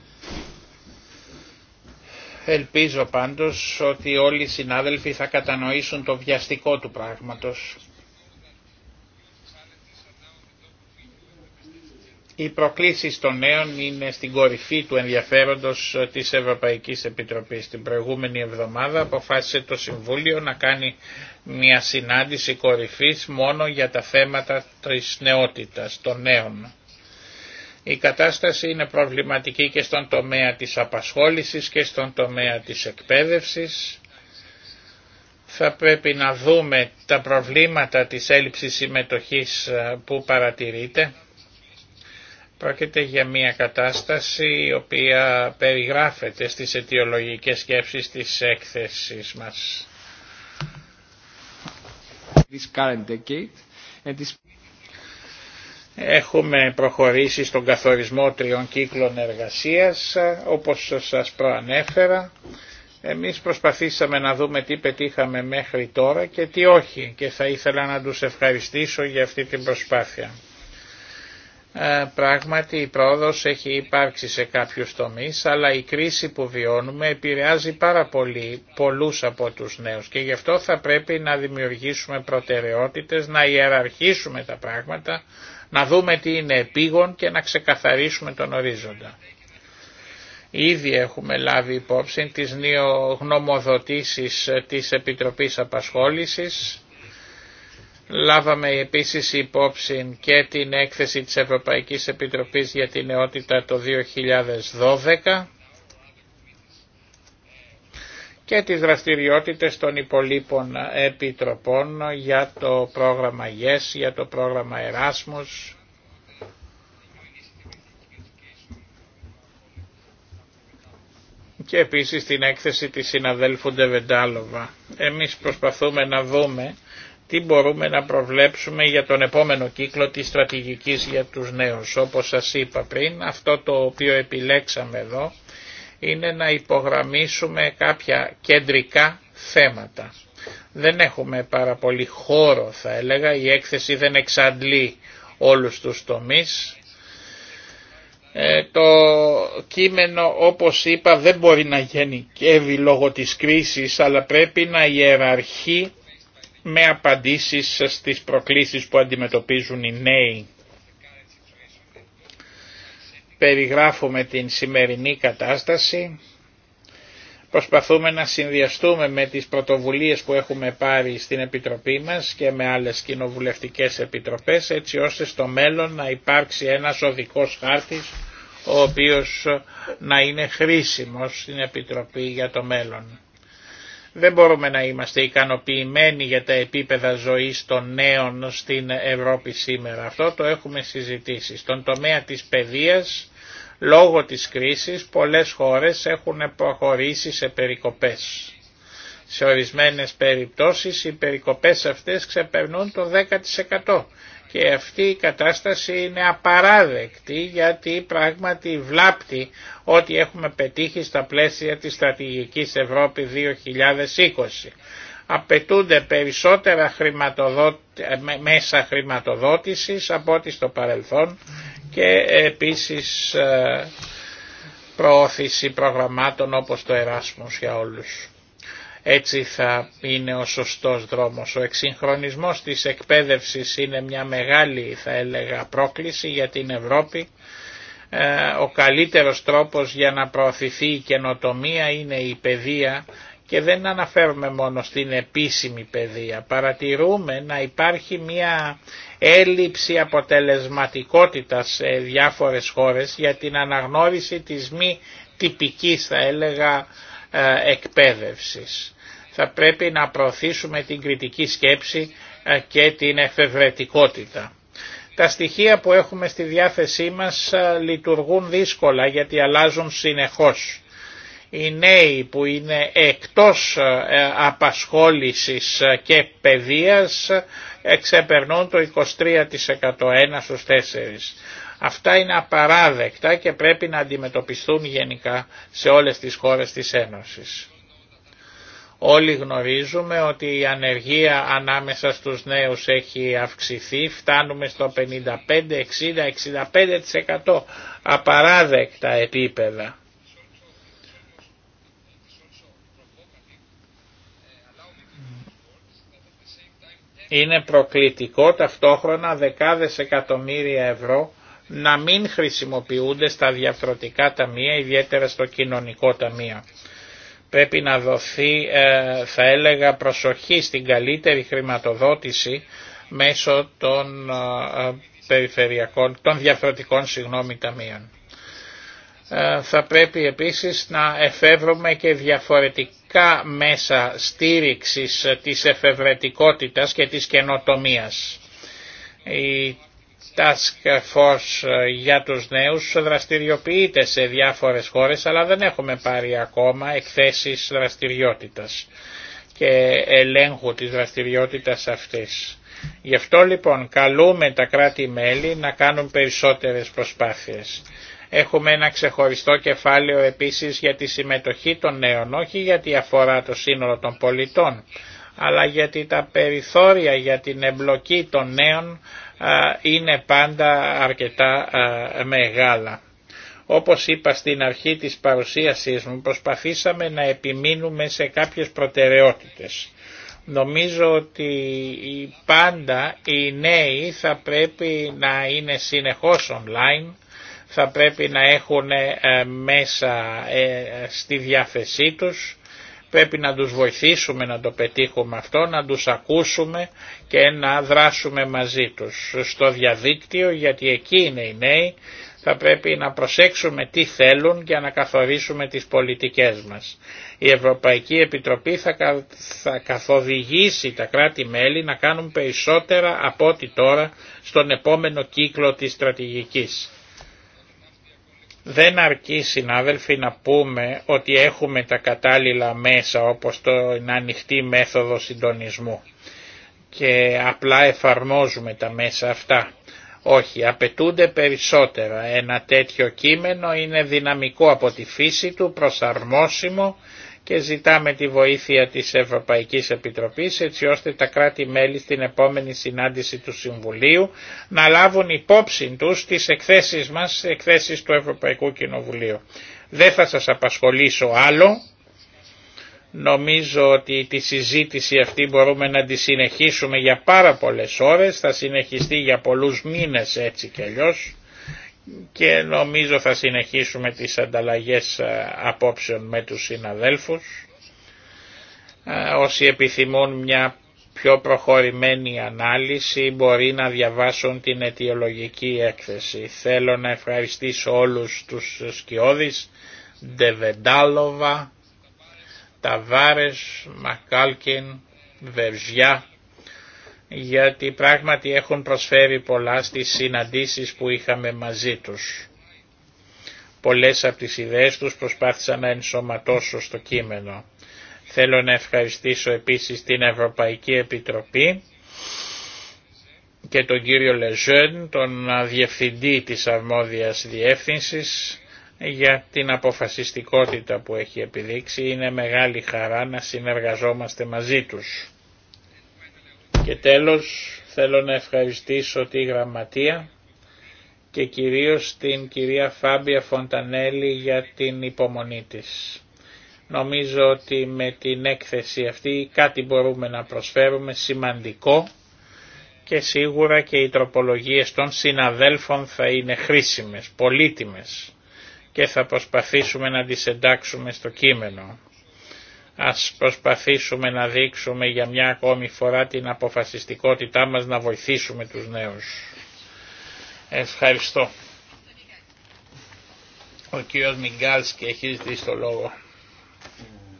Ελπίζω πάντως ότι όλοι οι συνάδελφοι θα κατανοήσουν το βιαστικό του πράγματος. Οι προκλήσεις των νέων είναι στην κορυφή του ενδιαφέροντος ε, της Ευρωπαϊκής Επιτροπής. Την προηγούμενη εβδομάδα αποφάσισε το Συμβούλιο να κάνει μια συνάντηση κορυφής μόνο για τα θέματα της νεότητας, των νέων. Η κατάσταση είναι προβληματική και στον τομέα της απασχόλησης και στον τομέα της εκπαίδευσης. Θα πρέπει να δούμε τα προβλήματα της έλλειψης συμμετοχής ε, που παρατηρείται Πρόκειται για μια κατάσταση η οποία περιγράφεται στις αιτιολογικές σκέψεις της έκθεσης μας. Έχουμε προχωρήσει στον καθορισμό τριών κύκλων εργασίας, όπως σας προανέφερα. Εμείς προσπαθήσαμε να δούμε τι πετύχαμε μέχρι τώρα και τι όχι και θα ήθελα να τους ευχαριστήσω για αυτή την προσπάθεια. Ε, πράγματι η πρόοδος έχει υπάρξει σε κάποιους τομείς, αλλά η κρίση που βιώνουμε επηρεάζει πάρα πολύ πολλούς από τους νέους και γι' αυτό θα πρέπει να δημιουργήσουμε προτεραιότητες, να ιεραρχήσουμε τα πράγματα, να δούμε τι είναι επίγον και να ξεκαθαρίσουμε τον ορίζοντα. Ήδη έχουμε λάβει υπόψη τις νέο της Επιτροπής Απασχόλησης, Λάβαμε επίσης υπόψη και την έκθεση της Ευρωπαϊκής Επιτροπής για την νεότητα το 2012 και τις δραστηριότητες των υπολείπων επιτροπών για το πρόγραμμα ΓΕΣ, για το πρόγραμμα ΕΡΑΣΜΟΣ και επίσης την έκθεση της συναδέλφου Ντεβεντάλοβα. Εμείς προσπαθούμε να δούμε τι μπορούμε να προβλέψουμε για τον επόμενο κύκλο της στρατηγικής για τους νέους. Όπως σας είπα πριν, αυτό το οποίο επιλέξαμε εδώ είναι να υπογραμμίσουμε κάποια κεντρικά θέματα. Δεν έχουμε πάρα πολύ χώρο θα έλεγα, η έκθεση δεν εξαντλεί όλους τους τομείς. Ε, το κείμενο όπως είπα δεν μπορεί να γενικεύει λόγω της κρίσης αλλά πρέπει να ιεραρχεί με απαντήσεις στις προκλήσεις που αντιμετωπίζουν οι νέοι. Περιγράφουμε την σημερινή κατάσταση, προσπαθούμε να συνδυαστούμε με τις πρωτοβουλίες που έχουμε πάρει στην Επιτροπή μας και με άλλες κοινοβουλευτικές επιτροπές έτσι ώστε στο μέλλον να υπάρξει ένας οδικός χάρτης ο οποίος να είναι χρήσιμος στην Επιτροπή για το μέλλον. Δεν μπορούμε να είμαστε ικανοποιημένοι για τα επίπεδα ζωής των νέων στην Ευρώπη σήμερα. Αυτό το έχουμε συζητήσει. Στον τομέα της παιδείας, λόγω της κρίσης, πολλές χώρες έχουν προχωρήσει σε περικοπές. Σε ορισμένες περιπτώσεις οι περικοπές αυτές ξεπερνούν το 10% και αυτή η κατάσταση είναι απαράδεκτη γιατί πράγματι βλάπτει ό,τι έχουμε πετύχει στα πλαίσια της στρατηγικής Ευρώπη 2020. Απαιτούνται περισσότερα μέσα χρηματοδότησης από ό,τι στο παρελθόν και επίσης ε, προώθηση προγραμμάτων όπως το Εράσμος για όλους. Έτσι θα είναι ο σωστός δρόμος. Ο εξυγχρονισμός της εκπαίδευσης είναι μια μεγάλη θα έλεγα πρόκληση για την Ευρώπη. Ε, ο καλύτερος τρόπος για να προωθηθεί η καινοτομία είναι η παιδεία και δεν αναφέρουμε μόνο στην επίσημη παιδεία. Παρατηρούμε να υπάρχει μια έλλειψη αποτελεσματικότητας σε διάφορες χώρες για την αναγνώριση της μη τυπικής θα έλεγα ε, εκπαίδευσης θα πρέπει να προωθήσουμε την κριτική σκέψη ε, και την εφευρετικότητα. Τα στοιχεία που έχουμε στη διάθεσή μας ε, λειτουργούν δύσκολα γιατί αλλάζουν συνεχώς. Οι νέοι που είναι εκτός ε, απασχόλησης και παιδείας εξεπερνούν το 23% ένα στους 4. Αυτά είναι απαράδεκτα και πρέπει να αντιμετωπιστούν γενικά σε όλες τις χώρες της Ένωσης. Όλοι γνωρίζουμε ότι η ανεργία ανάμεσα στους νέους έχει αυξηθεί, φτάνουμε στο 55, 60, 65% απαράδεκτα επίπεδα. Είναι προκλητικό ταυτόχρονα δεκάδες εκατομμύρια ευρώ να μην χρησιμοποιούνται στα διαφθορτικά ταμεία, ιδιαίτερα στο κοινωνικό ταμείο πρέπει να δοθεί ε, θα έλεγα προσοχή στην καλύτερη χρηματοδότηση μέσω των ε, περιφερειακών, των διαφορετικών συγγνώμη ταμείων. Ε, θα πρέπει επίσης να εφεύρουμε και διαφορετικά μέσα στήριξης της εφευρετικότητας και της καινοτομίας. Η task force ε, για τους νέους δραστηριοποιείται σε διάφορες χώρες αλλά δεν έχουμε πάρει ακόμα εκθέσεις δραστηριότητας και ελέγχου της δραστηριότητας αυτής. Γι' αυτό λοιπόν καλούμε τα κράτη-μέλη να κάνουν περισσότερες προσπάθειες. Έχουμε ένα ξεχωριστό κεφάλαιο επίσης για τη συμμετοχή των νέων, όχι γιατί αφορά το σύνολο των πολιτών, αλλά γιατί τα περιθώρια για την εμπλοκή των νέων είναι πάντα αρκετά μεγάλα. Όπως είπα στην αρχή της παρουσίασής μου προσπαθήσαμε να επιμείνουμε σε κάποιες προτεραιότητες. Νομίζω ότι πάντα οι νέοι θα πρέπει να είναι συνεχώς online, θα πρέπει να έχουν ε, μέσα ε, στη διάθεσή τους Πρέπει να τους βοηθήσουμε να το πετύχουμε αυτό, να τους ακούσουμε και να δράσουμε μαζί τους στο διαδίκτυο γιατί εκεί είναι οι νέοι. Θα πρέπει να προσέξουμε τι θέλουν για να καθορίσουμε τις πολιτικές μας. Η Ευρωπαϊκή Επιτροπή θα καθοδηγήσει τα κράτη-μέλη να κάνουν περισσότερα από ό,τι τώρα στον επόμενο κύκλο της στρατηγικής. Δεν αρκεί συνάδελφοι να πούμε ότι έχουμε τα κατάλληλα μέσα όπως το ανοιχτή μέθοδο συντονισμού και απλά εφαρμόζουμε τα μέσα αυτά. Όχι, απαιτούνται περισσότερα. Ένα τέτοιο κείμενο είναι δυναμικό από τη φύση του, προσαρμόσιμο και ζητάμε τη βοήθεια της Ευρωπαϊκής Επιτροπής έτσι ώστε τα κράτη-μέλη στην επόμενη συνάντηση του Συμβουλίου να λάβουν υπόψη τους τις εκθέσεις μας, εκθέσεις του Ευρωπαϊκού Κοινοβουλίου. Δεν θα σας απασχολήσω άλλο. Νομίζω ότι τη συζήτηση αυτή μπορούμε να τη συνεχίσουμε για πάρα πολλές ώρες, θα συνεχιστεί για πολλούς μήνες έτσι κι αλλιώς και νομίζω θα συνεχίσουμε τις ανταλλαγές ε, απόψεων με τους συναδέλφους. Ε, όσοι επιθυμούν μια πιο προχωρημένη ανάλυση μπορεί να διαβάσουν την αιτιολογική έκθεση. Θέλω να ευχαριστήσω όλους τους σκιώδεις, Ντεβεντάλοβα, Ταβάρες, Μακάλκιν, Βερζιά, γιατί πράγματι έχουν προσφέρει πολλά στις συναντήσεις που είχαμε μαζί τους. Πολλές από τις ιδέες τους προσπάθησα να ενσωματώσω στο κείμενο. Θέλω να ευχαριστήσω επίσης την Ευρωπαϊκή Επιτροπή και τον κύριο Λεζέν, τον διευθυντή της αρμόδιας διεύθυνσης, για την αποφασιστικότητα που έχει επιδείξει. Είναι μεγάλη χαρά να συνεργαζόμαστε μαζί τους. Και τέλος θέλω να ευχαριστήσω τη Γραμματεία και κυρίως την κυρία Φάμπια Φοντανέλη για την υπομονή της. Νομίζω ότι με την έκθεση αυτή κάτι μπορούμε να προσφέρουμε σημαντικό και σίγουρα και οι τροπολογίες των συναδέλφων θα είναι χρήσιμες, πολύτιμες και θα προσπαθήσουμε να τις εντάξουμε στο κείμενο. Ας προσπαθήσουμε να δείξουμε για μια ακόμη φορά την αποφασιστικότητά μας να βοηθήσουμε τους νέους. Ευχαριστώ. Ο κύριος Μιγκάλσκι έχει ζητήσει το λόγο.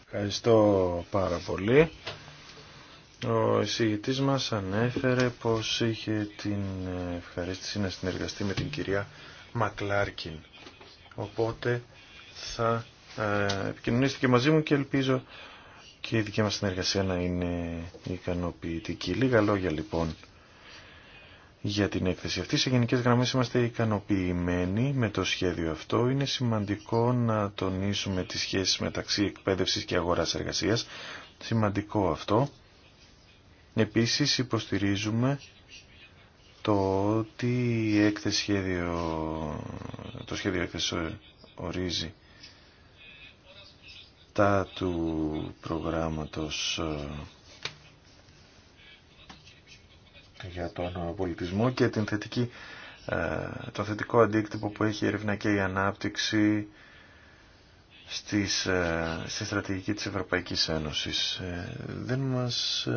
Ευχαριστώ πάρα πολύ. Ο εισηγητής μας ανέφερε πως είχε την ευχαρίστηση να συνεργαστεί με την κυρία Μακλάρκιν. Οπότε θα ε, επικοινωνήσετε και μαζί μου και ελπίζω και η δική μας συνεργασία να είναι ικανοποιητική. Λίγα λόγια λοιπόν για την έκθεση αυτή. Σε γενικές γραμμές είμαστε ικανοποιημένοι με το σχέδιο αυτό. Είναι σημαντικό να τονίσουμε τις σχέσεις μεταξύ εκπαίδευσης και αγοράς εργασίας. Σημαντικό αυτό. Επίσης υποστηρίζουμε το ότι η έκθεση το σχέδιο έκθεση ορίζει τα του προγράμματος ε, για τον πολιτισμό και την θετική, ε, το θετικό αντίκτυπο που έχει η έρευνα και η ανάπτυξη στις, ε, στη στρατηγική της Ευρωπαϊκής Ένωσης. Δεν μας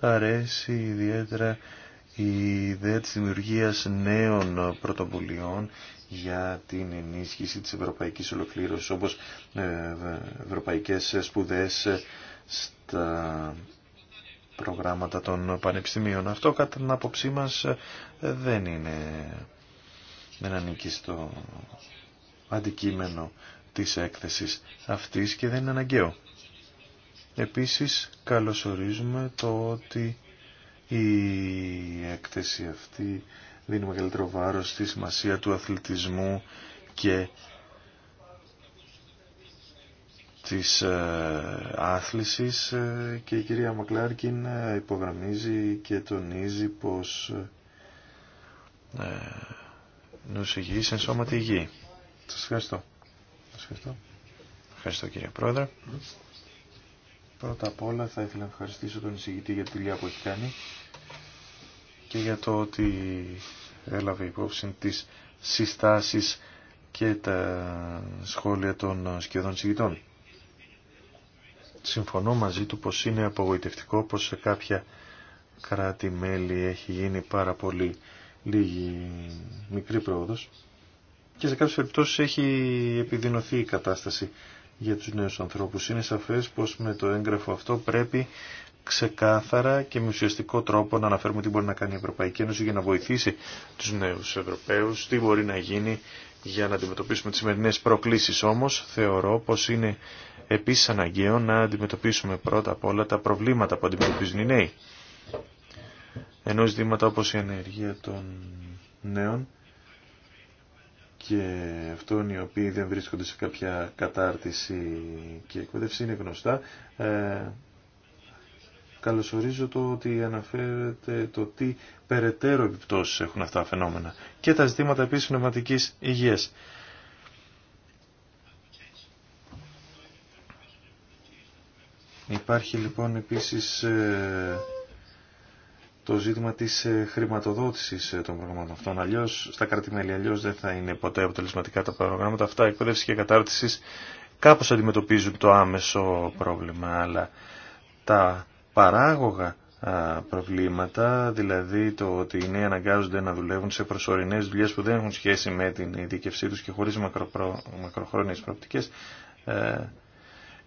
αρέσει ιδιαίτερα η ιδέα της δημιουργίας νέων πρωτοβουλειών για την ενίσχυση της ευρωπαϊκής ολοκλήρωσης όπως ε, ευρωπαϊκές σπουδές στα προγράμματα των πανεπιστημίων. Αυτό κατά την άποψή μας δεν είναι δεν ανήκει στο αντικείμενο της έκθεσης αυτής και δεν είναι αναγκαίο. Επίσης καλωσορίζουμε το ότι η έκθεση αυτή δίνει μεγαλύτερο βάρος στη σημασία του αθλητισμού και της ε, άθλησης ε, και η κυρία Μακλάρκιν ε, υπογραμμίζει και τονίζει πως νους υγιής εν σώμα τη Γη. Σας ευχαριστώ. Σας ευχαριστώ. Ευχαριστώ κύριε Πρόεδρε. Πρώτα απ' όλα θα ήθελα να ευχαριστήσω τον εισηγητή για τη δουλειά που έχει κάνει και για το ότι έλαβε υπόψη τις συστάσεις και τα σχόλια των σχεδόν συγκητών. Συμφωνώ μαζί του πως είναι απογοητευτικό πως σε κάποια κράτη-μέλη έχει γίνει πάρα πολύ λίγη μικρή πρόοδος και σε κάποιες περιπτώσεις έχει επιδεινωθεί η κατάσταση για τους νέους ανθρώπους. Είναι σαφές πως με το έγγραφο αυτό πρέπει ξεκάθαρα και με ουσιαστικό τρόπο να αναφέρουμε τι μπορεί να κάνει η Ευρωπαϊκή Ένωση για να βοηθήσει τους νέους Ευρωπαίους, τι μπορεί να γίνει για να αντιμετωπίσουμε τις σημερινές προκλήσεις όμως θεωρώ πως είναι επίσης αναγκαίο να αντιμετωπίσουμε πρώτα απ' όλα τα προβλήματα που αντιμετωπίζουν οι νέοι. Ενώ ζητήματα όπως η ενέργεια των νέων και αυτών οι οποίοι δεν βρίσκονται σε κάποια κατάρτιση και εκπαίδευση είναι γνωστά ε, καλωσορίζω το ότι αναφέρεται το τι περαιτέρω επιπτώσεις έχουν αυτά τα φαινόμενα και τα ζητήματα επίσης πνευματικής υγείας. Υπάρχει λοιπόν επίσης ε, το ζήτημα της ε, χρηματοδότησης ε, των προγραμμάτων αυτών. Αλλιώς, στα κρατημέλη αλλιώ δεν θα είναι ποτέ αποτελεσματικά τα προγράμματα. Αυτά εκπαίδευση και κατάρτισης κάπως αντιμετωπίζουν το άμεσο πρόβλημα, αλλά τα παράγωγα προβλήματα, δηλαδή το ότι οι νέοι αναγκάζονται να δουλεύουν σε προσωρινές δουλειές που δεν έχουν σχέση με την ειδίκευσή τους και χωρίς μακροπρο... μακροχρόνιες προοπτικές, ε,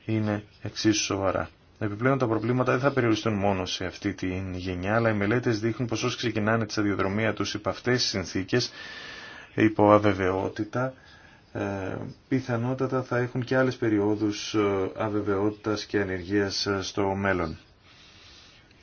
είναι εξίσου σοβαρά. Επιπλέον τα προβλήματα δεν θα περιοριστούν μόνο σε αυτή την γενιά, αλλά οι μελέτες δείχνουν πως όσοι ξεκινάνε τη σταδιοδρομία τους υπό αυτές τις συνθήκες, υπό αβεβαιότητα, ε, πιθανότατα θα έχουν και άλλες περιόδους ε, αβεβαιότητας και ανεργίας στο μέλλον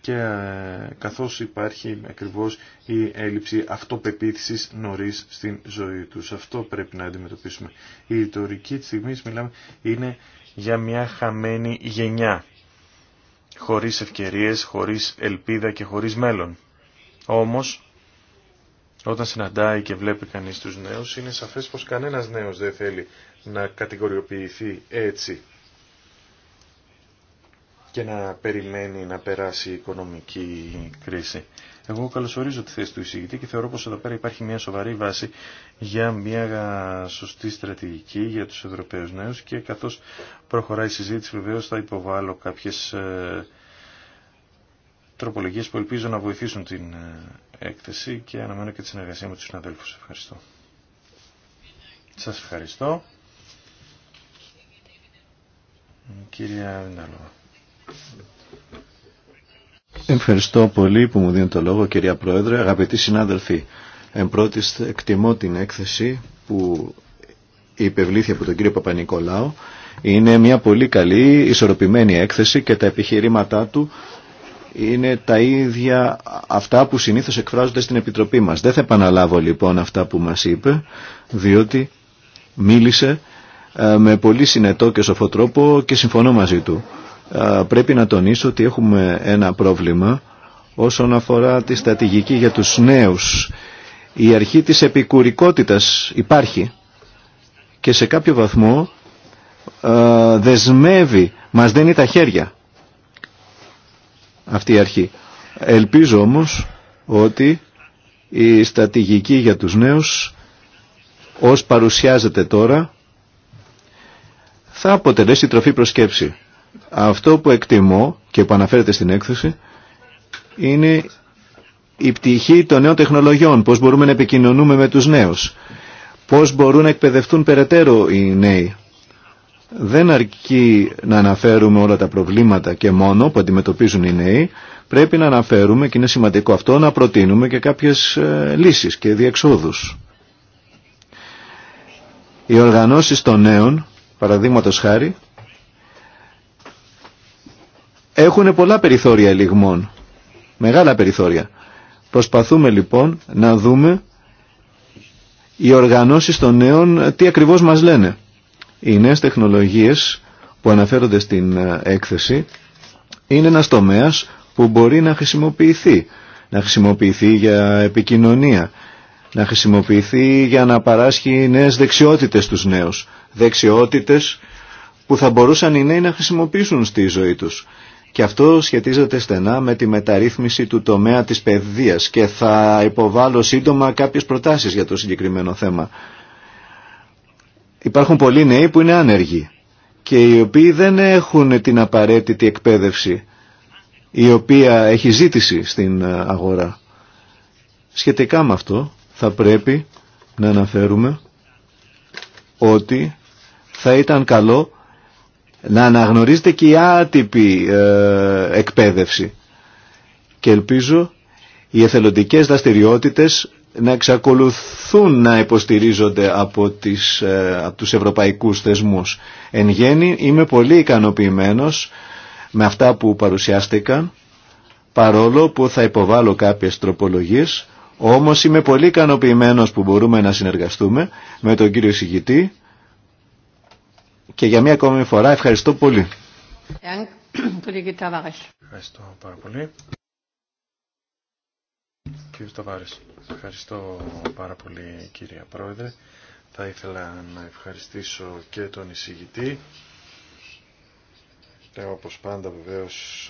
και ε, καθώς υπάρχει ακριβώς η έλλειψη αυτοπεποίθησης νωρίς στην ζωή τους. Αυτό πρέπει να αντιμετωπίσουμε. Η ρητορική της στιγμής μιλάμε είναι για μια χαμένη γενιά, χωρίς ευκαιρίες, χωρίς ελπίδα και χωρίς μέλλον. Όμως, όταν συναντάει και βλέπει κανείς τους νέους, είναι σαφές πως κανένας νέος δεν θέλει να κατηγοριοποιηθεί έτσι και να περιμένει να περάσει η οικονομική κρίση. Εγώ καλωσορίζω τη θέση του εισηγητή και θεωρώ πως εδώ πέρα υπάρχει μια σοβαρή βάση για μια σωστή στρατηγική για τους Ευρωπαίους νέους και καθώς προχωράει η συζήτηση βεβαίως θα υποβάλω κάποιες ε, τροπολογίες που ελπίζω να βοηθήσουν την ε, έκθεση και αναμένω και τη συνεργασία με τους συναδέλφους. Ευχαριστώ. Σας ευχαριστώ. Κυρία Βινταλόβα. Ευχαριστώ πολύ που μου δίνετε το λόγο κυρία Πρόεδρε. Αγαπητοί συνάδελφοι, εν πρώτης εκτιμώ την έκθεση που υπευλήθη από τον κύριο Είναι μια πολύ καλή, ισορροπημένη έκθεση και τα επιχειρήματά του είναι τα ίδια αυτά που συνήθως εκφράζονται στην Επιτροπή μας. Δεν θα επαναλάβω λοιπόν αυτά που μας είπε, διότι μίλησε ε, με πολύ συνετό και σοφό τρόπο και συμφωνώ μαζί του πρέπει να τονίσω ότι έχουμε ένα πρόβλημα όσον αφορά τη στρατηγική για τους νέους. Η αρχή της επικουρικότητας υπάρχει και σε κάποιο βαθμό δεσμεύει, μας δένει τα χέρια αυτή η αρχή. Ελπίζω όμως ότι η στρατηγική για τους νέους ως παρουσιάζεται τώρα θα αποτελέσει τροφή προσκέψη αυτό που εκτιμώ και που αναφέρεται στην έκθεση είναι η πτυχή των νέων τεχνολογιών, πώς μπορούμε να επικοινωνούμε με τους νέους, πώς μπορούν να εκπαιδευτούν περαιτέρω οι νέοι. Δεν αρκεί να αναφέρουμε όλα τα προβλήματα και μόνο που αντιμετωπίζουν οι νέοι, πρέπει να αναφέρουμε και είναι σημαντικό αυτό να προτείνουμε και κάποιες ε, λύσεις και διεξόδους. Οι οργανώσεις των νέων, παραδείγματο χάρη, έχουν πολλά περιθώρια ελιγμών, Μεγάλα περιθώρια. Προσπαθούμε λοιπόν να δούμε οι οργανώσεις των νέων ε, τι ακριβώς μας λένε. Οι νέες τεχνολογίες που αναφέρονται στην ε, έκθεση είναι ένας τομέας που μπορεί να χρησιμοποιηθεί. Να χρησιμοποιηθεί για επικοινωνία, να χρησιμοποιηθεί για να παράσχει νέες δεξιότητες στους νέους. Δεξιότητες που θα μπορούσαν οι νέοι να χρησιμοποιήσουν στη ζωή τους και αυτό σχετίζεται στενά με τη μεταρρύθμιση του τομέα της παιδείας και θα υποβάλω σύντομα κάποιες προτάσεις για το συγκεκριμένο θέμα. Υπάρχουν πολλοί νέοι που είναι άνεργοι και οι οποίοι δεν έχουν την απαραίτητη εκπαίδευση η οποία έχει ζήτηση στην αγορά. Σχετικά με αυτό θα πρέπει να αναφέρουμε ότι θα ήταν καλό να αναγνωρίζεται και η άτυπη ε, εκπαίδευση. Και ελπίζω οι εθελοντικές δραστηριότητε να εξακολουθούν να υποστηρίζονται από, τις, ε, από τους ευρωπαϊκούς θεσμούς. Εν γέννη είμαι πολύ ικανοποιημένος με αυτά που παρουσιάστηκαν, παρόλο που θα υποβάλω κάποιες τροπολογίες, όμως είμαι πολύ ικανοποιημένος που μπορούμε να συνεργαστούμε με τον κύριο Σιγητή, και για μία ακόμη φορά ευχαριστώ πολύ. Ευχαριστώ πάρα πολύ. Κύριε Σταβάρης, ευχαριστώ πάρα πολύ κύριε Πρόεδρε. Θα ήθελα να ευχαριστήσω και τον εισηγητή. Ε, όπως πάντα βεβαίως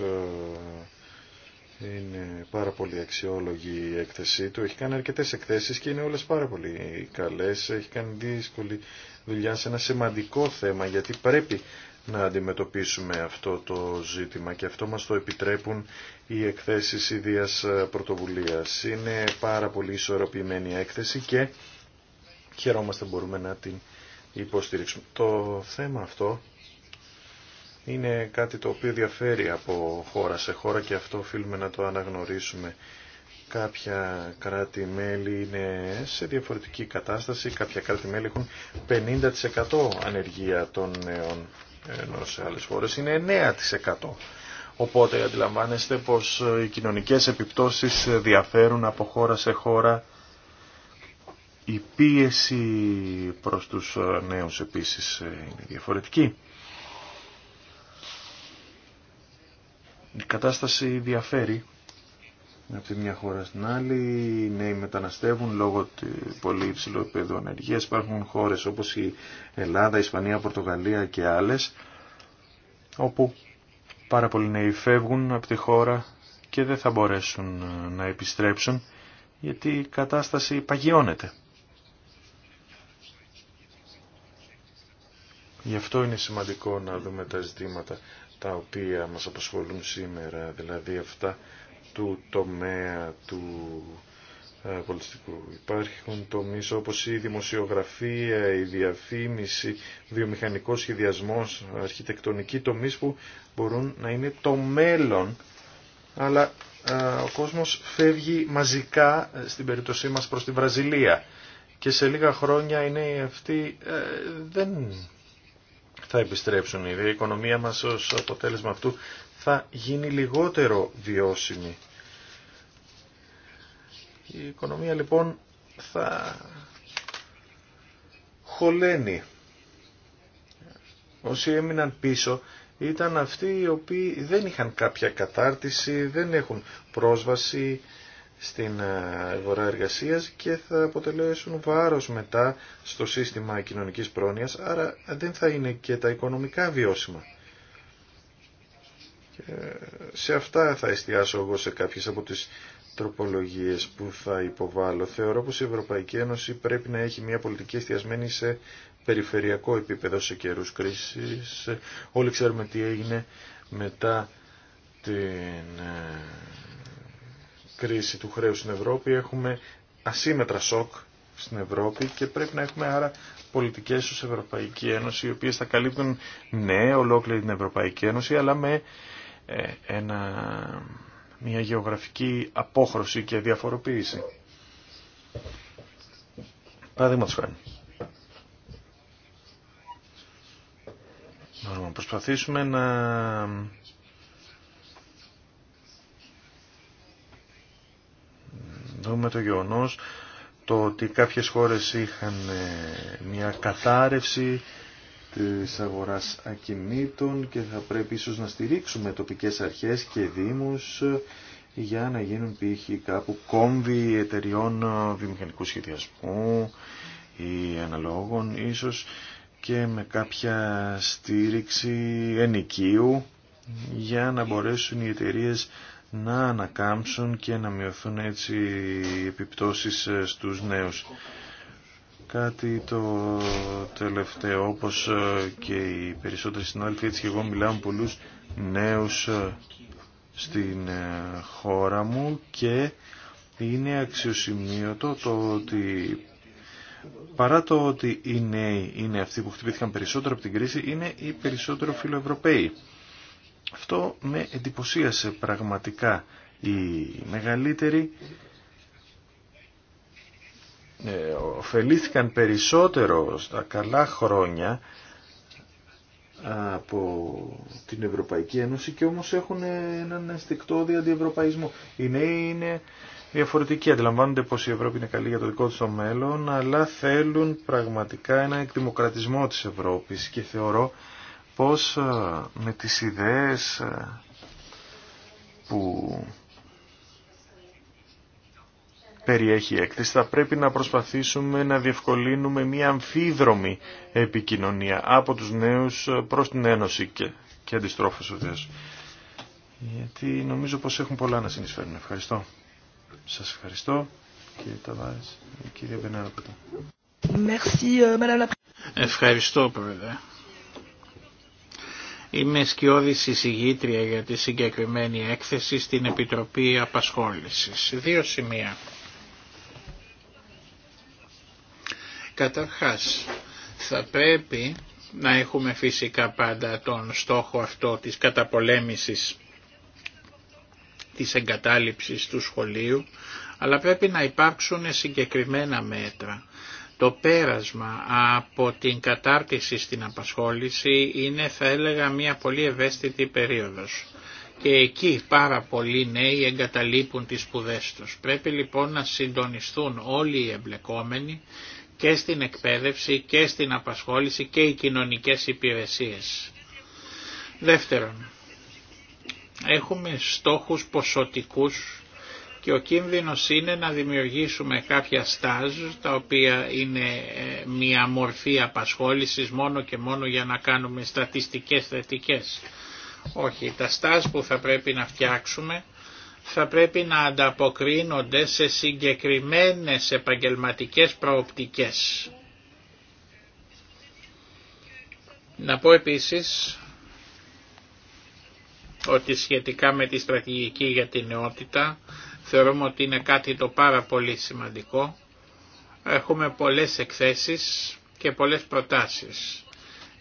ε, είναι πάρα πολύ αξιόλογη η έκθεσή του. Έχει κάνει αρκετές εκθέσεις και είναι όλες πάρα πολύ καλές. Έχει κάνει δύσκολη δουλειά ένα σημαντικό θέμα γιατί πρέπει να αντιμετωπίσουμε αυτό το ζήτημα και αυτό μας το επιτρέπουν οι εκθέσεις ιδίας πρωτοβουλίας. Είναι πάρα πολύ ισορροπημένη έκθεση και χαιρόμαστε μπορούμε να την υποστηρίξουμε. Το θέμα αυτό είναι κάτι το οποίο διαφέρει από χώρα σε χώρα και αυτό οφείλουμε να το αναγνωρίσουμε Κάποια κράτη-μέλη είναι σε διαφορετική κατάσταση, κάποια κράτη-μέλη έχουν 50% ανεργία των νέων, ενώ σε άλλες χώρες είναι 9%. Οπότε αντιλαμβάνεστε πως οι κοινωνικές επιπτώσεις διαφέρουν από χώρα σε χώρα. Η πίεση προς τους νέους επίσης είναι διαφορετική. Η κατάσταση διαφέρει από τη μια χώρα στην άλλη, οι νέοι μεταναστεύουν λόγω του πολύ υψηλού επίπεδου ανεργία. Υπάρχουν χώρες όπως η Ελλάδα, η Ισπανία, Πορτογαλία και άλλες, όπου πάρα πολλοί νέοι φεύγουν από τη χώρα και δεν θα μπορέσουν να επιστρέψουν, γιατί η κατάσταση παγιώνεται. Γι' αυτό είναι σημαντικό να δούμε τα ζητήματα τα οποία μας απασχολούν σήμερα, δηλαδή αυτά του τομέα του ε, πολιτιστικού. Υπάρχουν τομείς όπως η δημοσιογραφία, η διαφήμιση, βιομηχανικό σχεδιασμός, αρχιτεκτονικοί τομείς που μπορούν να είναι το μέλλον, αλλά ε, ο κόσμος φεύγει μαζικά ε, στην περίπτωσή μας προς τη Βραζιλία και σε λίγα χρόνια είναι αυτοί δεν θα επιστρέψουν. Η οικονομία μας ως αποτέλεσμα αυτού θα γίνει λιγότερο βιώσιμη. Η οικονομία λοιπόν θα χωλαίνει. Όσοι έμειναν πίσω ήταν αυτοί οι οποίοι δεν είχαν κάποια κατάρτιση, δεν έχουν πρόσβαση στην ε, αγορά εργασίας και θα αποτελέσουν βάρος μετά στο σύστημα κοινωνικής πρόνοιας, άρα δεν θα είναι και τα οικονομικά βιώσιμα σε αυτά θα εστιάσω εγώ σε κάποιες από τις τροπολογίες που θα υποβάλω. Θεωρώ πως η Ευρωπαϊκή Ένωση πρέπει να έχει μια πολιτική εστιασμένη σε περιφερειακό επίπεδο σε καιρούς κρίσης. Όλοι ξέρουμε τι έγινε μετά την ε, κρίση του χρέους στην Ευρώπη. Έχουμε ασύμετρα σοκ στην Ευρώπη και πρέπει να έχουμε άρα πολιτικές ως Ευρωπαϊκή Ένωση οι οποίες θα καλύπτουν ναι ολόκληρη την Ευρωπαϊκή Ένωση αλλά με ε, ένα, μια γεωγραφική απόχρωση και διαφοροποίηση. Παραδείγματος χάρη. Να προσπαθήσουμε να δούμε το γεγονός το ότι κάποιες χώρες είχαν ε, μια κατάρρευση της αγοράς ακινήτων και θα πρέπει ίσως να στηρίξουμε τοπικές αρχές και δήμους για να γίνουν π.χ. κάπου κόμβοι εταιριών βιομηχανικού σχεδιασμού ή αναλόγων ίσως και με κάποια στήριξη ενοικίου για να μπορέσουν οι εταιρείε να ανακάμψουν και να μειωθούν έτσι οι επιπτώσεις στους νέους κάτι το τελευταίο, όπως ε, και οι περισσότεροι συνάδελφοι, έτσι και εγώ μιλάω με πολλούς νέους ε, στην ε, χώρα μου και είναι αξιοσημείωτο το ότι παρά το ότι οι νέοι είναι αυτοί που χτυπήθηκαν περισσότερο από την κρίση, είναι οι περισσότερο φιλοευρωπαίοι. Αυτό με εντυπωσίασε πραγματικά. η μεγαλύτεροι ε, ωφελήθηκαν περισσότερο στα καλά χρόνια από την Ευρωπαϊκή Ένωση και όμως έχουν έναν αισθηκτόδη αντιευρωπαϊσμό. Οι νέοι είναι διαφορετικοί, αντιλαμβάνονται πως η Ευρώπη είναι καλή για το δικό τους το μέλλον, αλλά θέλουν πραγματικά ένα εκδημοκρατισμό της Ευρώπης και θεωρώ πως με τις ιδέες που περιέχει έκθεση. Θα πρέπει να προσπαθήσουμε να διευκολύνουμε μια αμφίδρομη επικοινωνία από τους νέους προς την Ένωση και, και αντιστρόφως ουδέως. Γιατί νομίζω πως έχουν πολλά να συνεισφέρουν. Ευχαριστώ. Σας ευχαριστώ κύριε Ταβάρης, κύριε euh, Ευχαριστώ πρόεδρε. Είμαι σκιώδης εισηγήτρια για τη συγκεκριμένη έκθεση στην Επιτροπή Απασχόλησης. Δύο σημεία. Καταρχάς, θα πρέπει να έχουμε φυσικά πάντα τον στόχο αυτό της καταπολέμησης της εγκατάλειψης του σχολείου, αλλά πρέπει να υπάρξουν συγκεκριμένα μέτρα. Το πέρασμα από την κατάρτιση στην απασχόληση είναι θα έλεγα μια πολύ ευαίσθητη περίοδος και εκεί πάρα πολλοί νέοι εγκαταλείπουν τις σπουδέ τους. Πρέπει λοιπόν να συντονιστούν όλοι οι εμπλεκόμενοι και στην εκπαίδευση και στην απασχόληση και οι κοινωνικές υπηρεσίες. Δεύτερον, έχουμε στόχους ποσοτικούς και ο κίνδυνος είναι να δημιουργήσουμε κάποια στάζ τα οποία είναι ε, μια μορφή απασχόλησης μόνο και μόνο για να κάνουμε στατιστικές θετικές. Όχι, τα στάζ που θα πρέπει να φτιάξουμε θα πρέπει να ανταποκρίνονται σε συγκεκριμένες επαγγελματικές προοπτικές. Να πω επίσης ότι σχετικά με τη στρατηγική για την νεότητα θεωρούμε ότι είναι κάτι το πάρα πολύ σημαντικό. Έχουμε πολλές εκθέσεις και πολλές προτάσεις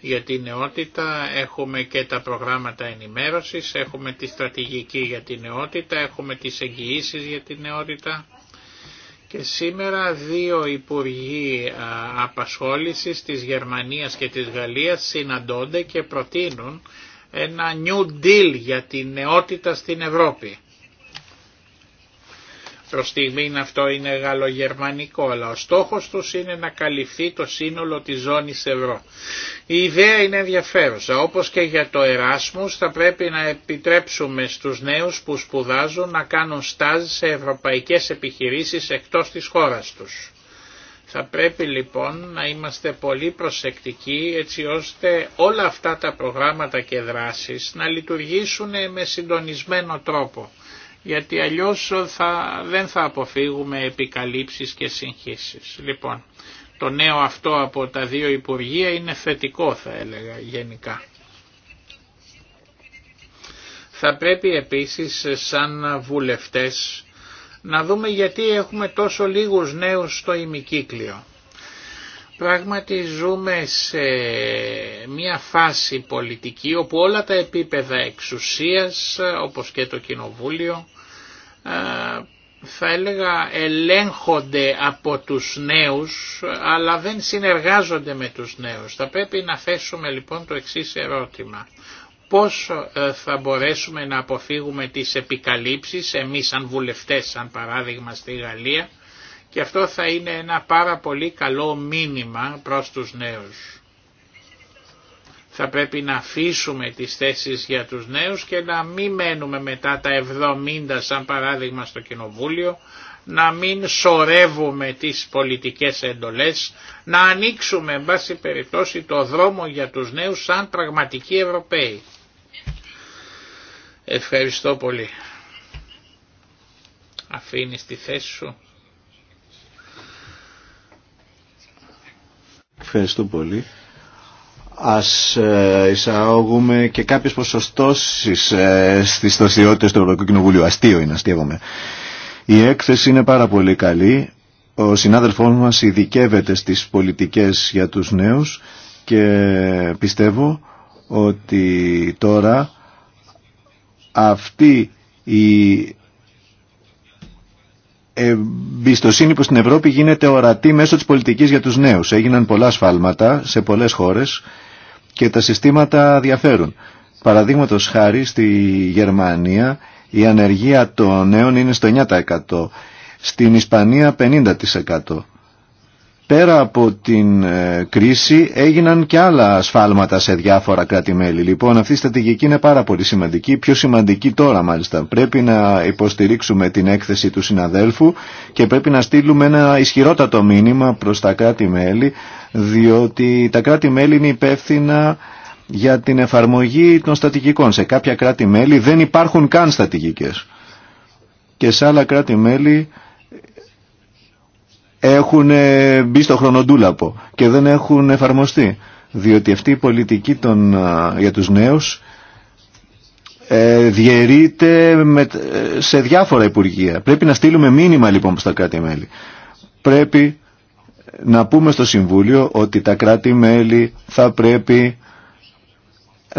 για την νεότητα, έχουμε και τα προγράμματα ενημέρωσης, έχουμε τη στρατηγική για την νεότητα, έχουμε τις εγγυήσει για την νεότητα. Και σήμερα δύο υπουργοί απασχόλησης της Γερμανίας και της Γαλλίας συναντώνται και προτείνουν ένα νιου deal για την νεότητα στην Ευρώπη. Προ στιγμήν αυτό είναι γαλλογερμανικό, αλλά ο στόχος τους είναι να καλυφθεί το σύνολο της ζώνης ευρώ. Η ιδέα είναι ενδιαφέρουσα, όπως και για το Εράσμους θα πρέπει να επιτρέψουμε στους νέους που σπουδάζουν να κάνουν στάζ σε ευρωπαϊκές επιχειρήσεις εκτός της χώρας τους. Θα πρέπει λοιπόν να είμαστε πολύ προσεκτικοί έτσι ώστε όλα αυτά τα προγράμματα και δράσεις να λειτουργήσουν με συντονισμένο τρόπο γιατί αλλιώς θα, δεν θα αποφύγουμε επικαλύψεις και συγχύσεις. Λοιπόν, το νέο αυτό από τα δύο Υπουργεία είναι θετικό θα έλεγα γενικά. Θα πρέπει επίσης σαν βουλευτές να δούμε γιατί έχουμε τόσο λίγους νέους στο ημικύκλιο. Πράγματι ζούμε σε μια φάση πολιτική όπου όλα τα επίπεδα εξουσίας όπως και το κοινοβούλιο ε, θα έλεγα ελέγχονται από τους νέους αλλά δεν συνεργάζονται με τους νέους. Θα πρέπει να θέσουμε λοιπόν το εξής ερώτημα. Πώς ε, θα μπορέσουμε να αποφύγουμε τις επικαλύψεις εμείς σαν βουλευτές σαν παράδειγμα στη Γαλλία και αυτό θα είναι ένα πάρα πολύ καλό μήνυμα προς τους νέους. Θα πρέπει να αφήσουμε τις θέσεις για τους νέους και να μην μένουμε μετά τα 70 σαν παράδειγμα στο Κοινοβούλιο, να μην σορεύουμε τις πολιτικές εντολές, να ανοίξουμε εν περιπτώσει το δρόμο για τους νέους σαν πραγματικοί Ευρωπαίοι. Ευχαριστώ πολύ. Αφήνεις τη θέση σου. Ευχαριστώ πολύ. Ας ε, εισαγωγούμε και κάποιες ποσοστώσεις ε, στις του Ευρωπαϊκού Κοινοβουλίου. Αστείο είναι, αστείευομαι. Η έκθεση είναι πάρα πολύ καλή. Ο συνάδελφός μας ειδικεύεται στις πολιτικές για τους νέους και πιστεύω ότι τώρα αυτή η εμπιστοσύνη που στην Ευρώπη γίνεται ορατή μέσω της πολιτικής για τους νέους. Έγιναν πολλά σφάλματα σε πολλές χώρες και τα συστήματα διαφέρουν. Παραδείγματο χάρη στη Γερμανία η ανεργία των νέων είναι στο 9%. Στην Ισπανία 50% πέρα από την ε, κρίση έγιναν και άλλα ασφάλματα σε διάφορα κράτη-μέλη. Λοιπόν, αυτή η στρατηγική είναι πάρα πολύ σημαντική, πιο σημαντική τώρα μάλιστα. Πρέπει να υποστηρίξουμε την έκθεση του συναδέλφου και πρέπει να στείλουμε ένα ισχυρότατο μήνυμα προς τα κράτη-μέλη, διότι τα κράτη-μέλη είναι υπεύθυνα για την εφαρμογή των στατικικών. Σε κάποια κράτη-μέλη δεν υπάρχουν καν στατικικές. Και σε άλλα κράτη-μέλη έχουν ε, μπει στο χρονοτούλαπο και δεν έχουν εφαρμοστεί. Διότι αυτή η πολιτική των, ε, για τους νέους ε, διαιρείται με, ε, σε διάφορα υπουργεία. Πρέπει να στείλουμε μήνυμα λοιπόν στα τα κράτη-μέλη. Πρέπει να πούμε στο Συμβούλιο ότι τα κράτη-μέλη θα πρέπει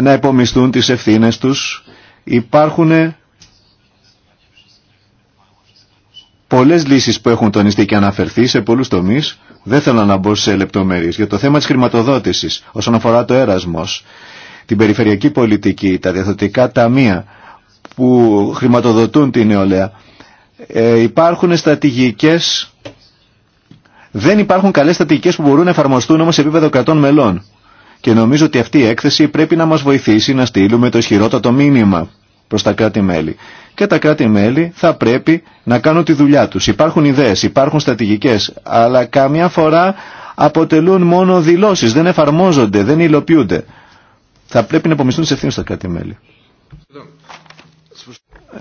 να υπομισθούν τις ευθύνες τους. Υπάρχουν πολλές λύσεις που έχουν τονιστεί και αναφερθεί σε πολλούς τομείς. Δεν θέλω να μπω σε λεπτομέρειες. Για το θέμα της χρηματοδότησης, όσον αφορά το έρασμος, την περιφερειακή πολιτική, τα διαθετικά ταμεία που χρηματοδοτούν την νεολαία, ε, υπάρχουν στρατηγικές, δεν υπάρχουν καλές στρατηγικές που μπορούν να εφαρμοστούν όμως σε επίπεδο 100 μελών. Και νομίζω ότι αυτή η έκθεση πρέπει να μας βοηθήσει να στείλουμε το ισχυρότατο μήνυμα προς τα κράτη-μέλη και τα κράτη-μέλη θα πρέπει να κάνουν τη δουλειά τους. Υπάρχουν ιδέες, υπάρχουν στρατηγικές, αλλά καμιά φορά αποτελούν μόνο δηλώσεις, δεν εφαρμόζονται, δεν υλοποιούνται. Θα πρέπει να απομιστούν τις ευθύνες στα κράτη-μέλη.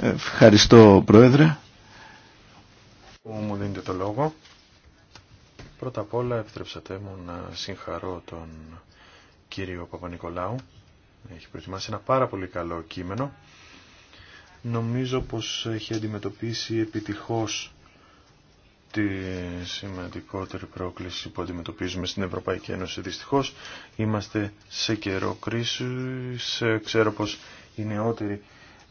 Ευχαριστώ, Πρόεδρε. Μου δίνετε το Πρώτα απ' όλα επιτρέψατε μου να συγχαρώ τον κύριο Παπα-Νικολάου. Έχει προετοιμάσει ένα πάρα πολύ καλό κείμενο νομίζω πως έχει αντιμετωπίσει επιτυχώς τη σημαντικότερη πρόκληση που αντιμετωπίζουμε στην Ευρωπαϊκή Ένωση. Δυστυχώς είμαστε σε καιρό κρίσης. Ε, ξέρω πως οι νεότεροι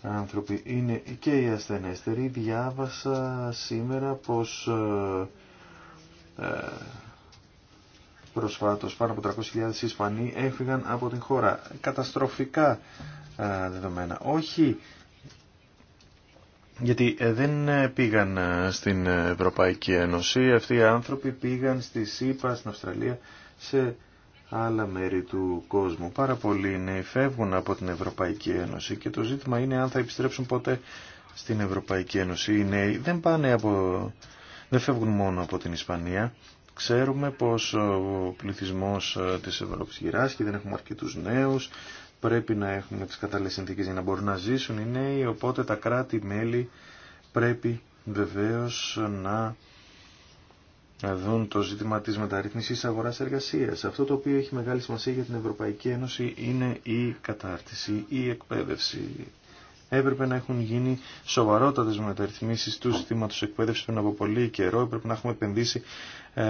άνθρωποι είναι και οι ασθενέστεροι. Διάβασα σήμερα πως ε, ε, προσφάτως πάνω από 300.000 Ισπανοί έφυγαν από την χώρα. Καταστροφικά δεδομένα. Όχι γιατί ε, δεν ε, πήγαν ε, στην Ευρωπαϊκή Ένωση, αυτοί οι άνθρωποι πήγαν στη ΣΥΠΑ, στην Αυστραλία, σε άλλα μέρη του κόσμου. Πάρα πολλοί νέοι φεύγουν από την Ευρωπαϊκή Ένωση και το ζήτημα είναι αν θα επιστρέψουν ποτέ στην Ευρωπαϊκή Ένωση. Οι νέοι δεν, πάνε από... δεν φεύγουν μόνο από την Ισπανία. Ξέρουμε πως ο πληθυσμός της Ευρώπης γυράσκει, δεν έχουμε αρκετούς νέους, πρέπει να έχουν τις κατάλληλες συνθήκες για να μπορούν να ζήσουν οι νέοι, οπότε τα κράτη-μέλη πρέπει βεβαίως να δουν το ζήτημα της μεταρρύθμισης αγοράς εργασίας. Αυτό το οποίο έχει μεγάλη σημασία για την Ευρωπαϊκή Ένωση είναι η κατάρτιση, η εκπαίδευση, έπρεπε να έχουν γίνει σοβαρότατε μεταρρυθμίσει του συστήματο εκπαίδευση πριν από πολύ καιρό. Έπρεπε να έχουμε επενδύσει ε,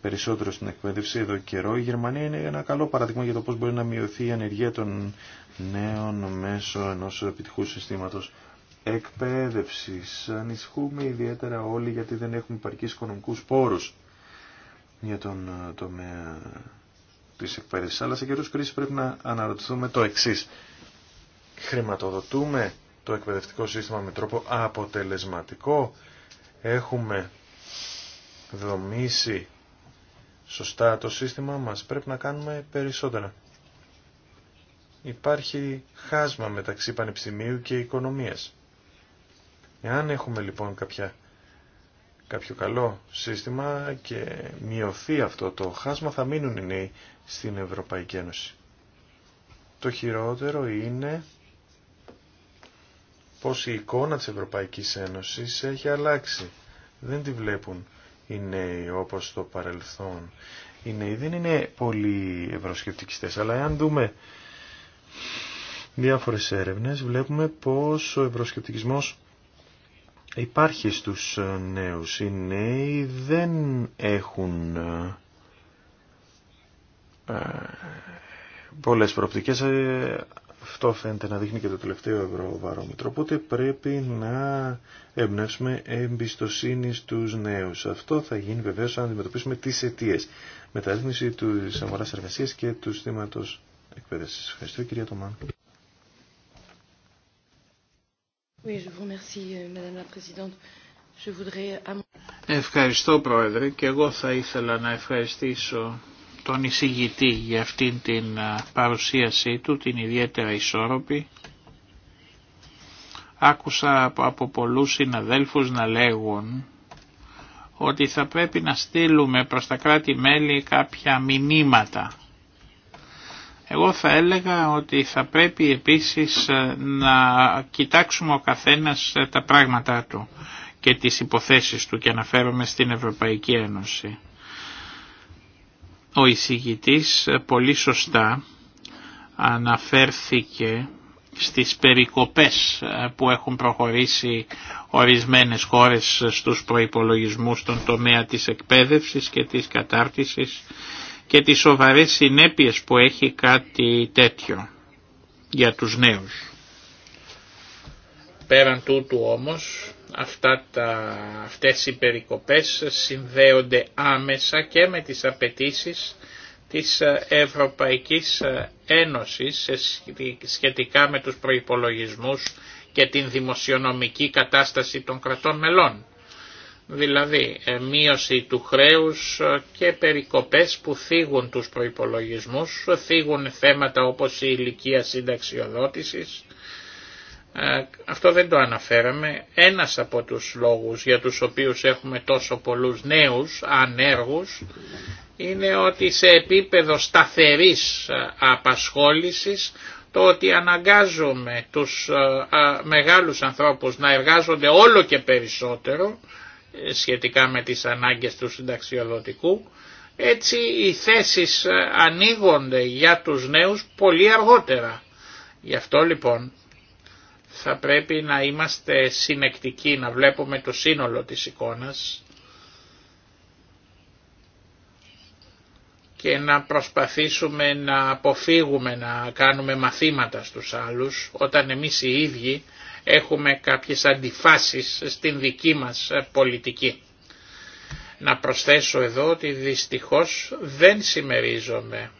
περισσότερο στην εκπαίδευση εδώ καιρό. Η Γερμανία είναι ένα καλό παράδειγμα για το πώ μπορεί να μειωθεί η ανεργία των νέων μέσω ενό επιτυχού συστήματος εκπαίδευση. Ανησυχούμε ιδιαίτερα όλοι γιατί δεν έχουμε υπαρκεί οικονομικού πόρου για τον ε, τομέα τη εκπαίδευση. Αλλά σε καιρού κρίση πρέπει να αναρωτηθούμε το εξή χρηματοδοτούμε το εκπαιδευτικό σύστημα με τρόπο αποτελεσματικό, έχουμε δομήσει σωστά το σύστημα μας, πρέπει να κάνουμε περισσότερα. Υπάρχει χάσμα μεταξύ πανεπιστημίου και οικονομίας. Εάν έχουμε λοιπόν κάποια, κάποιο καλό σύστημα και μειωθεί αυτό το χάσμα θα μείνουν οι νέοι στην Ευρωπαϊκή Ένωση. Το χειρότερο είναι πως η εικόνα της Ευρωπαϊκής Ένωσης έχει αλλάξει. Δεν τη βλέπουν οι νέοι όπως το παρελθόν. Οι νέοι δεν είναι πολύ ευρωσκεπτικιστές, αλλά αν δούμε διάφορες έρευνες βλέπουμε πως ο ευρωσκεπτικισμός υπάρχει στους νέους. Οι νέοι δεν έχουν ε, πολλές προοπτικές ε, αυτό φαίνεται να δείχνει και το τελευταίο ευρωβαρόμετρο. Οπότε πρέπει να εμπνεύσουμε εμπιστοσύνη στους νέους. Αυτό θα γίνει βεβαίως αν αντιμετωπίσουμε τις αιτίες. Μεταρρύθμιση της αγοράς εργασίας και του στήματος εκπαίδευσης. Ευχαριστώ κυρία Τομάν. Ευχαριστώ Πρόεδρε και εγώ θα ήθελα να ευχαριστήσω τον εισηγητή για αυτήν την παρουσίασή του, την ιδιαίτερα ισόρροπη. Άκουσα από πολλούς συναδέλφους να λέγουν ότι θα πρέπει να στείλουμε προς τα κράτη-μέλη κάποια μηνύματα. Εγώ θα έλεγα ότι θα πρέπει επίσης να κοιτάξουμε ο καθένας τα πράγματα του και τις υποθέσεις του και αναφέρομαι στην Ευρωπαϊκή Ένωση. Ο εισηγητής ε, πολύ σωστά αναφέρθηκε στις περικοπές ε, που έχουν προχωρήσει ορισμένες χώρες ε, στους προϋπολογισμούς στον τομέα της εκπαίδευσης και της κατάρτισης και τις σοβαρές συνέπειες που έχει κάτι τέτοιο για τους νέους. Πέραν τούτου όμως Αυτά τα, αυτές οι περικοπές συνδέονται άμεσα και με τις απαιτήσει της ε, Ευρωπαϊκής ε, Ένωσης σχετικά με τους προϋπολογισμούς και την δημοσιονομική κατάσταση των κρατών μελών. Δηλαδή ε, μείωση του χρέους και περικοπές που θίγουν τους προϋπολογισμούς, θίγουν θέματα όπως η ηλικία συνταξιοδότησης, ε, αυτό δεν το αναφέραμε, ένας από τους λόγους για τους οποίους έχουμε τόσο πολλούς νέους ανέργους είναι ότι σε επίπεδο σταθερής ε, απασχόλησης το ότι αναγκάζουμε τους ε, μεγάλους ανθρώπους να εργάζονται όλο και περισσότερο σχετικά με τις ανάγκες του συνταξιοδοτικού, έτσι οι θέσεις ανοίγονται για τους νέους πολύ αργότερα. Γι' αυτό λοιπόν θα πρέπει να είμαστε συνεκτικοί, να βλέπουμε το σύνολο της εικόνας και να προσπαθήσουμε να αποφύγουμε να κάνουμε μαθήματα στους άλλους όταν εμείς οι ίδιοι έχουμε κάποιες αντιφάσεις στην δική μας πολιτική. Να προσθέσω εδώ ότι δυστυχώς δεν συμμερίζομαι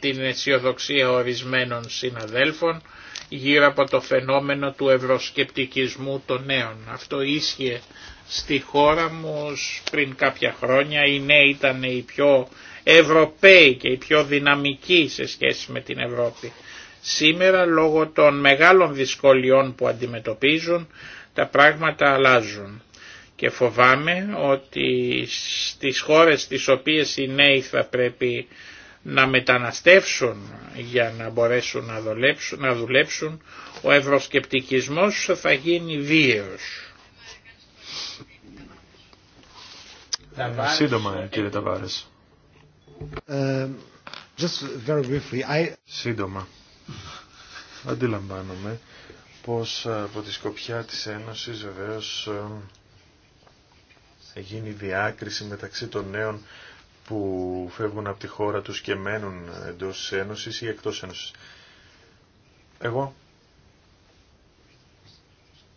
την αισιοδοξία ορισμένων συναδέλφων γύρω από το φαινόμενο του ευρωσκεπτικισμού των νέων. Αυτό ίσχυε στη χώρα μου πριν κάποια χρόνια. Οι νέοι ήταν οι πιο Ευρωπαίοι και οι πιο δυναμικοί σε σχέση με την Ευρώπη. Σήμερα λόγω των μεγάλων δυσκολιών που αντιμετωπίζουν τα πράγματα αλλάζουν. Και φοβάμαι ότι στις χώρες τις οποίες οι νέοι θα πρέπει να μεταναστεύσουν για να μπορέσουν να δουλέψουν, να δουλέψουν ο ευρωσκεπτικισμός θα γίνει βίαιος. Ε, σύντομα κύριε Ταβάρες. Ε, just very briefly, Σύντομα. Αντιλαμβάνομαι πως ε, από τη σκοπιά της Ένωσης βεβαίως γίνει διάκριση μεταξύ των νέων που φεύγουν από τη χώρα τους και μένουν εντός Ένωσης ή εκτός Ένωσης. Εγώ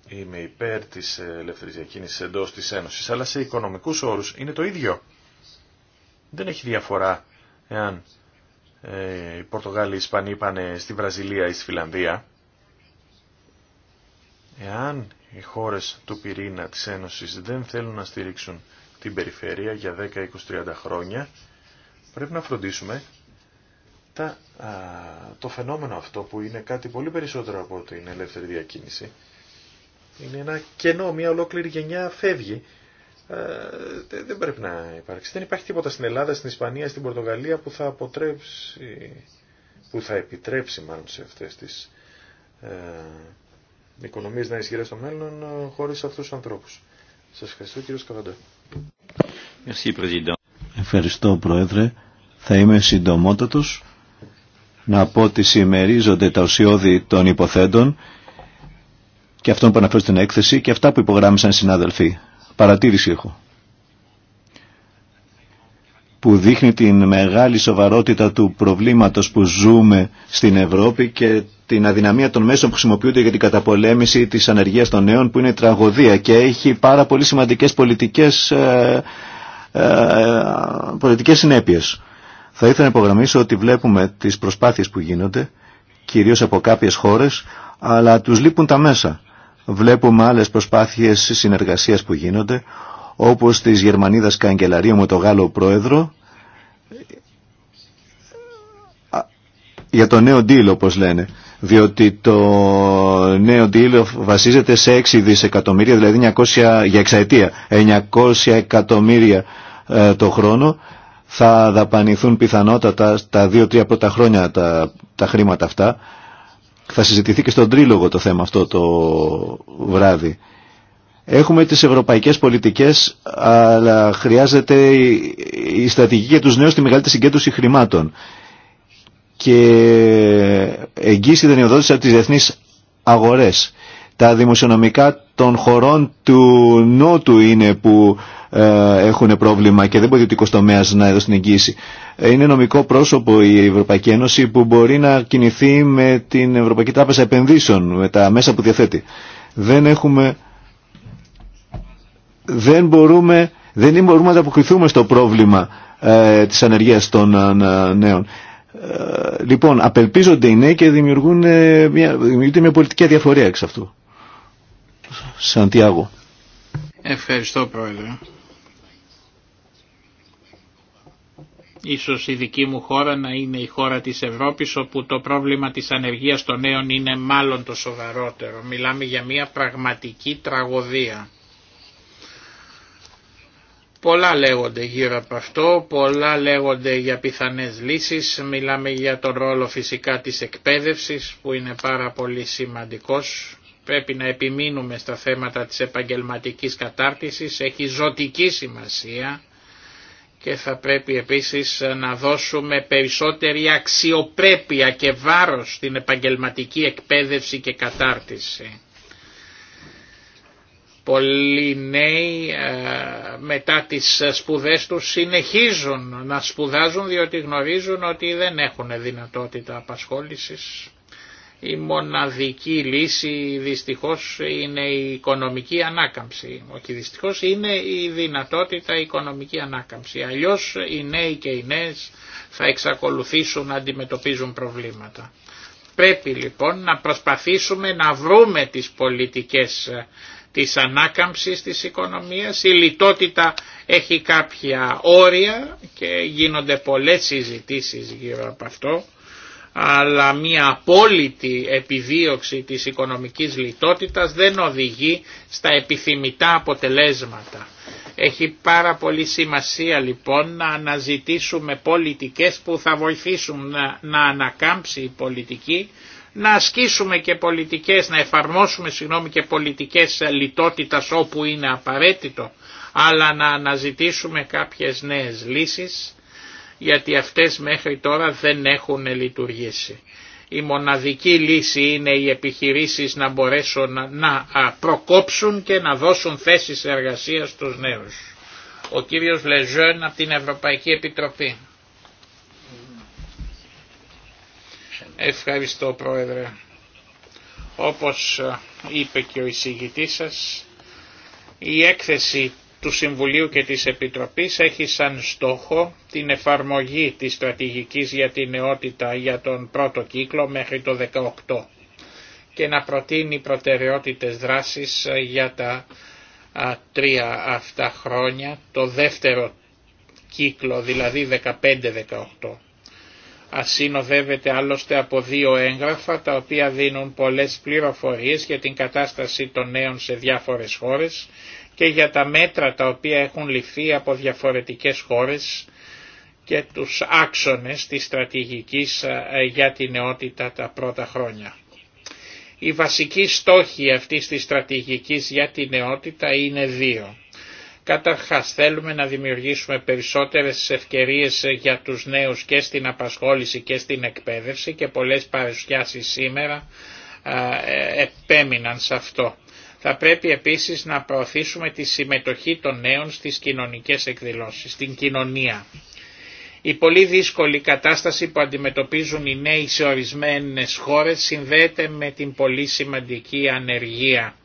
είμαι υπέρ της ελεύθερης διακίνησης εντός της Ένωσης, αλλά σε οικονομικούς όρους είναι το ίδιο. Δεν έχει διαφορά εάν ε, οι Πορτογάλοι, οι Ισπανοί πάνε στη Βραζιλία ή στη Φιλανδία. Εάν οι χώρες του πυρήνα της Ένωσης δεν θέλουν να στηρίξουν την περιφέρεια για 10, 20, 30 χρόνια, πρέπει να φροντίσουμε τα, το φαινόμενο αυτό που είναι κάτι πολύ περισσότερο από την ελεύθερη διακίνηση. Είναι ένα κενό, μια ολόκληρη γενιά φεύγει. δεν, πρέπει να υπάρξει. Δεν υπάρχει τίποτα στην Ελλάδα, στην Ισπανία, στην Πορτογαλία που θα αποτρέψει, που θα επιτρέψει μάλλον σε αυτές τις οικονομίε οικονομίες να ισχυρές στο μέλλον ε, χωρίς αυτούς τους ανθρώπους. Σας ευχαριστώ κύριο Σκαβαντό. Ευχαριστώ Πρόεδρε. Θα είμαι συντομότατος να πω ότι συμμερίζονται τα ουσιώδη των υποθέτων και αυτών που αναφέρω στην έκθεση και αυτά που υπογράμμισαν οι συνάδελφοι. Παρατήρηση έχω που δείχνει την μεγάλη σοβαρότητα του προβλήματος που ζούμε στην Ευρώπη και την αδυναμία των μέσων που χρησιμοποιούνται για την καταπολέμηση της ανεργίας των νέων που είναι τραγωδία και έχει πάρα πολύ σημαντικές πολιτικές, ε, ε πολιτικές συνέπειες. Θα ήθελα να υπογραμμίσω ότι βλέπουμε τις προσπάθειες που γίνονται, κυρίως από κάποιες χώρες, αλλά τους λείπουν τα μέσα. Βλέπουμε άλλες προσπάθειες συνεργασίας που γίνονται, όπως της Γερμανίδας Καγκελαρίου με τον Γάλλο Πρόεδρο για το νέο deal όπως λένε διότι το νέο deal βασίζεται σε 6 δισεκατομμύρια δηλαδή 900, για εξαετία 900 εκατομμύρια ε, το χρόνο θα δαπανηθούν πιθανότατα στα 2-3 πρώτα χρόνια τα, τα χρήματα αυτά θα συζητηθεί και στον τρίλογο το θέμα αυτό το βράδυ Έχουμε τις ευρωπαϊκές πολιτικές, αλλά χρειάζεται η στρατηγική για τους νέους τη μεγαλύτερη συγκέντρωση χρημάτων και εγγύηση δανειοδότηση από τις διεθνείς αγορές. Τα δημοσιονομικά των χωρών του Νότου είναι που ε, έχουν πρόβλημα και δεν μπορεί ο τομέα να έδωσε την εγγύηση. Είναι νομικό πρόσωπο η Ευρωπαϊκή Ένωση που μπορεί να κινηθεί με την Ευρωπαϊκή Τράπεζα Επενδύσεων, με τα μέσα που διαθέτει. Δεν έχουμε δεν μπορούμε, δεν μπορούμε να ανταποκριθούμε στο πρόβλημα ε, της ανεργίας των ε, νέων. Ε, λοιπόν, απελπίζονται οι νέοι και δημιουργούν ε, μια, μια πολιτική διαφορία εξ αυτού. Σαντιάγο. Ευχαριστώ Πρόεδρε. Ίσως η δική μου χώρα να είναι η χώρα της Ευρώπης όπου το πρόβλημα της ανεργίας των νέων είναι μάλλον το σοβαρότερο. Μιλάμε για μια πραγματική τραγωδία. Πολλά λέγονται γύρω από αυτό, πολλά λέγονται για πιθανές λύσεις, μιλάμε για τον ρόλο φυσικά της εκπαίδευσης που είναι πάρα πολύ σημαντικός. Πρέπει να επιμείνουμε στα θέματα της επαγγελματικής κατάρτισης, έχει ζωτική σημασία και θα πρέπει επίσης να δώσουμε περισσότερη αξιοπρέπεια και βάρος στην επαγγελματική εκπαίδευση και κατάρτιση. Πολλοί νέοι ε, μετά τις σπουδές τους συνεχίζουν να σπουδάζουν διότι γνωρίζουν ότι δεν έχουν δυνατότητα απασχόλησης. Η μοναδική λύση δυστυχώς είναι η οικονομική ανάκαμψη. Όχι δυστυχώς είναι η δυνατότητα η οικονομική ανάκαμψη. Αλλιώς οι νέοι και οι νέες θα εξακολουθήσουν να αντιμετωπίζουν προβλήματα. Πρέπει λοιπόν να προσπαθήσουμε να βρούμε τις πολιτικές της ανάκαμψης της οικονομίας, η λιτότητα έχει κάποια όρια και γίνονται πολλές συζητήσεις γύρω από αυτό, αλλά μια απόλυτη επιδίωξη της οικονομικής λιτότητας δεν οδηγεί στα επιθυμητά αποτελέσματα. Έχει πάρα πολύ σημασία λοιπόν να αναζητήσουμε πολιτικές που θα βοηθήσουν να, να ανακάμψει η πολιτική να ασκήσουμε και πολιτικές, να εφαρμόσουμε συγγνώμη και πολιτικές λιτότητας όπου είναι απαραίτητο, αλλά να αναζητήσουμε κάποιες νέες λύσεις, γιατί αυτές μέχρι τώρα δεν έχουν λειτουργήσει. Η μοναδική λύση είναι οι επιχειρήσεις να μπορέσουν να προκόψουν και να δώσουν θέσεις εργασίας στους νέους. Ο κύριος Λεζόν από την Ευρωπαϊκή Επιτροπή. Ευχαριστώ Πρόεδρε. Όπως ε, είπε και ο εισηγητής σας, η έκθεση του Συμβουλίου και της Επιτροπής έχει σαν στόχο την εφαρμογή της στρατηγικής για την νεότητα για τον πρώτο κύκλο μέχρι το 18 και να προτείνει προτεραιότητες δράσης ε, για τα τρία αυτά χρόνια, το δεύτερο κύκλο δηλαδή 15-18 ασυνοδεύεται άλλωστε από δύο έγγραφα τα οποία δίνουν πολλές πληροφορίες για την κατάσταση των νέων σε διάφορες χώρες και για τα μέτρα τα οποία έχουν ληφθεί από διαφορετικές χώρες και τους άξονες της στρατηγικής ε, για την νεότητα τα πρώτα χρόνια. η βασική στόχοι αυτής της στρατηγικής για την νεότητα είναι δύο. Καταρχάς θέλουμε να δημιουργήσουμε περισσότερες ευκαιρίες για τους νέους και στην απασχόληση και στην εκπαίδευση και πολλές παρουσιάσεις σήμερα ε, επέμειναν σε αυτό. Θα πρέπει επίσης να προωθήσουμε τη συμμετοχή των νέων στις κοινωνικές εκδηλώσεις, στην κοινωνία. Η πολύ δύσκολη κατάσταση που αντιμετωπίζουν οι νέοι σε ορισμένες χώρες συνδέεται με την πολύ σημαντική ανεργία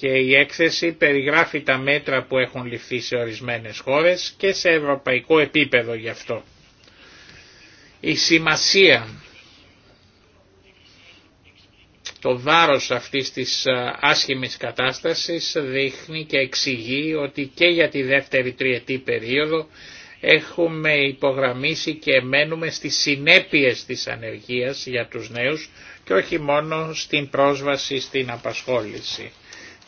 και η έκθεση περιγράφει τα μέτρα που έχουν ληφθεί σε ορισμένες χώρες και σε ευρωπαϊκό επίπεδο γι' αυτό. Η σημασία, το βάρος αυτής της άσχημης κατάστασης δείχνει και εξηγεί ότι και για τη δεύτερη τριετή περίοδο έχουμε υπογραμμίσει και μένουμε στις συνέπειες της ανεργίας για τους νέους και όχι μόνο στην πρόσβαση στην απασχόληση.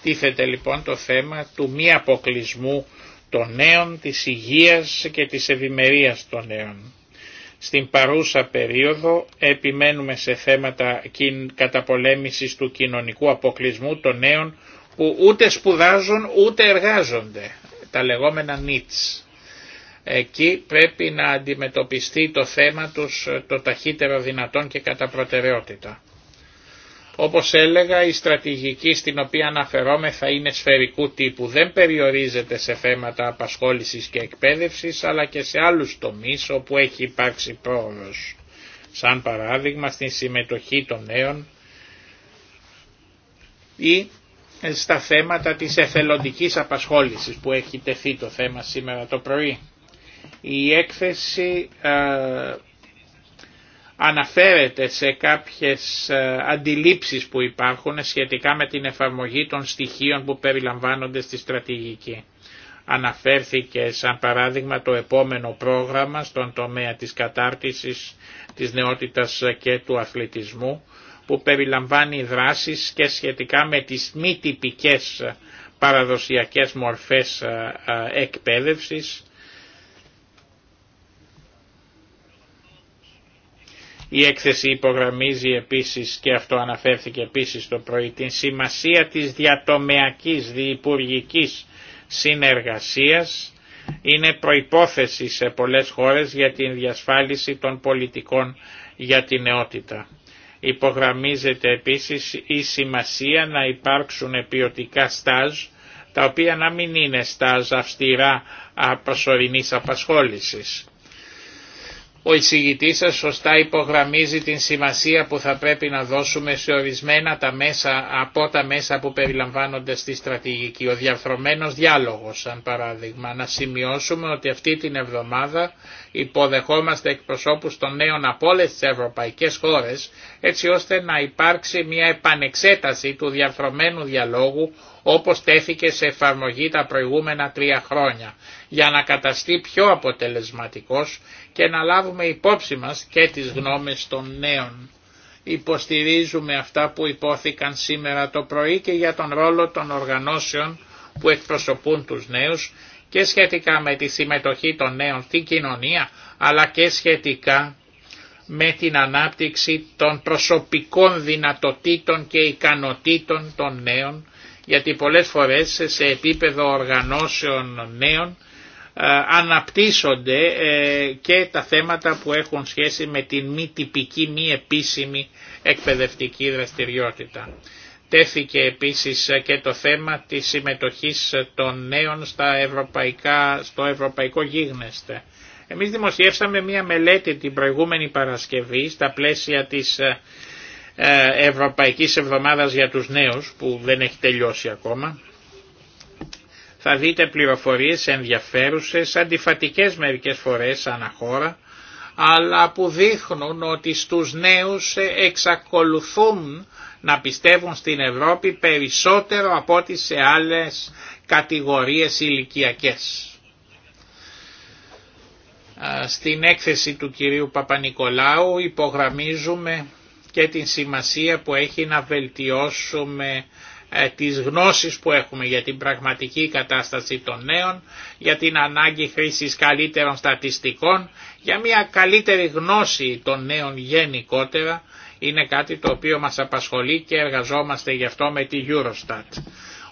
Τίθεται λοιπόν το θέμα του μη αποκλεισμού των νέων, της υγείας και της ευημερία των νέων. Στην παρούσα περίοδο επιμένουμε σε θέματα καταπολέμησης του κοινωνικού αποκλεισμού των νέων που ούτε σπουδάζουν ούτε εργάζονται, τα λεγόμενα νίτς. Εκεί πρέπει να αντιμετωπιστεί το θέμα τους το ταχύτερο δυνατόν και κατά προτεραιότητα. Όπως έλεγα η στρατηγική στην οποία αναφερόμεθα είναι σφαιρικού τύπου. Δεν περιορίζεται σε θέματα απασχόλησης και εκπαίδευσης αλλά και σε άλλους τομείς όπου έχει υπάρξει πρόοδος. Σαν παράδειγμα στην συμμετοχή των νέων ή στα θέματα της εθελοντικής απασχόλησης που έχει τεθεί το θέμα σήμερα το πρωί. Η έκθεση αναφέρεται σε κάποιες ε, αντιλήψεις που υπάρχουν σχετικά με την εφαρμογή των στοιχείων που περιλαμβάνονται στη στρατηγική. Αναφέρθηκε σαν παράδειγμα το επόμενο πρόγραμμα στον τομέα της κατάρτισης της νεότητας και του αθλητισμού που περιλαμβάνει δράσεις και σχετικά με τις μη τυπικές παραδοσιακές μορφές ε, ε, εκπαίδευσης Η έκθεση υπογραμμίζει επίσης και αυτό αναφέρθηκε επίσης το πρωί την σημασία της διατομεακής διυπουργικής συνεργασίας είναι προϋπόθεση σε πολλές χώρες για την διασφάλιση των πολιτικών για την νεότητα. Υπογραμμίζεται επίσης η σημασία να υπάρξουν ποιοτικά στάζ, τα οποία να μην είναι στάζ αυστηρά προσωρινής απασχόλησης. Ο εισηγητής σας σωστά υπογραμμίζει την σημασία που θα πρέπει να δώσουμε σε ορισμένα τα μέσα, από τα μέσα που περιλαμβάνονται στη στρατηγική. Ο διαφρομένος διάλογος, σαν παράδειγμα. Να σημειώσουμε ότι αυτή την εβδομάδα υποδεχόμαστε εκπροσώπους των νέων από όλε τις ευρωπαϊκές χώρες, έτσι ώστε να υπάρξει μια επανεξέταση του διαφρωμένου διαλόγου όπως τέθηκε σε εφαρμογή τα προηγούμενα τρία χρόνια, για να καταστεί πιο αποτελεσματικός και να λάβουμε υπόψη μας και τις γνώμες των νέων. Υποστηρίζουμε αυτά που υπόθηκαν σήμερα το πρωί και για τον ρόλο των οργανώσεων που εκπροσωπούν τους νέους και σχετικά με τη συμμετοχή των νέων στην κοινωνία, αλλά και σχετικά με την ανάπτυξη των προσωπικών δυνατοτήτων και ικανοτήτων των νέων γιατί πολλές φορές σε επίπεδο οργανώσεων νέων ε, αναπτύσσονται ε, και τα θέματα που έχουν σχέση με την μη τυπική, μη επίσημη εκπαιδευτική δραστηριότητα. Τέθηκε επίσης ε, και το θέμα της συμμετοχής των νέων στα στο ευρωπαϊκό γίγνεσθε. Εμείς δημοσιεύσαμε μία μελέτη την προηγούμενη Παρασκευή στα πλαίσια της ε, Ευρωπαϊκής Εβδομάδας για τους Νέους που δεν έχει τελειώσει ακόμα θα δείτε πληροφορίες ενδιαφέρουσες, αντιφατικές μερικές φορές αναχώρα, αλλά που δείχνουν ότι στους νέους εξακολουθούν να πιστεύουν στην Ευρώπη περισσότερο από ό,τι σε άλλες κατηγορίες ηλικιακές. Ε, στην έκθεση του κυρίου Παπα-Νικολάου υπογραμμίζουμε και την σημασία που έχει να βελτιώσουμε ε, τις γνώσεις που έχουμε για την πραγματική κατάσταση των νέων, για την ανάγκη χρήσης καλύτερων στατιστικών, για μια καλύτερη γνώση των νέων γενικότερα, είναι κάτι το οποίο μας απασχολεί και εργαζόμαστε γι' αυτό με τη Eurostat.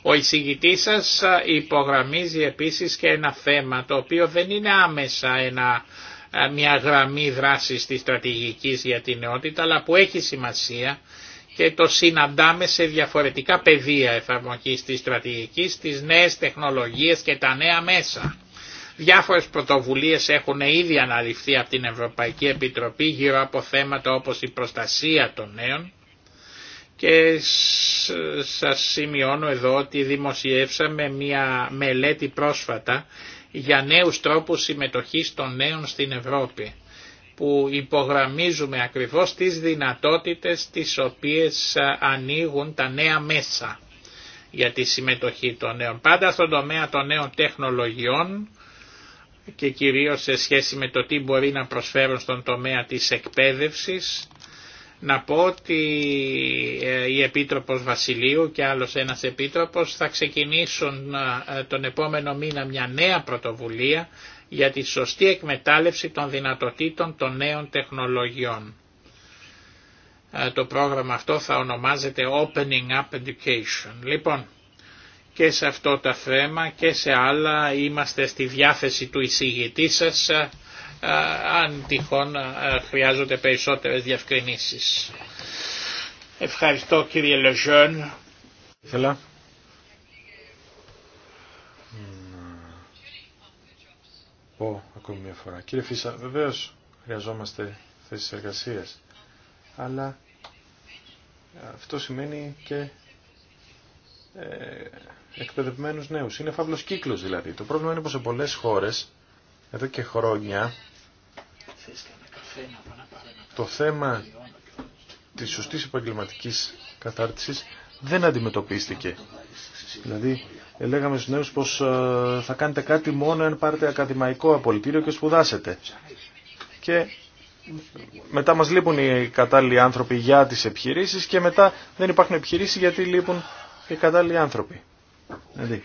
Ο εισηγητής σας ε, υπογραμμίζει επίσης και ένα θέμα το οποίο δεν είναι άμεσα ένα μια γραμμή δράσης της στρατηγικής για την νεότητα, αλλά που έχει σημασία και το συναντάμε σε διαφορετικά πεδία εφαρμογής της στρατηγικής, τις νέες τεχνολογίες και τα νέα μέσα. Διάφορες πρωτοβουλίες έχουν ήδη αναλυφθεί από την Ευρωπαϊκή Επιτροπή γύρω από θέματα όπως η προστασία των νέων και σας σημειώνω εδώ ότι δημοσιεύσαμε μια μελέτη πρόσφατα για νέους τρόπους συμμετοχής των νέων στην Ευρώπη που υπογραμμίζουμε ακριβώς τις δυνατότητες τις οποίες ε, ανοίγουν τα νέα μέσα για τη συμμετοχή των νέων. Πάντα στον τομέα των νέων τεχνολογιών και κυρίως σε σχέση με το τι μπορεί να προσφέρουν στον τομέα της εκπαίδευσης να πω ότι ε, η Επίτροπος Βασιλείου και άλλος ένας Επίτροπος θα ξεκινήσουν ε, τον επόμενο μήνα μια νέα πρωτοβουλία για τη σωστή εκμετάλλευση των δυνατοτήτων των νέων τεχνολογιών. Ε, το πρόγραμμα αυτό θα ονομάζεται Opening Up Education. Λοιπόν, και σε αυτό το θέμα και σε άλλα είμαστε στη διάθεση του εισηγητή σας αν τυχόν χρειάζονται περισσότερες διευκρινήσεις. Ευχαριστώ κύριε Λεζόν. Ήθελα πω ακόμη μια φορά. Κύριε Φίσα, βεβαίως χρειαζόμαστε θέσεις εργασίας, αλλά αυτό σημαίνει και ε, εκπαιδευμένους νέους. Είναι φαύλος κύκλος δηλαδή. Το πρόβλημα είναι πως σε πολλές χώρες εδώ και χρόνια το θέμα της σωστής επαγγελματικής κατάρτιση δεν αντιμετωπίστηκε. Δηλαδή, έλεγαμε στους νέους πως ε, θα κάνετε κάτι μόνο αν πάρετε ακαδημαϊκό απολυτήριο και σπουδάσετε. Και μετά μας λείπουν οι κατάλληλοι άνθρωποι για τις επιχειρήσεις και μετά δεν υπάρχουν επιχειρήσεις γιατί λείπουν οι κατάλληλοι άνθρωποι. Δηλαδή,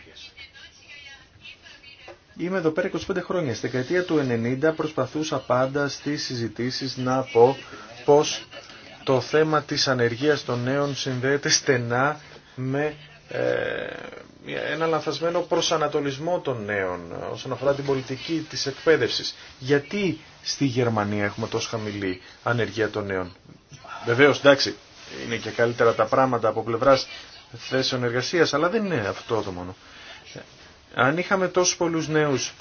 Είμαι εδώ πέρα 25 χρόνια. Στη δεκαετία του 90 προσπαθούσα πάντα στις συζητήσεις να πω πως το θέμα της ανεργίας των νέων συνδέεται στενά με ε, ένα λανθασμένο προσανατολισμό των νέων ε, όσον αφορά την πολιτική της εκπαίδευσης. Γιατί στη Γερμανία έχουμε τόσο χαμηλή ανεργία των νέων. Βεβαίως, εντάξει, είναι και καλύτερα τα πράγματα από πλευράς θέσεων εργασίας, αλλά δεν είναι αυτό το μόνο. Αν είχαμε τόσους πολλούς νέους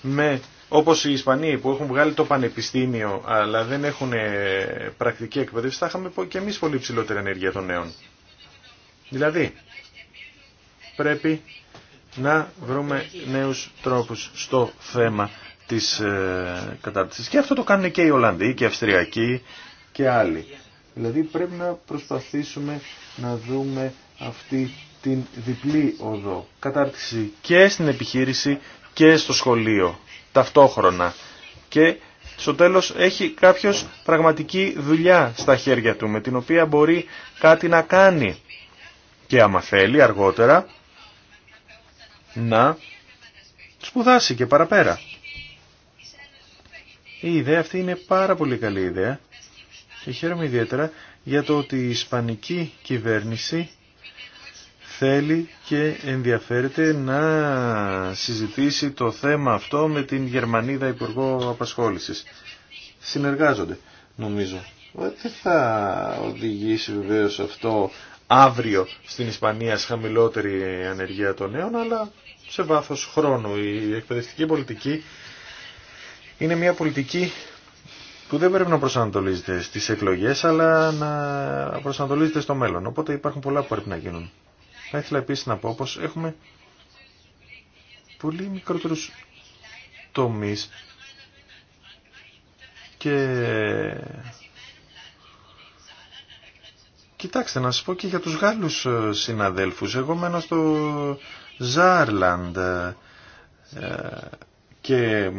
με, όπως οι Ισπανοί που έχουν βγάλει το πανεπιστήμιο αλλά δεν έχουν ε, πρακτική εκπαίδευση, θα είχαμε και εμείς πολύ ψηλότερη ενέργεια των νέων. Δηλαδή, πρέπει να βρούμε νέους τρόπους στο θέμα της ε, κατάρτισης. Και αυτό το κάνουν και οι Ολλανδοί και οι Αυστριακοί και άλλοι. Δηλαδή πρέπει να προσπαθήσουμε να δούμε αυτή την διπλή οδό. Κατάρτιση και στην επιχείρηση και στο σχολείο ταυτόχρονα. Και στο τέλος έχει κάποιος πραγματική δουλειά στα χέρια του με την οποία μπορεί κάτι να κάνει. Και άμα θέλει αργότερα να σπουδάσει και παραπέρα. Η ιδέα αυτή είναι πάρα πολύ καλή ιδέα και χαίρομαι ιδιαίτερα για το ότι η Ισπανική κυβέρνηση θέλει και ενδιαφέρεται να συζητήσει το θέμα αυτό με την Γερμανίδα Υπουργό Απασχόλησης. Συνεργάζονται, νομίζω. Ε, δεν θα οδηγήσει βεβαίως αυτό αύριο στην Ισπανία σε χαμηλότερη ανεργία των νέων, αλλά σε βάθος χρόνου. Η εκπαιδευτική πολιτική είναι μια πολιτική που δεν πρέπει να προσανατολίζεται στις εκλογές αλλά να προσανατολίζεται στο μέλλον. Οπότε υπάρχουν πολλά που πρέπει να γίνουν. Θα ήθελα επίσης να πω πως έχουμε πολύ μικρότερους τομείς και Κοιτάξτε, να σας πω και για τους Γάλλους ε, συναδέλφους. Εγώ μένω στο Ζάρλαντ ε, και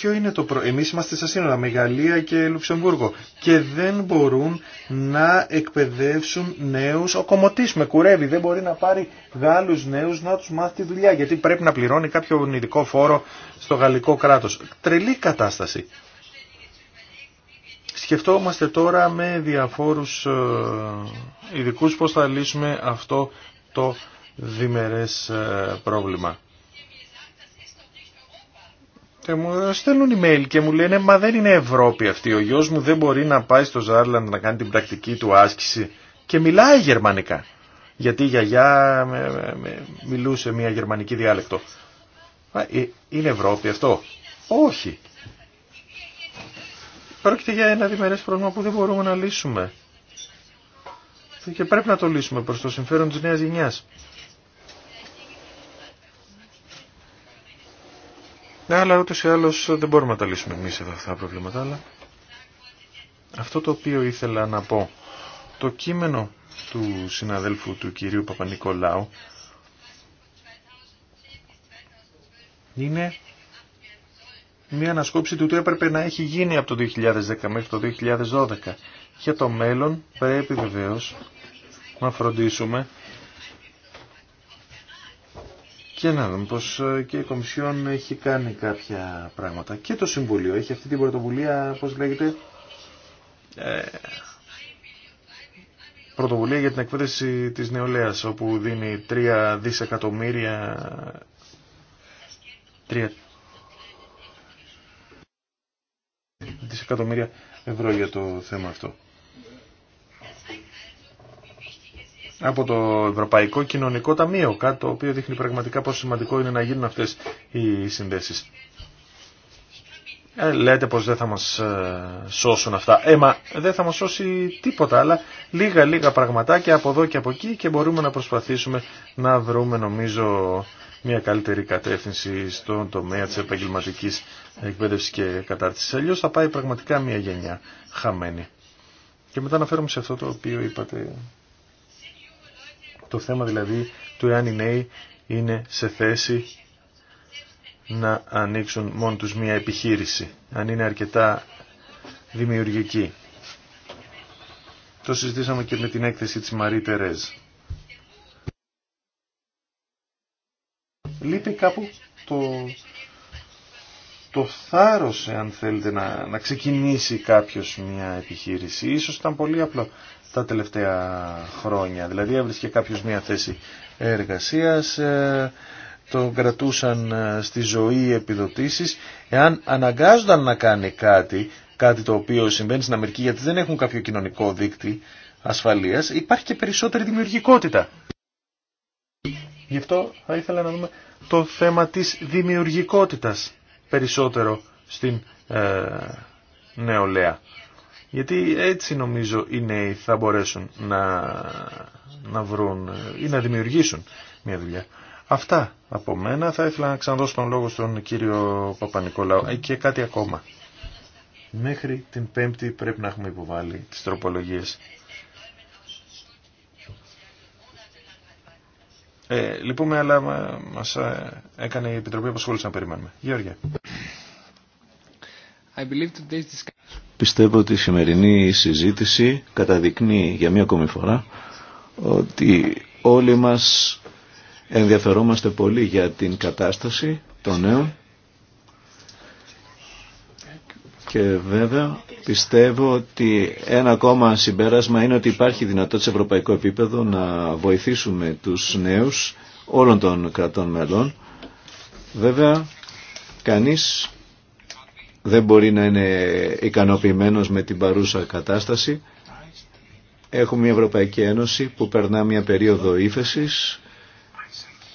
ποιο είναι το πρόβλημα. Εμείς είμαστε στα σύνορα με Γαλλία και Λουξεμβούργο και δεν μπορούν να εκπαιδεύσουν νέους. Ο κομμωτής με κουρεύει, δεν μπορεί να πάρει Γάλλους νέους να τους μάθει τη δουλειά γιατί πρέπει να πληρώνει κάποιο ειδικό φόρο στο γαλλικό κράτος. Τρελή κατάσταση. Σκεφτόμαστε τώρα με διαφόρους ε, ειδικούς πώς θα λύσουμε αυτό το διμερές ε, πρόβλημα. Και μου στέλνουν email και μου λένε «Μα δεν είναι Ευρώπη αυτή, ο γιος μου δεν μπορεί να πάει στο Ζάρλαντ να κάνει την πρακτική του άσκηση» και μιλάει γερμανικά. Γιατί η γιαγιά μιλούσε μια γερμανική διάλεκτο. Ε, είναι Ευρώπη αυτό. Όχι. Πρόκειται για ένα διμερές πρόβλημα που δεν μπορούμε να λύσουμε. Και πρέπει να το λύσουμε προς το συμφέρον της νέας γενιάς. Ναι, αλλά ούτως ή άλλως δεν μπορούμε να τα λύσουμε εμείς εδώ αυτά τα προβλήματα, αλλά αυτό το οποίο ήθελα να πω, το κείμενο του συναδέλφου του κυρίου Παπα-Νικολάου είναι μια ανασκόψη του τι έπρεπε να έχει γίνει από το 2010 μέχρι το 2012. Για το μέλλον πρέπει βεβαίως να φροντίσουμε και να δούμε πως ε, και η Κομισιόν έχει κάνει κάποια πράγματα. Και το Συμβούλιο έχει αυτή την πρωτοβουλία, πώς λέγεται, ε, πρωτοβουλία για την εκπαίδευση της νεολαίας, όπου δίνει 3 δισεκατομμύρια, 3 δισεκατομμύρια ευρώ για το θέμα αυτό. από το Ευρωπαϊκό Κοινωνικό Ταμείο, κάτι το οποίο δείχνει πραγματικά πόσο σημαντικό είναι να γίνουν αυτές οι συνδέσεις. Ε, λέτε πως δεν θα μας ε, σώσουν αυτά. Ε, μα δεν θα μας σώσει τίποτα, αλλά λίγα λίγα πραγματάκια από εδώ και από εκεί και μπορούμε να προσπαθήσουμε να βρούμε νομίζω μια καλύτερη κατεύθυνση στον τομέα της επαγγελματικής εκπαίδευσης και κατάρτισης. Αλλιώς θα πάει πραγματικά μια γενιά χαμένη. Και μετά αναφέρομαι σε αυτό το οποίο είπατε το θέμα δηλαδή του εάν οι νέοι είναι σε θέση να ανοίξουν μόνο τους μία επιχείρηση, αν είναι αρκετά δημιουργική. Το συζητήσαμε και με την έκθεση της Μαρή Τερέζ. Λείπει κάπου το, το θάρρος, αν θέλετε, να, να ξεκινήσει κάποιος μια επιχείρηση. Ίσως ήταν πολύ απλό τα τελευταία χρόνια. Δηλαδή έβρισκε κάποιος μια θέση εργασίας, ε, το κρατούσαν ε, στη ζωή επιδοτήσεις. Εάν αναγκάζονταν να κάνει κάτι, κάτι το οποίο συμβαίνει στην Αμερική γιατί δεν έχουν κάποιο κοινωνικό δίκτυ ασφαλείας, υπάρχει και περισσότερη δημιουργικότητα. Γι' αυτό θα ήθελα να δούμε το θέμα της δημιουργικότητας περισσότερο στην ε, νεολαία. Γιατί έτσι νομίζω οι νέοι θα μπορέσουν να, να βρουν ή να δημιουργήσουν μια δουλειά. Αυτά από μένα. Θα ήθελα να ξαναδώσω τον λόγο στον κύριο Παπα-Νικολάου. Ε, και κάτι ακόμα. Μέχρι την Πέμπτη πρέπει να έχουμε υποβάλει τις τροπολογίες. Ε, λυπούμε, αλλά μας ε, έκανε η Επιτροπή Απασχόληση να περιμένουμε. Γεώργια. I believe today's Πιστεύω ότι η σημερινή συζήτηση καταδεικνύει για μία ακόμη φορά ότι όλοι μας ενδιαφερόμαστε πολύ για την κατάσταση των νέων και βέβαια πιστεύω ότι ένα ακόμα συμπέρασμα είναι ότι υπάρχει δυνατότητα σε ευρωπαϊκό επίπεδο να βοηθήσουμε τους νέους όλων των κρατών μελών. Βέβαια, κανείς δεν μπορεί να είναι ικανοποιημένος με την παρούσα κατάσταση. Έχουμε μια Ευρωπαϊκή Ένωση που περνά μια περίοδο ύφεση.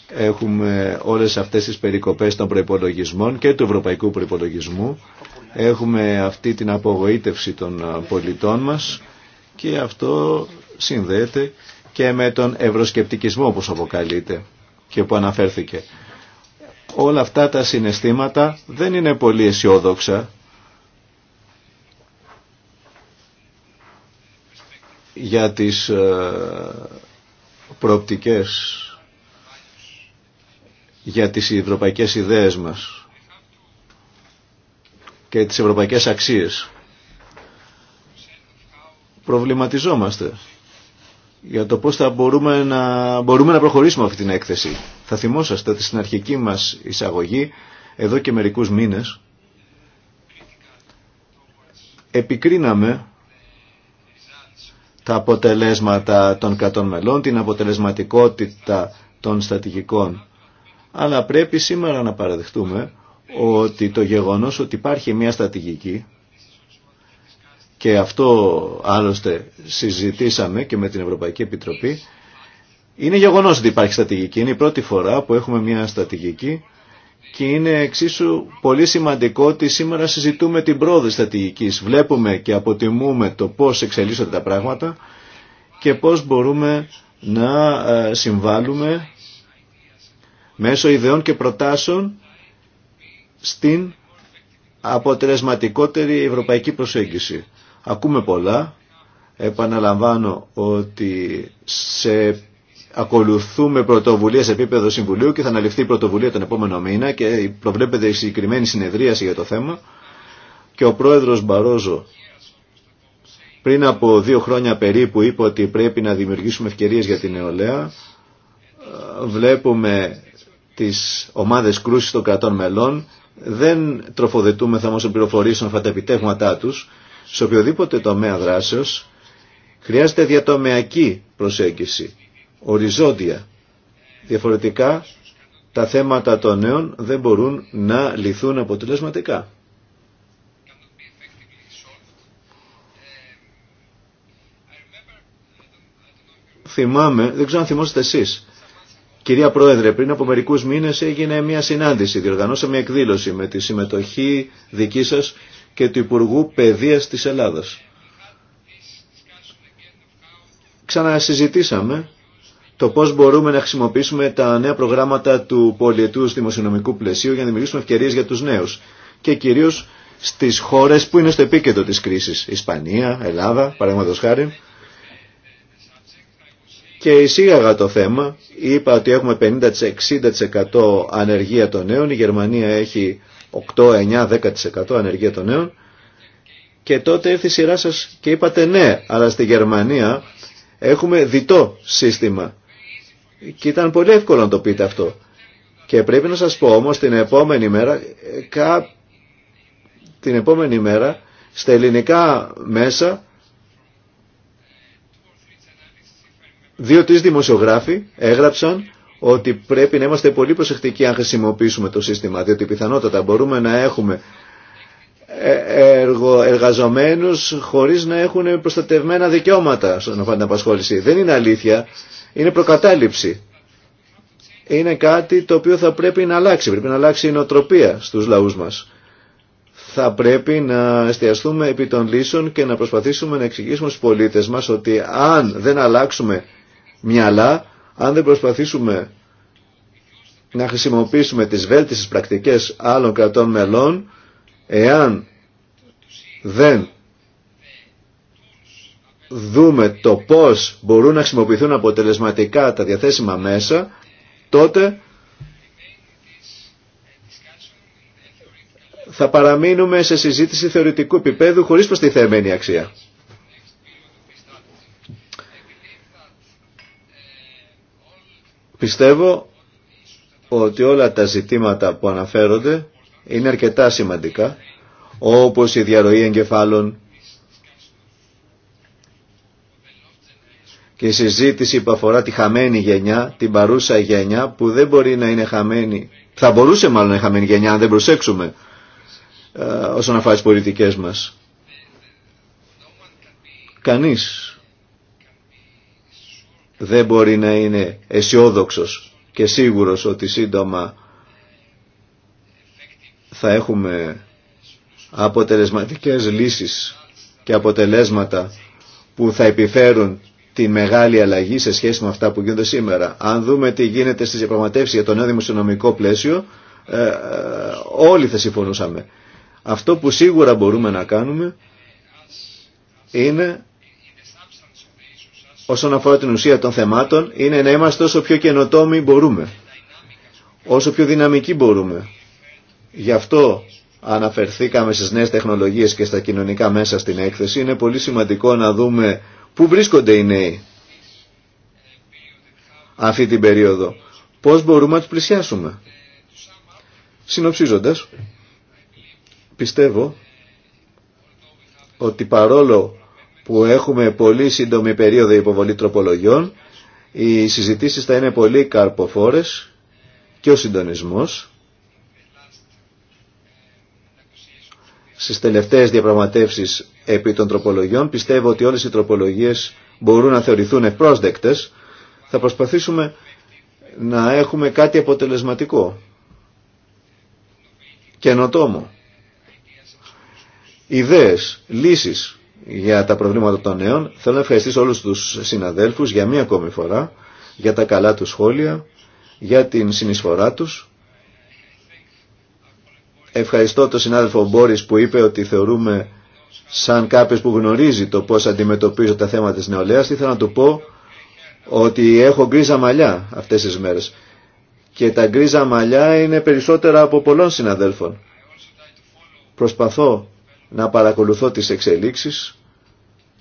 Έχουμε όλες αυτές τις περικοπές των προϋπολογισμών και του ευρωπαϊκού προϋπολογισμού. Έχουμε αυτή την απογοήτευση των πολιτών μας και αυτό συνδέεται και με τον ευρωσκεπτικισμό όπως αποκαλείται και που αναφέρθηκε όλα αυτά τα συναισθήματα δεν είναι πολύ αισιόδοξα. για τις ε, προοπτικές, για τις ευρωπαϊκές ιδέες μας και τις ευρωπαϊκές αξίες. Προβληματιζόμαστε για το πώς θα μπορούμε να, μπορούμε να προχωρήσουμε αυτή την έκθεση. Θα θυμόσαστε ότι στην αρχική μας εισαγωγή, εδώ και μερικούς μήνες, επικρίναμε τα αποτελέσματα των κατών μελών, την αποτελεσματικότητα των στατηγικών. Αλλά πρέπει σήμερα να παραδεχτούμε ότι το γεγονός ότι υπάρχει μια στατηγική και αυτό άλλωστε συζητήσαμε και με την Ευρωπαϊκή Επιτροπή, είναι γεγονός ότι υπάρχει στρατηγική. Είναι η πρώτη φορά που έχουμε μια στρατηγική και είναι εξίσου πολύ σημαντικό ότι σήμερα συζητούμε την πρόοδο στρατηγικής. Βλέπουμε και αποτιμούμε το πώς εξελίσσονται τα πράγματα και πώς μπορούμε να ε, συμβάλλουμε μέσω ιδεών και προτάσεων στην αποτελεσματικότερη ευρωπαϊκή προσέγγιση. Ακούμε πολλά. Επαναλαμβάνω ότι σε... ακολουθούμε πρωτοβουλία σε επίπεδο Συμβουλίου και θα αναλυφθεί η πρωτοβουλία τον επόμενο μήνα και προβλέπεται η συγκεκριμένη συνεδρίαση για το θέμα. Και ο πρόεδρος Μπαρόζο πριν από δύο χρόνια περίπου είπε ότι πρέπει να δημιουργήσουμε ευκαιρίες για την νεολαία. Βλέπουμε τις ομάδες κρούσης των κρατών μελών. Δεν τροφοδετούμε θα μα πληροφορήσουν αυτά τα επιτεύγματά τους σε οποιοδήποτε τομέα δράσεως χρειάζεται διατομεακή προσέγγιση, οριζόντια. Διαφορετικά τα θέματα των νέων δεν μπορούν να λυθούν αποτελεσματικά. Θυμάμαι, δεν ξέρω αν θυμόσαστε εσείς, Κυρία Πρόεδρε, πριν από μερικούς μήνες έγινε μια συνάντηση, διοργανώσαμε μια εκδήλωση με τη συμμετοχή δική σας και του Υπουργού Παιδείας της Ελλάδας. Ξανασυζητήσαμε το πώς μπορούμε να χρησιμοποιήσουμε τα νέα προγράμματα του πολιετούς δημοσιονομικού πλαισίου για να δημιουργήσουμε ευκαιρίες για τους νέους και κυρίως στις χώρες που είναι στο επίκεντρο της κρίσης. Ισπανία, Ελλάδα, παραδείγματος χάρη. Και εισήγαγα το θέμα, είπα ότι έχουμε 50-60% ανεργία των νέων, η Γερμανία έχει 8, 9, 10% ανεργία των νέων και τότε έρθει η σειρά σας και είπατε ναι, αλλά στη Γερμανία έχουμε διτό σύστημα και ήταν πολύ εύκολο να το πείτε αυτό. Και πρέπει να σας πω όμως την επόμενη μέρα, κα... την επόμενη μέρα στα ελληνικά μέσα δύο-τρεις δημοσιογράφοι έγραψαν ότι πρέπει να είμαστε πολύ προσεκτικοί αν χρησιμοποιήσουμε το σύστημα, διότι πιθανότατα μπορούμε να έχουμε εργο, εργαζομένους χωρίς να έχουν προστατευμένα δικαιώματα στον αφορά απασχόληση. Δεν είναι αλήθεια, είναι προκατάληψη. Είναι κάτι το οποίο θα πρέπει να αλλάξει, πρέπει να αλλάξει η νοοτροπία στους λαούς μας. Θα πρέπει να εστιαστούμε επί των λύσεων και να προσπαθήσουμε να εξηγήσουμε στους πολίτες μας ότι αν δεν αλλάξουμε μυαλά αν δεν προσπαθήσουμε να χρησιμοποιήσουμε τις βέλτιστες πρακτικές άλλων κρατών μελών, εάν δεν δούμε το πώς μπορούν να χρησιμοποιηθούν αποτελεσματικά τα διαθέσιμα μέσα, τότε θα παραμείνουμε σε συζήτηση θεωρητικού επίπεδου χωρίς προστιθέμενη αξία. Πιστεύω ότι όλα τα ζητήματα που αναφέρονται είναι αρκετά σημαντικά, όπως η διαρροή εγκεφάλων και η συζήτηση που αφορά τη χαμένη γενιά, την παρούσα γενιά που δεν μπορεί να είναι χαμένη, θα μπορούσε μάλλον να είναι χαμένη γενιά αν δεν προσέξουμε ε, όσον αφορά τις πολιτικές μας. Κανείς δεν μπορεί να είναι αισιόδοξο και σίγουρος ότι σύντομα θα έχουμε αποτελεσματικές λύσεις και αποτελέσματα που θα επιφέρουν τη μεγάλη αλλαγή σε σχέση με αυτά που γίνονται σήμερα. Αν δούμε τι γίνεται στις διαπραγματεύσεις για το νέο δημοσιονομικό πλαίσιο, ε, ε, όλοι θα συμφωνούσαμε. Αυτό που σίγουρα μπορούμε να κάνουμε είναι όσον αφορά την ουσία των θεμάτων είναι να είμαστε όσο πιο καινοτόμοι μπορούμε, όσο πιο δυναμικοί μπορούμε. Γι' αυτό αναφερθήκαμε στις νέες τεχνολογίες και στα κοινωνικά μέσα στην έκθεση. Είναι πολύ σημαντικό να δούμε πού βρίσκονται οι νέοι αυτή την περίοδο. Πώς μπορούμε να τους πλησιάσουμε. Συνοψίζοντας, πιστεύω ότι παρόλο που έχουμε πολύ σύντομη περίοδο υποβολή τροπολογιών. Οι συζητήσεις θα είναι πολύ καρποφόρες και ο συντονισμός. Στις τελευταίες διαπραγματεύσεις επί των τροπολογιών πιστεύω ότι όλες οι τροπολογίες μπορούν να θεωρηθούν πρόσδεκτες. Θα προσπαθήσουμε να έχουμε κάτι αποτελεσματικό. Καινοτόμο. Ιδέες, λύσεις για τα προβλήματα των νέων. Θέλω να ευχαριστήσω όλους τους συναδέλφους για μία ακόμη φορά, για τα καλά τους σχόλια, για την συνεισφορά τους. Ευχαριστώ τον συνάδελφο Μπόρις που είπε ότι θεωρούμε σαν κάποιος που γνωρίζει το πώς αντιμετωπίζω τα θέματα της νεολαίας. Ήθελα να του πω ότι έχω γκρίζα μαλλιά αυτές τις μέρες. Και τα γκρίζα μαλλιά είναι περισσότερα από πολλών συναδέλφων. Προσπαθώ να παρακολουθώ τις εξελίξεις,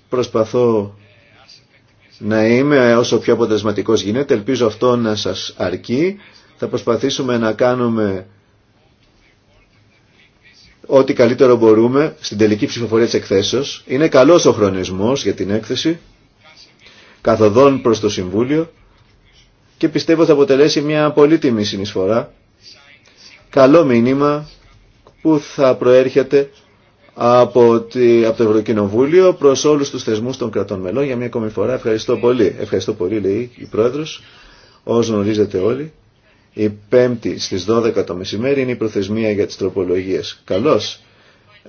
προσπαθώ να είμαι όσο πιο αποτελεσματικός γίνεται, ελπίζω αυτό να σας αρκεί, θα προσπαθήσουμε να κάνουμε ό,τι καλύτερο μπορούμε στην τελική ψηφοφορία της εκθέσεως. Είναι καλός ο χρονισμός για την έκθεση, καθοδόν προς το Συμβούλιο και πιστεύω θα αποτελέσει μια πολύτιμη συνεισφορά, καλό μήνυμα που θα προέρχεται από, τη, από το Ευρωκοινοβούλιο προς όλους τους θεσμούς των κρατών μελών για μια ακόμη φορά. Ευχαριστώ πολύ. Ευχαριστώ πολύ λέει η Πρόεδρος. Όσο γνωρίζετε όλοι, η 5η στις 12 το μεσημέρι είναι η προθεσμία για τις τροπολογίες. Καλώς.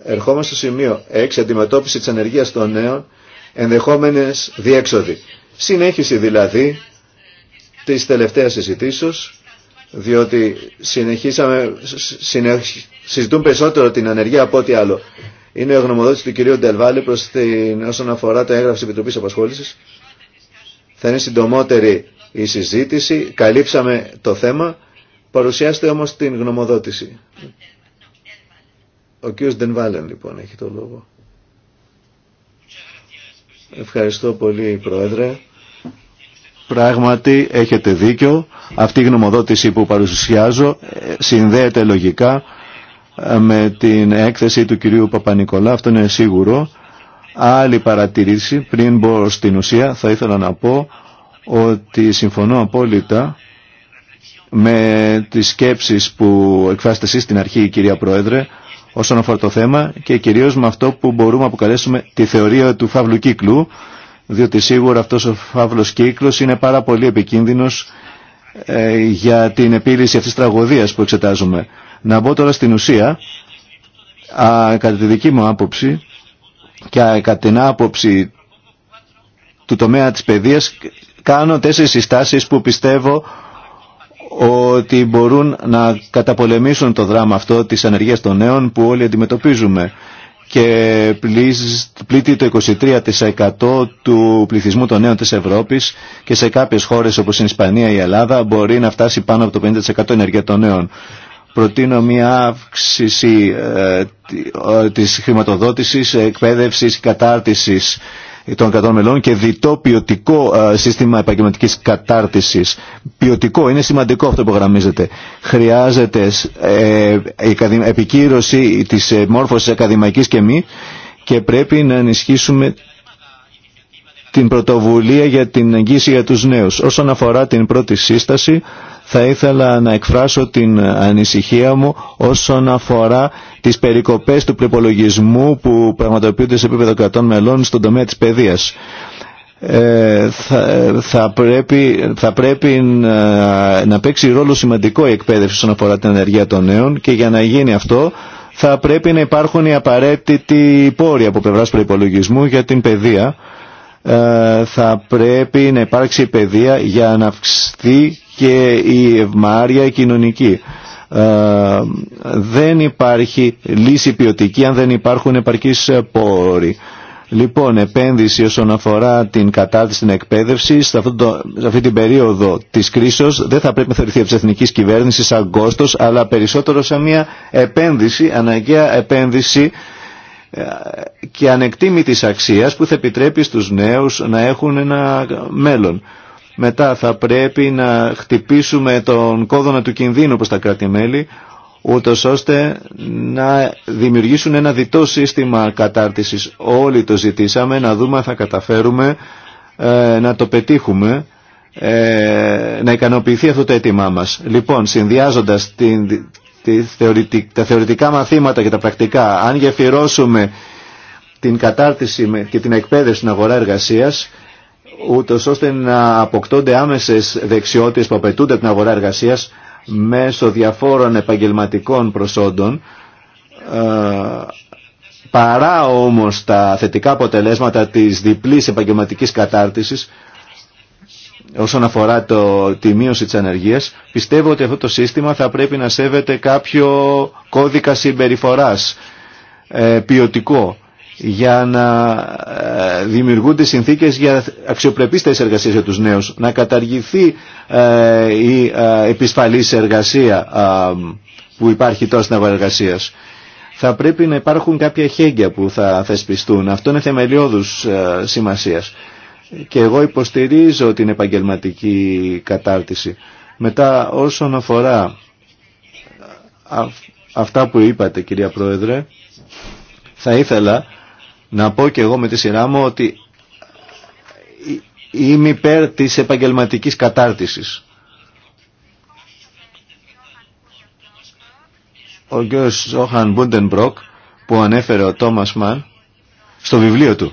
Ερχόμαστε στο σημείο 6, αντιμετώπιση της ανεργίας των νέων, ενδεχόμενες διέξοδοι. Συνέχιση δηλαδή της τελευταίας συζητήσεως, διότι συνεχίσαμε, συνεχ, συζητούν περισσότερο την ανεργία από ό,τι άλλο είναι η γνωμοδότηση του κυρίου Ντελβάλη προς την, όσον αφορά το έγγραφο της Επιτροπής Απασχόλησης. Θα είναι συντομότερη η συζήτηση. Καλύψαμε το θέμα. Παρουσιάστε όμως την γνωμοδότηση. Ο κύριος Ντελβάλη λοιπόν έχει το λόγο. Ευχαριστώ πολύ Πρόεδρε. Πράγματι έχετε δίκιο. Αυτή η γνωμοδότηση που παρουσιάζω ε, συνδέεται λογικά με την έκθεση του κυρίου Παπα-Νικολά, αυτό είναι σίγουρο. Άλλη παρατηρήση, πριν μπω στην ουσία, θα ήθελα να πω ότι συμφωνώ απόλυτα με τις σκέψεις που εκφράσετε εσείς στην αρχή, κυρία Πρόεδρε, όσον αφορά το θέμα και κυρίως με αυτό που μπορούμε να αποκαλέσουμε τη θεωρία του φαύλου κύκλου, διότι σίγουρα αυτός ο φαύλος κύκλος είναι πάρα πολύ επικίνδυνος ε, για την επίλυση αυτής της τραγωδίας που εξετάζουμε. Να μπω τώρα στην ουσία, α, κατά τη δική μου άποψη και α, κατά την άποψη του τομέα της παιδείας, κάνω τέσσερις συστάσεις που πιστεύω ότι μπορούν να καταπολεμήσουν το δράμα αυτό της ανεργίας των νέων που όλοι αντιμετωπίζουμε και πλήττει το 23% του πληθυσμού των νέων της Ευρώπης και σε κάποιες χώρες όπως η Ισπανία ή η Ελλάδα μπορεί να φτάσει πάνω από το 50% ενεργεία των νέων. Προτείνω μια αύξηση ε, ε, της χρηματοδότησης, εκπαίδευσης, κατάρτισης των κρατών μελών και διτό ποιοτικό ε, σύστημα επαγγελματικής κατάρτισης. Ποιοτικό, είναι σημαντικό αυτό που γραμμίζεται. Χρειάζεται επικύρωση της μόρφωσης ακαδημαϊκής και μη και πρέπει να ενισχύσουμε την πρωτοβουλία για την εγγύηση για τους νέους. Όσον αφορά την πρώτη σύσταση, θα ήθελα να εκφράσω την ανησυχία μου όσον αφορά τις περικοπές του προπολογισμού που πραγματοποιούνται σε επίπεδο κρατών μελών στον τομέα της παιδείας. Ε, θα, θα, πρέπει, θα πρέπει να, παίξει ρόλο σημαντικό η εκπαίδευση όσον αφορά την ενεργεία των νέων και για να γίνει αυτό θα πρέπει να υπάρχουν οι απαραίτητοι πόροι από πλευράς προπολογισμού για την παιδεία. Ε, θα πρέπει να υπάρξει παιδεία για να αυξηθεί και η ευμάρεια η κοινωνική. Ε, δεν υπάρχει λύση ποιοτική αν δεν υπάρχουν επαρκείς πόροι. Λοιπόν, επένδυση όσον αφορά την κατάρτιση, στην εκπαίδευση, σε, το, σε αυτή την περίοδο της κρίσεως δεν θα πρέπει να θεωρηθεί από της εθνικής κυβέρνησης σαν κόστος, αλλά περισσότερο σαν μια επένδυση, αναγκαία επένδυση ε, και ανεκτήμητης αξίας που θα επιτρέπει στους νέους να έχουν ένα μέλλον. Μετά θα πρέπει να χτυπήσουμε τον κόδωνα του κινδύνου προς τα κράτη-μέλη, ούτως ώστε να δημιουργήσουν ένα διτό σύστημα κατάρτισης. Όλοι το ζητήσαμε, να δούμε αν θα καταφέρουμε ε, να το πετύχουμε, ε, να ικανοποιηθεί αυτό το αίτημά μας. Λοιπόν, συνδυάζοντας την, τη τα θεωρητικά μαθήματα και τα πρακτικά, αν γεφυρώσουμε την κατάρτιση και την εκπαίδευση στην αγορά εργασίας, ούτως ώστε να αποκτώνται άμεσες δεξιότητες που απαιτούνται από την αγορά εργασίας μέσω διαφόρων επαγγελματικών προσόντων ε, παρά όμως τα θετικά αποτελέσματα της διπλής επαγγελματικής κατάρτισης όσον αφορά το, τη μείωση της ανεργίας πιστεύω ότι αυτό το σύστημα θα πρέπει να σέβεται κάποιο κώδικα συμπεριφοράς ε, ποιοτικό για να ε, δημιουργούνται συνθήκες για αξιοπρεπείς θέσεις εργασίας για τους νέους, να καταργηθεί ε, η ε, επισφαλής εργασία που υπάρχει τώρα στην αγορά Θα πρέπει να υπάρχουν κάποια χέγγια που θα θεσπιστούν. Αυτό είναι θεμελιώδους σημασίας. Και εγώ υποστηρίζω την επαγγελματική κατάρτιση. Μετά όσον αφορά αυτά που είπατε κυρία Πρόεδρε, θα ήθελα να πω και εγώ με τη σειρά μου ότι είμαι υπέρ της επαγγελματικής κατάρτισης. Ο κ. Ζόχαν Μπούντενμπροκ που ανέφερε ο Τόμας Μαν στο βιβλίο του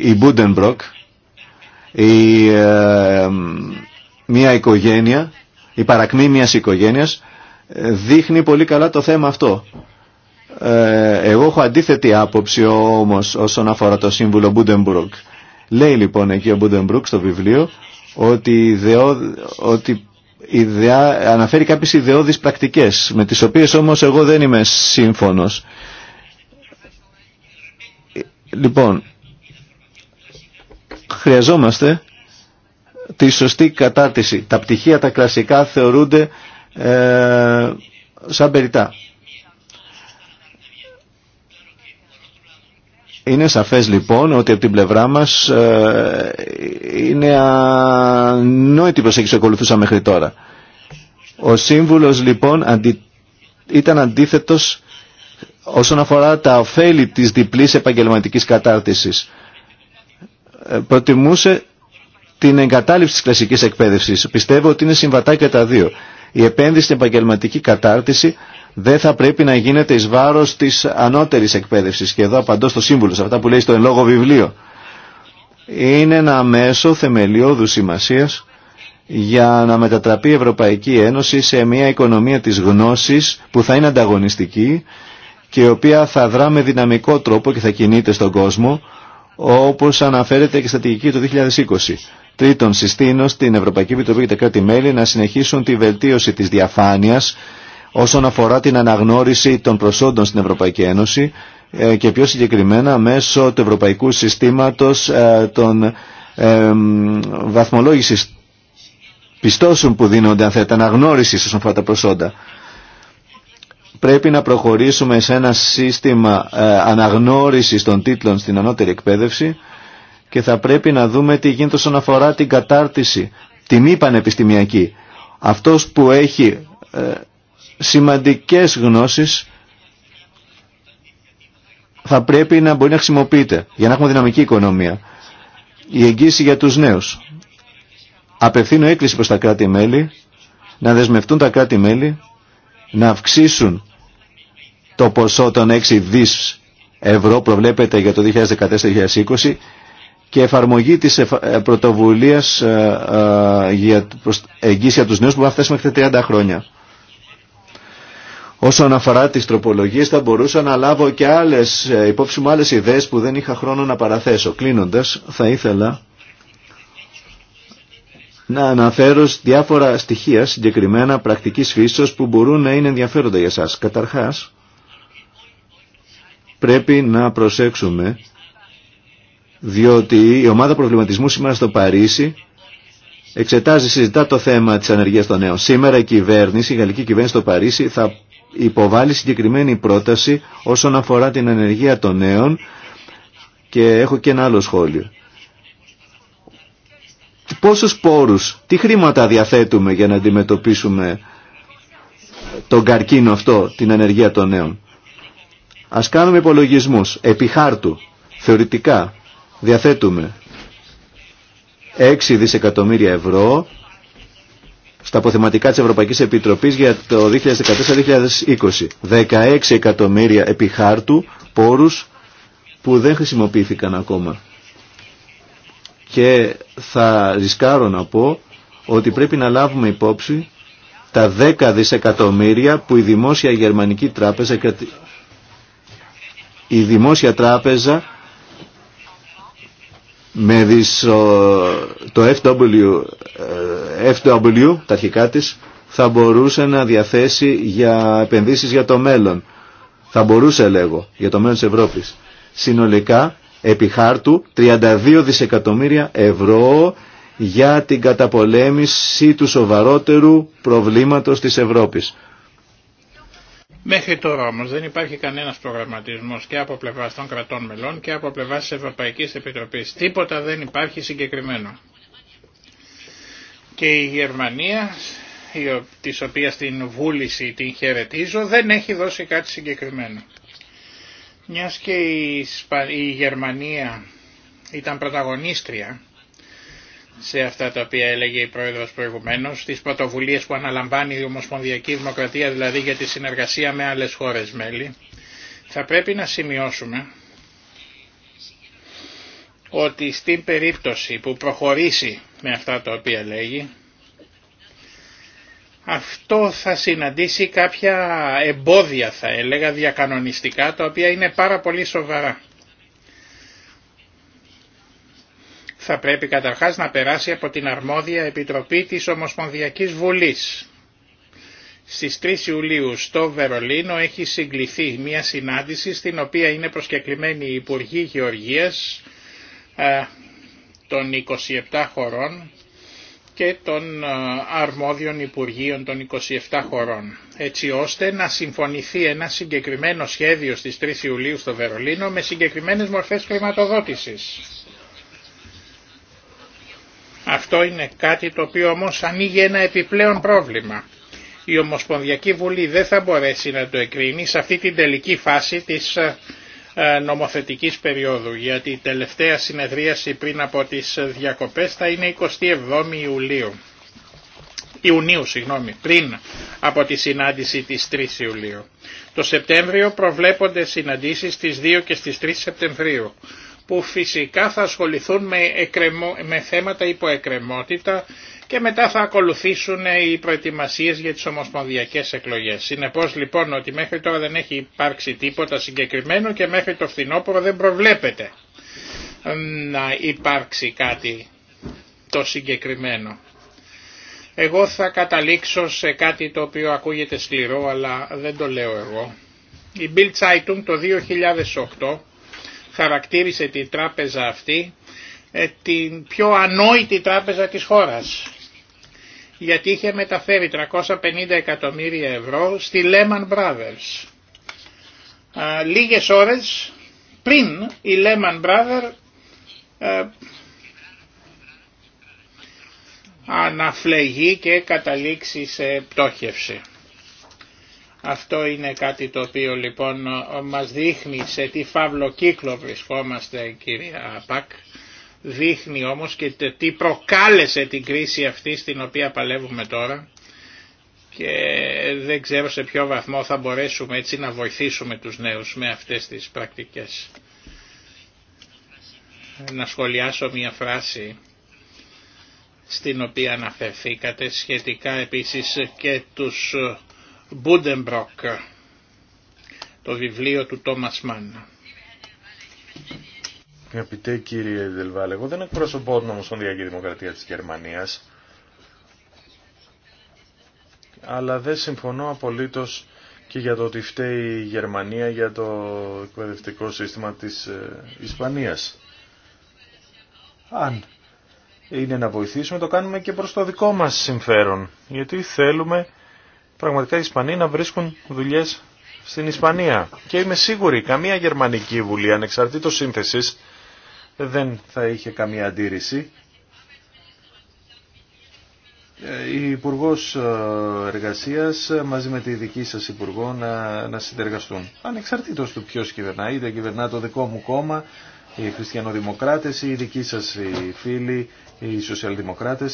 η Μπούντενμπροκ η, ε, μια οικογένεια η παρακμή μιας οικογένειας ε, δείχνει πολύ καλά το θέμα αυτό ε, εγώ έχω αντίθετη άποψη όμως όσον αφορά το σύμβουλο Μπούντεμπρουκ. Λέει λοιπόν εκεί ο Μπούντεμπρουκ στο βιβλίο ότι, ότι ιδεά, αναφέρει κάποιες ιδεώδεις πρακτικές με τις οποίες όμως εγώ δεν είμαι σύμφωνος. Λοιπόν, χρειαζόμαστε τη σωστή κατάρτιση. Τα πτυχία τα κλασικά θεωρούνται ε, σαν περιτά. Είναι σαφές λοιπόν ότι από την πλευρά μας ε, είναι ανόητη προσέγγιση που ακολουθούσαμε μέχρι τώρα. Ο σύμβουλος λοιπόν ήταν αντίθετος όσον αφορά τα ωφέλη της διπλής επαγγελματικής κατάρτισης. Ε, προτιμούσε την εγκατάλειψη της κλασικής εκπαίδευσης. Πιστεύω ότι είναι συμβατά και τα δύο. Η επένδυση στην επαγγελματική κατάρτιση δεν θα πρέπει να γίνεται εις βάρος της ανώτερης εκπαίδευσης και εδώ απαντώ στο σύμβουλο σε αυτά που λέει στο εν λόγω βιβλίο είναι ένα μέσο θεμελιώδου σημασίας για να μετατραπεί η Ευρωπαϊκή Ένωση σε μια οικονομία της γνώσης που θα είναι ανταγωνιστική και η οποία θα δρά με δυναμικό τρόπο και θα κινείται στον κόσμο όπως αναφέρεται και στατηγική του 2020. Τρίτον, συστήνω στην Ευρωπαϊκή Επιτροπή και τα κράτη-μέλη να συνεχίσουν τη βελτίωση της διαφάνειας όσον αφορά την αναγνώριση των προσόντων στην Ευρωπαϊκή Ένωση ε, και πιο συγκεκριμένα μέσω του Ευρωπαϊκού Συστήματος ε, των βαθμολόγησης πιστώσεων που δίνονται αν θέλετε, αναγνώριση όσον αφορά τα προσόντα. Πρέπει να προχωρήσουμε σε ένα σύστημα ε, αναγνώρισης των τίτλων στην ανώτερη εκπαίδευση και θα πρέπει να δούμε τι γίνεται όσον αφορά την κατάρτιση, τη μη πανεπιστημιακή. Αυτός που έχει σημαντικές γνώσεις θα πρέπει να μπορεί να χρησιμοποιείται για να έχουμε δυναμική οικονομία. Η εγγύηση για τους νέους. Απευθύνω έκκληση προς τα κράτη-μέλη να δεσμευτούν τα κράτη-μέλη να αυξήσουν το ποσό των 6 δις ευρώ προβλέπεται για το 2014-2020 και εφαρμογή της ε, πρωτοβουλίας ε, ε, εγγύηση για τους νέους που θα φτάσει μέχρι 30 χρόνια. Όσον αφορά τις τροπολογίες θα μπορούσα να λάβω και άλλες, ε, υπόψη μου άλλες ιδέες που δεν είχα χρόνο να παραθέσω. Κλείνοντας θα ήθελα να αναφέρω διάφορα στοιχεία συγκεκριμένα πρακτικής φύσης που μπορούν να είναι ενδιαφέροντα για σας. Καταρχάς πρέπει να προσέξουμε διότι η ομάδα προβληματισμού σήμερα στο Παρίσι εξετάζει, συζητά το θέμα της ανεργίας των νέων. Σήμερα η κυβέρνηση, η γαλλική κυβέρνηση στο Παρίσι θα υποβάλει συγκεκριμένη πρόταση όσον αφορά την ενεργεία των νέων και έχω και ένα άλλο σχόλιο. Πόσους πόρους, τι χρήματα διαθέτουμε για να αντιμετωπίσουμε τον καρκίνο αυτό, την ενεργεία των νέων. Ας κάνουμε υπολογισμούς, επί χάρτου, θεωρητικά, διαθέτουμε 6 δισεκατομμύρια ευρώ στα αποθεματικά της Ευρωπαϊκής Επιτροπής για το 2014-2020. 16 εκατομμύρια επιχάρτου πόρους που δεν χρησιμοποιήθηκαν ακόμα. Και θα ρισκάρω να πω ότι πρέπει να λάβουμε υπόψη τα 10 δισεκατομμύρια που η Δημόσια Γερμανική Τράπεζα η Δημόσια Τράπεζα με το FW, ε, FW, τα αρχικά θα μπορούσε να διαθέσει για επενδύσεις για το μέλλον. Θα μπορούσε, λέγω, για το μέλλον της Ευρώπης. Συνολικά, επί χάρτου, 32 δισεκατομμύρια ευρώ για την καταπολέμηση του σοβαρότερου προβλήματος της Ευρώπης. Μέχρι τώρα όμω δεν υπάρχει κανένα προγραμματισμό και από πλευρά των κρατών μελών και από πλευρά τη Ευρωπαϊκή Επιτροπή. Τίποτα δεν υπάρχει συγκεκριμένο. Και η Γερμανία, τη οποία την βούληση την χαιρετίζω, δεν έχει δώσει κάτι συγκεκριμένο. Μια και η Γερμανία ήταν πρωταγωνίστρια σε αυτά τα οποία έλεγε η Πρόεδρος προηγουμένως, τι πρωτοβουλίε που αναλαμβάνει η Ομοσπονδιακή Δημοκρατία, δηλαδή για τη συνεργασία με άλλες χώρες μέλη, θα πρέπει να σημειώσουμε ότι στην περίπτωση που προχωρήσει με αυτά τα οποία λέγει, αυτό θα συναντήσει κάποια εμπόδια θα έλεγα διακανονιστικά τα οποία είναι πάρα πολύ σοβαρά. θα πρέπει καταρχάς να περάσει από την αρμόδια επιτροπή της Ομοσπονδιακής Βουλής. Στις 3 Ιουλίου στο Βερολίνο έχει συγκληθεί μια συνάντηση στην οποία είναι προσκεκλημένοι η Υπουργή Γεωργίας ε, των 27 χωρών και των ε, αρμόδιων Υπουργείων των 27 χωρών, έτσι ώστε να συμφωνηθεί ένα συγκεκριμένο σχέδιο στις 3 Ιουλίου στο Βερολίνο με συγκεκριμένες μορφές χρηματοδότησης. Αυτό είναι κάτι το οποίο όμως ανοίγει ένα επιπλέον πρόβλημα. Η Ομοσπονδιακή Βουλή δεν θα μπορέσει να το εκρίνει σε αυτή την τελική φάση της ε, ε, νομοθετικής περίοδου, γιατί η τελευταία συνεδρίαση πριν από τις διακοπές θα είναι 27 Ιουλίου. Ιουνίου, συγγνώμη, πριν από τη συνάντηση της 3 Ιουλίου. Το Σεπτέμβριο προβλέπονται συναντήσεις στις 2 και στις 3 Σεπτεμβρίου που φυσικά θα ασχοληθούν με, με θέματα υποεκκρεμότητα και μετά θα ακολουθήσουν οι προετοιμασίες για τις ομοσπονδιακές εκλογές. Συνεπώς λοιπόν ότι μέχρι τώρα δεν έχει υπάρξει τίποτα συγκεκριμένο και μέχρι το φθινόπωρο δεν προβλέπεται να υπάρξει κάτι το συγκεκριμένο. Εγώ θα καταλήξω σε κάτι το οποίο ακούγεται σκληρό αλλά δεν το λέω εγώ. Η Bill Zeitung το 2008 χαρακτήρισε την τράπεζα αυτή ε, την πιο ανόητη τράπεζα της χώρας γιατί είχε μεταφέρει 350 εκατομμύρια ευρώ στη Lehman Brothers. Λίγες ώρες πριν η Lehman Brothers ε, αναφλεγεί και καταλήξει σε πτώχευση. Αυτό είναι κάτι το οποίο λοιπόν μας δείχνει σε τι φαύλο κύκλο βρισκόμαστε κυρία Πακ. Δείχνει όμως και τι προκάλεσε την κρίση αυτή στην οποία παλεύουμε τώρα και δεν ξέρω σε ποιο βαθμό θα μπορέσουμε έτσι να βοηθήσουμε τους νέους με αυτές τις πρακτικές. Να σχολιάσω μια φράση στην οποία αναφερθήκατε σχετικά επίσης και τους Μπούντεμπροκ, το βιβλίο του Τόμας Μάν. Αγαπητέ κύριε Δελβάλε, εγώ δεν εκπροσωπώ την Ομοσπονδιακή Δημοκρατία της Γερμανίας, αλλά δεν συμφωνώ απολύτως και για το ότι φταίει η Γερμανία για το εκπαιδευτικό σύστημα της ε, Ισπανίας. Αν είναι να βοηθήσουμε, το κάνουμε και προς το δικό μας συμφέρον, γιατί θέλουμε πραγματικά οι Ισπανοί να βρίσκουν δουλειές στην Ισπανία. Και είμαι σίγουρη, καμία γερμανική βουλή ανεξαρτήτως σύνθεσης δεν θα είχε καμία αντίρρηση. Ε, η Υπουργό ε, Εργασία ε, μαζί με τη δική σα Υπουργό να, συνεργαστούν. Ανεξαρτήτω του ποιο κυβερνάει, είτε κυβερνά το δικό μου κόμμα, οι χριστιανοδημοκράτε ή οι δικοί σα οι φίλοι, οι σοσιαλδημοκράτε.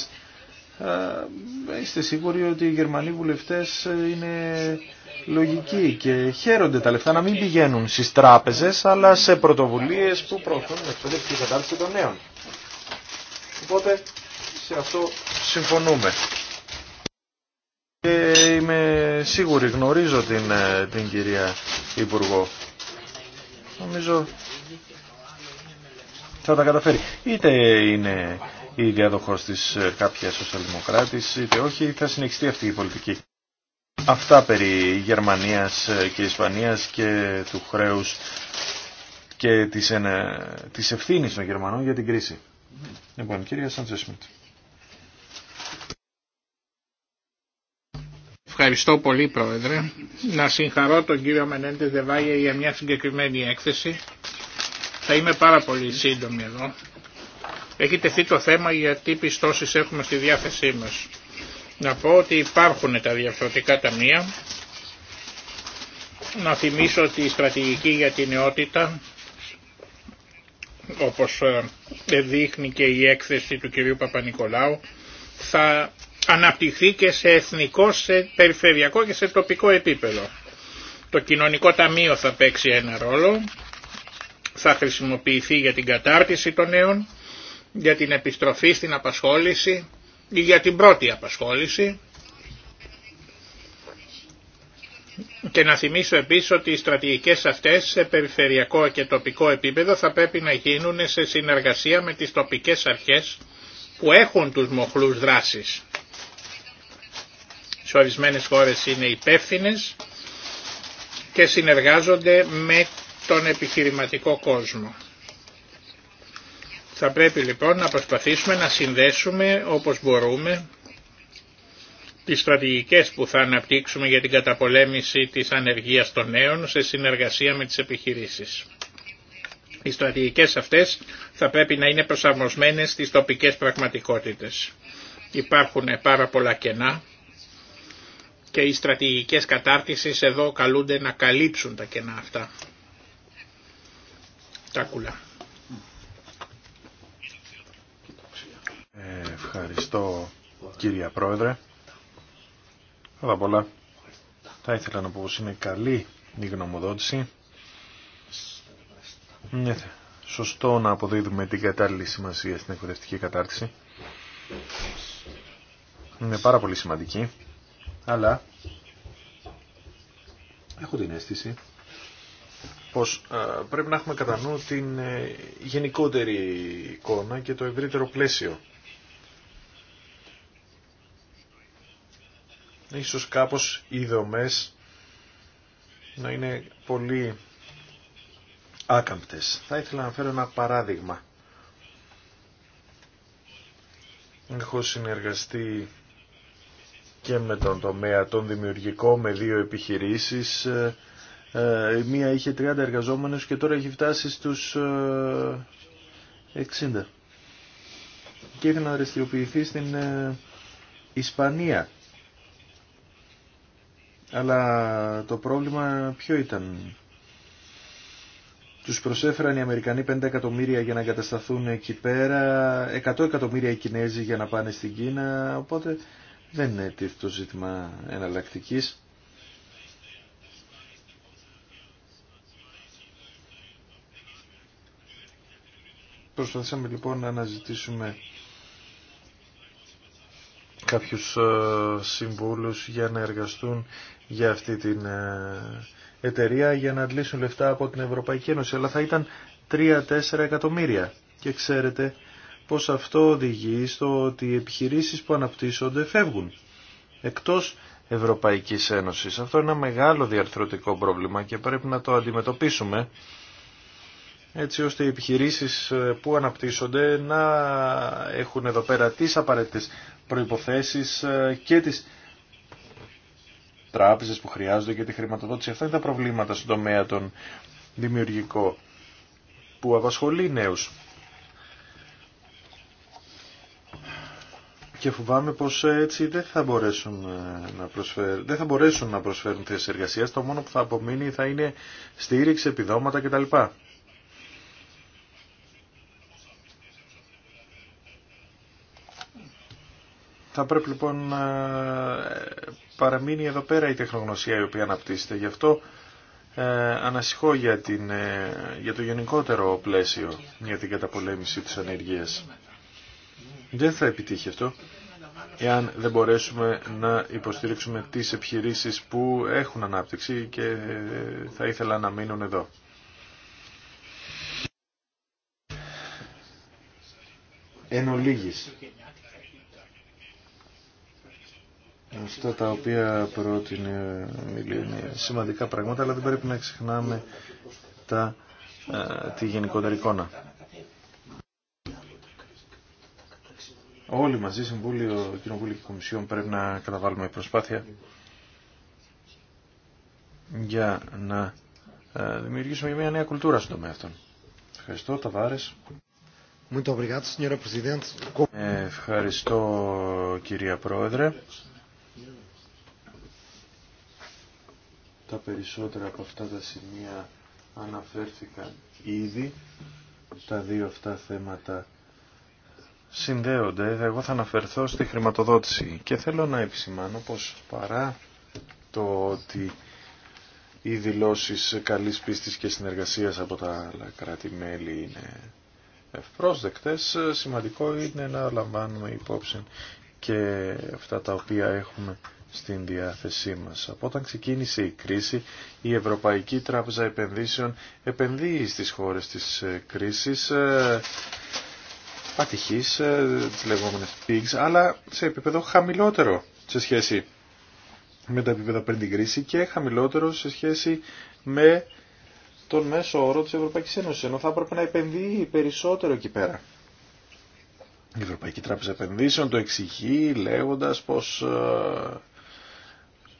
Ε, είστε σίγουροι ότι οι Γερμανοί βουλευτές είναι λογικοί και χαίρονται τα λεφτά να μην πηγαίνουν στις τράπεζες αλλά σε πρωτοβουλίες που προωθούν την εκπαιδευτική κατάρτιση των νέων. Οπότε σε αυτό συμφωνούμε. Και είμαι σίγουρη, γνωρίζω την, ε, την κυρία Υπουργό. Νομίζω θα τα καταφέρει. Είτε είναι η διαδοχό της ε, κάποια σοσιαλδημοκράτης, είτε όχι, θα συνεχιστεί αυτή η πολιτική. Αυτά περί Γερμανίας ε, και Ισπανίας και του χρέους και της, ευθύνη ευθύνης των Γερμανών για την κρίση. Λοιπόν, κυρία Σαντζεσμιτ. Ευχαριστώ πολύ Πρόεδρε. Να συγχαρώ τον κύριο Μενέντε Δεβάγια για μια συγκεκριμένη έκθεση. Θα είμαι πάρα πολύ σύντομη εδώ. Έχει τεθεί το θέμα για τι πιστώσεις έχουμε στη διάθεσή μας. Να πω ότι υπάρχουν τα διαφορετικά ταμεία. Να θυμίσω ότι η στρατηγική για την νεότητα, όπως ε, δείχνει και η έκθεση του κυρίου θα αναπτυχθεί και σε εθνικό, σε περιφερειακό και σε τοπικό επίπεδο. Το κοινωνικό ταμείο θα παίξει ένα ρόλο, θα χρησιμοποιηθεί για την κατάρτιση των νέων, για την επιστροφή στην απασχόληση ή για την πρώτη απασχόληση. Και να θυμίσω επίσης ότι οι στρατηγικές αυτές σε περιφερειακό και τοπικό επίπεδο θα πρέπει να γίνουν σε συνεργασία με τις τοπικές αρχές που έχουν τους μοχλούς δράσης. Σε ορισμένες χώρες είναι υπεύθυνε και συνεργάζονται με τον επιχειρηματικό κόσμο. Θα πρέπει λοιπόν να προσπαθήσουμε να συνδέσουμε όπως μπορούμε τις στρατηγικές που θα αναπτύξουμε για την καταπολέμηση της ανεργίας των νέων σε συνεργασία με τις επιχειρήσεις. Οι στρατηγικές αυτές θα πρέπει να είναι προσαρμοσμένες στις τοπικές πραγματικότητες. Υπάρχουν πάρα πολλά κενά και οι στρατηγικές κατάρτισης εδώ καλούνται να καλύψουν τα κενά αυτά. κουλά. Ευχαριστώ κύριε Πρόεδρε. Πρώτα απ' θα ήθελα να πω πως είναι καλή η γνωμοδότηση. Ναι, σωστό να αποδίδουμε την κατάλληλη σημασία στην εκπαιδευτική κατάρτιση. Είναι πάρα πολύ σημαντική, αλλά έχω την αίσθηση πως ε, πρέπει να έχουμε κατά νου την ε, γενικότερη εικόνα και το ευρύτερο πλαίσιο ίσως κάπως οι δομές να είναι πολύ άκαμπτες. Θα ήθελα να φέρω ένα παράδειγμα. Έχω συνεργαστεί και με τον τομέα τον δημιουργικό με δύο επιχειρήσεις. Η ε, ε, μία είχε 30 εργαζόμενους και τώρα έχει φτάσει στους 60. Ε, και ήθελα να δραστηριοποιηθεί στην Ισπανία. Αλλά το πρόβλημα ποιο ήταν. Τους προσέφεραν οι Αμερικανοί 5 εκατομμύρια για να εγκατασταθούν εκεί πέρα, 100 εκατομμύρια οι Κινέζοι για να πάνε στην Κίνα, οπότε δεν είναι τίφτο το ζήτημα εναλλακτική. Προσπαθήσαμε λοιπόν να αναζητήσουμε κάποιους ε, συμβούλους για να εργαστούν για αυτή την ε, εταιρεία για να αντλήσουν λεφτά από την Ευρωπαϊκή Ένωση. Αλλά θα ήταν 3-4 εκατομμύρια. Και ξέρετε πως αυτό οδηγεί στο ότι οι επιχειρήσεις που αναπτύσσονται φεύγουν. Εκτός Ευρωπαϊκής Ένωσης. Αυτό είναι ένα μεγάλο διαρθρωτικό πρόβλημα και πρέπει να το αντιμετωπίσουμε έτσι ώστε οι επιχειρήσεις ε, που αναπτύσσονται να έχουν εδώ πέρα τις απαραίτητες προϋποθέσεις ε, και τις τράπεζες που χρειάζονται και τη χρηματοδότηση. Αυτά είναι τα προβλήματα στον τομέα των δημιουργικών που απασχολεί νέους. Και φοβάμαι πως έτσι δεν θα μπορέσουν ε, να προσφέρουν, δεν θα μπορέσουν να προσφέρουν θέσεις εργασίας. Το μόνο που θα απομείνει θα είναι στήριξη, επιδόματα κτλ. Θα πρέπει λοιπόν να ε, παραμείνει εδώ πέρα η τεχνογνωσία η οποία αναπτύσσεται. Γι' αυτό ε, ανασυχώ για, την, ε, το γενικότερο πλαίσιο για την καταπολέμηση της ανεργίας. Δεν θα επιτύχει αυτό εάν δεν μπορέσουμε να υποστηρίξουμε τις επιχειρήσεις που έχουν ανάπτυξη και θα ήθελα να μείνουν εδώ. Εν ολίγης, αυτά τα οποία πρότεινε είναι σημαντικά πράγματα, αλλά δεν πρέπει να ξεχνάμε τα, ε, τη γενικότερη εικόνα. Όλοι μαζί, Συμβούλιο, Κοινοβούλιο και Κομισιόν, πρέπει να καταβάλουμε προσπάθεια για να ε, δημιουργήσουμε μια νέα κουλτούρα στον τομέα αυτόν. Ευχαριστώ, Ταβάρες. Ε, ευχαριστώ, κυρία Πρόεδρε. Τα περισσότερα από αυτά τα σημεία αναφέρθηκαν ήδη. Τα δύο αυτά θέματα συνδέονται. Εγώ θα αναφερθώ στη χρηματοδότηση και θέλω να επισημάνω πως παρά το ότι οι δηλώσεις καλής πίστης και συνεργασίας από τα άλλα κράτη-μέλη είναι ευπρόσδεκτες, σημαντικό είναι να λαμβάνουμε υπόψη και αυτά τα οποία έχουμε στην διάθεσή μας. Από όταν ξεκίνησε η κρίση, η Ευρωπαϊκή Τράπεζα Επενδύσεων επενδύει στις χώρες της ε, κρίσης ε, ατυχής, ε, τις λεγόμενες pigs, αλλά σε επίπεδο χαμηλότερο σε σχέση με τα επίπεδα πριν την κρίση και χαμηλότερο σε σχέση με τον μέσο όρο της Ευρωπαϊκής Ένωσης, ενώ θα έπρεπε να επενδύει περισσότερο εκεί πέρα. Η Ευρωπαϊκή Τράπεζα Επενδύσεων το εξηγεί λέγοντας πως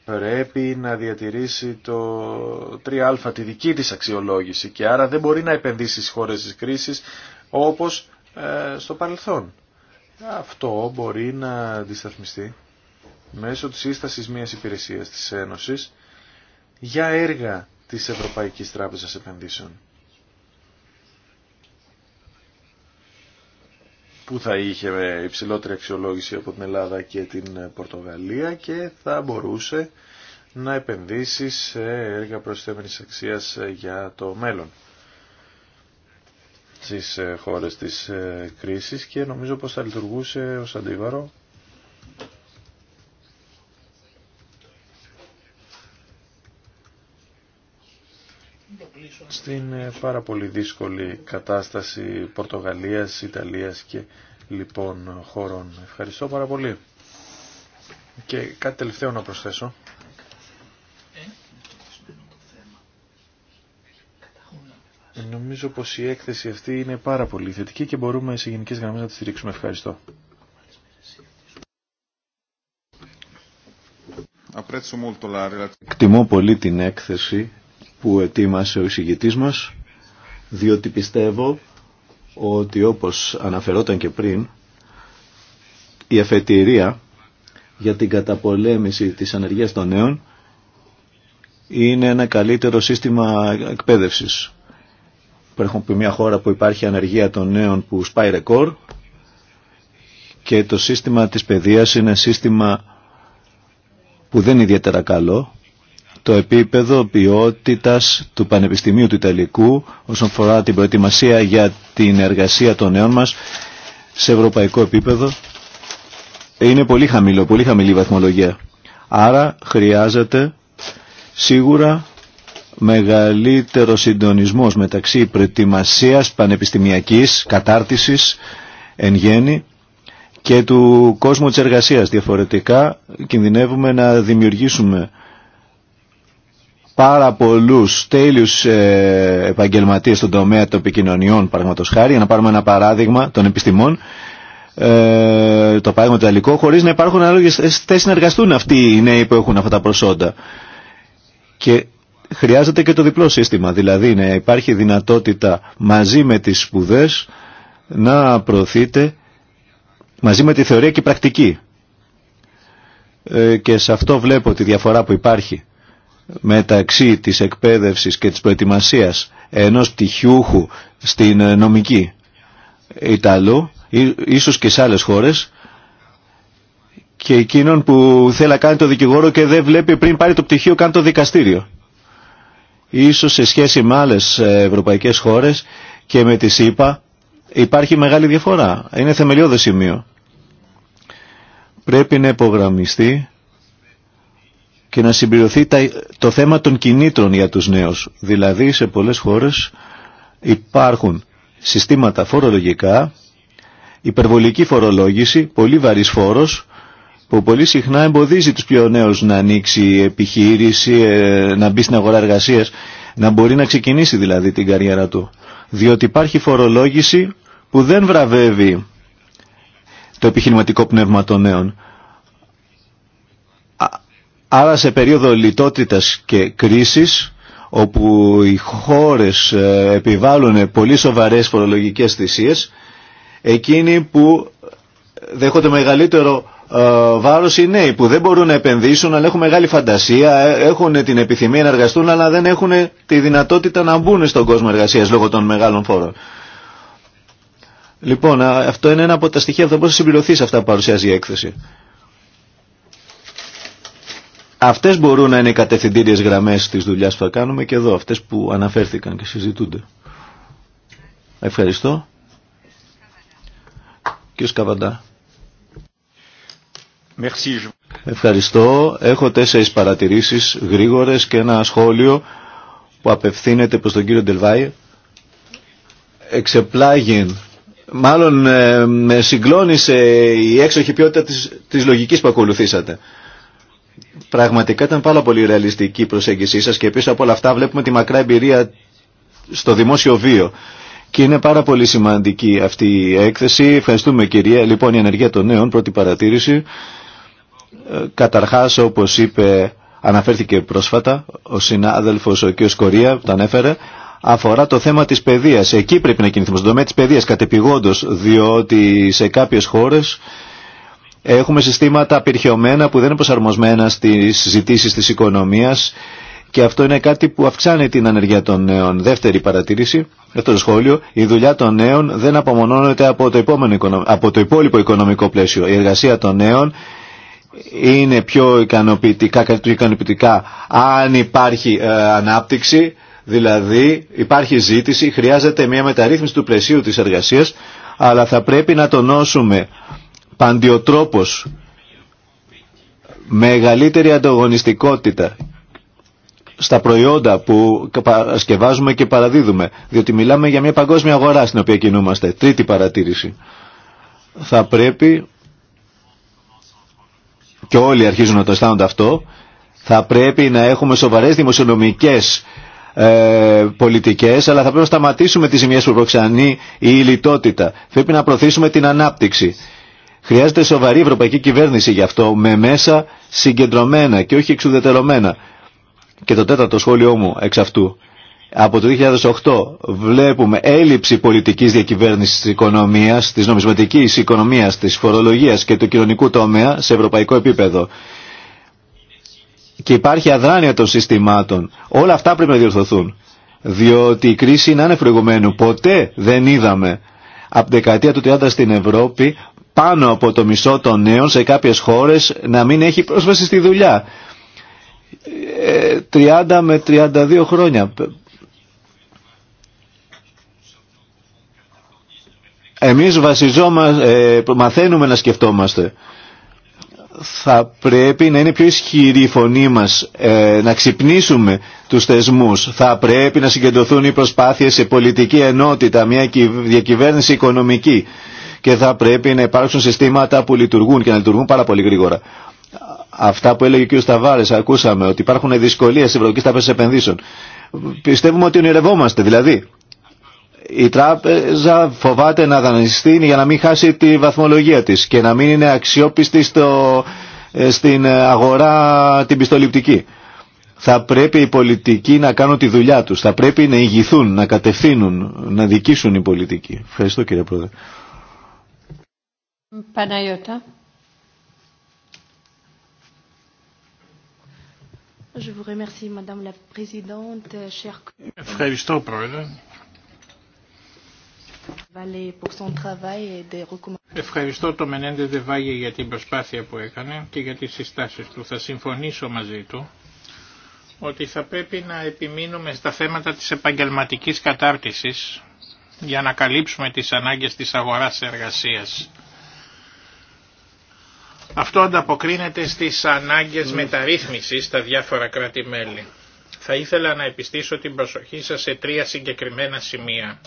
πρέπει να διατηρήσει το 3α τη δική της αξιολόγηση και άρα δεν μπορεί να επενδύσει στις χώρες της κρίσης όπως ε, στο παρελθόν. Αυτό μπορεί να αντισταθμιστεί μέσω της σύσταση μιας υπηρεσίας της Ένωσης για έργα της Ευρωπαϊκής Τράπεζας Επενδύσεων. που θα είχε υψηλότερη αξιολόγηση από την Ελλάδα και την Πορτογαλία και θα μπορούσε να επενδύσει σε έργα προσθέμενης αξίας για το μέλλον στις χώρες της ε, κρίσης και νομίζω πως θα λειτουργούσε ως αντίβαρο στην ε, πάρα πολύ δύσκολη κατάσταση Πορτογαλίας, Ιταλίας και λοιπόν χωρών. Ευχαριστώ πάρα πολύ. Και κάτι τελευταίο να προσθέσω. Νομίζω πως η έκθεση αυτή είναι πάρα πολύ θετική και μπορούμε σε γενικές γραμμές να τη στηρίξουμε. Ευχαριστώ. Εκτιμώ πολύ την έκθεση που ετοίμασε ο εισηγητής μας, διότι πιστεύω ότι όπως αναφερόταν και πριν, η εφετηρία για την καταπολέμηση της ανεργίας των νέων είναι ένα καλύτερο σύστημα εκπαίδευσης. Έχουμε μια χώρα που υπάρχει ανεργία των νέων που σπάει ρεκόρ και το σύστημα της παιδείας είναι σύστημα που δεν είναι ιδιαίτερα καλό το επίπεδο ποιότητας του Πανεπιστημίου του Ιταλικού όσον αφορά την προετοιμασία για την εργασία των νέων μας σε ευρωπαϊκό επίπεδο είναι πολύ χαμηλό, πολύ χαμηλή βαθμολογία. Άρα χρειάζεται σίγουρα μεγαλύτερο συντονισμός μεταξύ προετοιμασίας πανεπιστημιακής κατάρτισης εν γέννη και του κόσμου της εργασίας. Διαφορετικά κινδυνεύουμε να δημιουργήσουμε πάρα πολλούς τέλειους ε, επαγγελματίες στον τομέα των επικοινωνιών παραγματος χάρη, για να πάρουμε ένα παράδειγμα των επιστημών, ε, το παράδειγμα του αλληλικού, χωρίς να υπάρχουν ανάλογες θέσεις εργαστούν αυτοί οι νέοι που έχουν αυτά τα προσόντα. Και χρειάζεται και το διπλό σύστημα, δηλαδή να υπάρχει δυνατότητα μαζί με τις σπουδέ να προωθείται μαζί με τη θεωρία και η πρακτική. Ε, και σε αυτό βλέπω τη διαφορά που υπάρχει μεταξύ της εκπαίδευσης και της προετοιμασίας ενός πτυχιούχου στην ε, νομική Ιταλού, ίσως και σε άλλες χώρες, και εκείνον που θέλει να κάνει το δικηγόρο και δεν βλέπει πριν πάρει το πτυχίο κάνει το δικαστήριο. Ίσως σε σχέση με άλλες ε, ευρωπαϊκές χώρες και με τη ΣΥΠΑ υπάρχει μεγάλη διαφορά. Είναι θεμελιώδες σημείο. Πρέπει να υπογραμμιστεί και να συμπληρωθεί το θέμα των κινήτρων για τους νέους. Δηλαδή σε πολλές χώρες υπάρχουν συστήματα φορολογικά, υπερβολική φορολόγηση, πολύ βαρύς φόρος, που πολύ συχνά εμποδίζει τους πιο νέους να ανοίξει επιχείρηση, ε, να μπει στην αγορά εργασίας, να μπορεί να ξεκινήσει δηλαδή την καριέρα του. Διότι υπάρχει φορολόγηση που δεν βραβεύει το επιχειρηματικό πνεύμα των νέων. Άρα σε περίοδο λιτότητας και κρίσης όπου οι χώρες ε, επιβάλλουν πολύ σοβαρές φορολογικές θυσίες εκείνοι που δέχονται μεγαλύτερο ε, βάρος οι νέοι που δεν μπορούν να επενδύσουν αλλά έχουν μεγάλη φαντασία, ε, έχουν την επιθυμία να εργαστούν αλλά δεν έχουν τη δυνατότητα να μπουν στον κόσμο εργασίας λόγω των μεγάλων φόρων. Λοιπόν, αυτό είναι ένα από τα στοιχεία που θα μπορούσε να συμπληρωθεί σε αυτά που παρουσιάζει η έκθεση. Αυτές μπορούν να είναι οι κατευθυντήριες γραμμές της δουλειάς που θα κάνουμε και εδώ, αυτές που αναφέρθηκαν και συζητούνται. Ευχαριστώ. Κύριος Καβαντά. Ευχαριστώ. Έχω τέσσερις παρατηρήσεις γρήγορες και ένα σχόλιο που απευθύνεται προς τον κύριο Ντελβάη. Εξεπλάγει. Μάλλον ε, με συγκλώνησε η έξοχη ποιότητα της, της λογικής που ακολουθήσατε. Πραγματικά ήταν πάρα πολύ ρεαλιστική η προσέγγισή σας και πίσω από όλα αυτά βλέπουμε τη μακρά εμπειρία στο δημόσιο βίο. Και είναι πάρα πολύ σημαντική αυτή η έκθεση. Ευχαριστούμε κυρία. Λοιπόν, η ενεργεία των νέων, πρώτη παρατήρηση. Ε, καταρχάς, όπως είπε, αναφέρθηκε πρόσφατα ο συνάδελφος ο κ. Σκορία, που τα ανέφερε, αφορά το θέμα της παιδείας. Εκεί πρέπει να κινηθούμε, στον τομέα της παιδείας κατεπηγόντως, διότι σε κάποιες χώρε. Έχουμε συστήματα απειρχαιωμένα που δεν είναι προσαρμοσμένα στις συζητήσεις της οικονομίας και αυτό είναι κάτι που αυξάνει την ανεργία των νέων. Δεύτερη παρατήρηση, δεύτερο σχόλιο, η δουλειά των νέων δεν απομονώνεται από το, από το υπόλοιπο οικονομικό πλαίσιο. Η εργασία των νέων είναι πιο ικανοποιητικά, ικανοποιητικά αν υπάρχει ε, ανάπτυξη, δηλαδή υπάρχει ζήτηση, χρειάζεται μια μεταρρύθμιση του πλαισίου της εργασίας, αλλά θα πρέπει να τονώσουμε παντιοτρόπος μεγαλύτερη ανταγωνιστικότητα στα προϊόντα που σκευάζουμε και παραδίδουμε, διότι μιλάμε για μια παγκόσμια αγορά στην οποία κινούμαστε. Τρίτη παρατήρηση. Θα πρέπει, και όλοι αρχίζουν να το αισθάνονται αυτό, θα πρέπει να έχουμε σοβαρές δημοσιονομικές ε, πολιτικές, αλλά θα πρέπει να σταματήσουμε τις ζημιές που προξανεί η λιτότητα. Πρέπει να προωθήσουμε την ανάπτυξη. Χρειάζεται σοβαρή ευρωπαϊκή κυβέρνηση γι' αυτό, με μέσα συγκεντρωμένα και όχι εξουδετερωμένα. Και το τέταρτο σχόλιο μου εξ αυτού. Από το 2008 βλέπουμε έλλειψη πολιτικής διακυβέρνησης της οικονομίας, της νομισματικής οικονομίας, της φορολογίας και του κοινωνικού τομέα σε ευρωπαϊκό επίπεδο. Και υπάρχει αδράνεια των συστημάτων. Όλα αυτά πρέπει να διορθωθούν. Διότι η κρίση είναι ανεφροηγουμένου. Ποτέ δεν είδαμε από δεκαετία του 30 στην Ευρώπη πάνω από το μισό των νέων σε κάποιες χώρες να μην έχει πρόσβαση στη δουλειά. 30 ε, με 32 χρόνια. Εμείς βασιζόμαστε, μαθαίνουμε να σκεφτόμαστε. Θα πρέπει να είναι πιο ισχυρή η φωνή μας, ε, να ξυπνήσουμε τους θεσμούς. Θα πρέπει να συγκεντρωθούν οι προσπάθειες σε πολιτική ενότητα, μια διακυβέρνηση οικονομική και θα πρέπει να υπάρξουν συστήματα που λειτουργούν και να λειτουργούν πάρα πολύ γρήγορα. Αυτά που έλεγε ο κ. Σταβάρε, ακούσαμε ότι υπάρχουν δυσκολίε στι Ευρωπαϊκή Τράπεζα Επενδύσεων. Πιστεύουμε ότι ονειρευόμαστε. Δηλαδή, η τράπεζα φοβάται να δανειστεί για να μην χάσει τη βαθμολογία τη και να μην είναι αξιόπιστη στο, ε, στην αγορά την πιστοληπτική. Θα πρέπει οι πολιτικοί να κάνουν τη δουλειά τους. Θα πρέπει να ηγηθούν, να κατευθύνουν, να δικήσουν οι πολιτικοί. Ευχαριστώ κύριε Πρόεδρε. Παναγιώτα. Ευχαριστώ, Πρόεδρε. Ευχαριστώ το Μενέντε Δεβάγε για την προσπάθεια που έκανε και για τις συστάσεις του. Θα συμφωνήσω μαζί του ότι θα πρέπει να επιμείνουμε στα θέματα της επαγγελματικής κατάρτισης για να καλύψουμε τις ανάγκες της αγοράς εργασίας. Αυτό ανταποκρίνεται στις ανάγκες mm. μεταρρύθμισης στα διάφορα κράτη-μέλη. Θα ήθελα να επιστήσω την προσοχή σας σε τρία συγκεκριμένα σημεία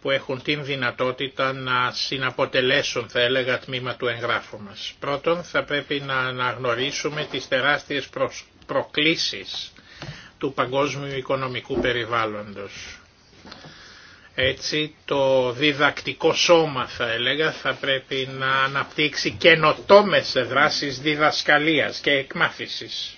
που έχουν την δυνατότητα να συναποτελέσουν, θα έλεγα, τμήμα του εγγράφου μας. Πρώτον, θα πρέπει να αναγνωρίσουμε τις τεράστιες προκλήσεις του παγκόσμιου οικονομικού περιβάλλοντος. Έτσι το διδακτικό σώμα θα έλεγα θα πρέπει να αναπτύξει καινοτόμες δράσεις διδασκαλίας και εκμάθησης.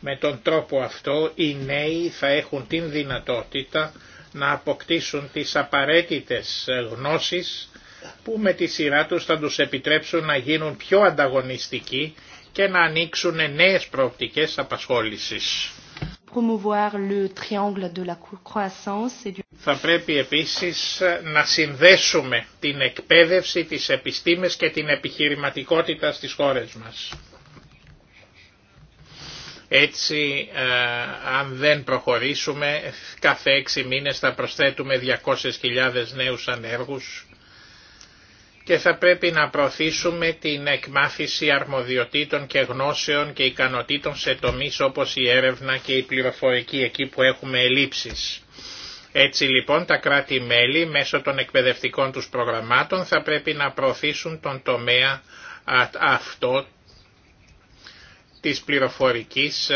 Με τον τρόπο αυτό οι νέοι θα έχουν την δυνατότητα να αποκτήσουν τις απαραίτητες γνώσεις που με τη σειρά τους θα τους επιτρέψουν να γίνουν πιο ανταγωνιστικοί και να ανοίξουν νέες προοπτικές απασχόλησης. Θα πρέπει επίσης ε, να συνδέσουμε την εκπαίδευση, της επιστήμες και την επιχειρηματικότητα στις χώρες μας. Έτσι, ε, αν δεν προχωρήσουμε, κάθε έξι μήνες θα προσθέτουμε 200.000 νέους ανέργους και θα πρέπει να προωθήσουμε την εκμάθηση αρμοδιοτήτων και γνώσεων και ικανοτήτων σε τομείς όπως η έρευνα και η πληροφορική εκεί που έχουμε ελλείψεις. Έτσι λοιπόν τα κράτη-μέλη μέσω των εκπαιδευτικών τους προγραμμάτων θα πρέπει να προωθήσουν τον τομέα αυτό της πληροφορικής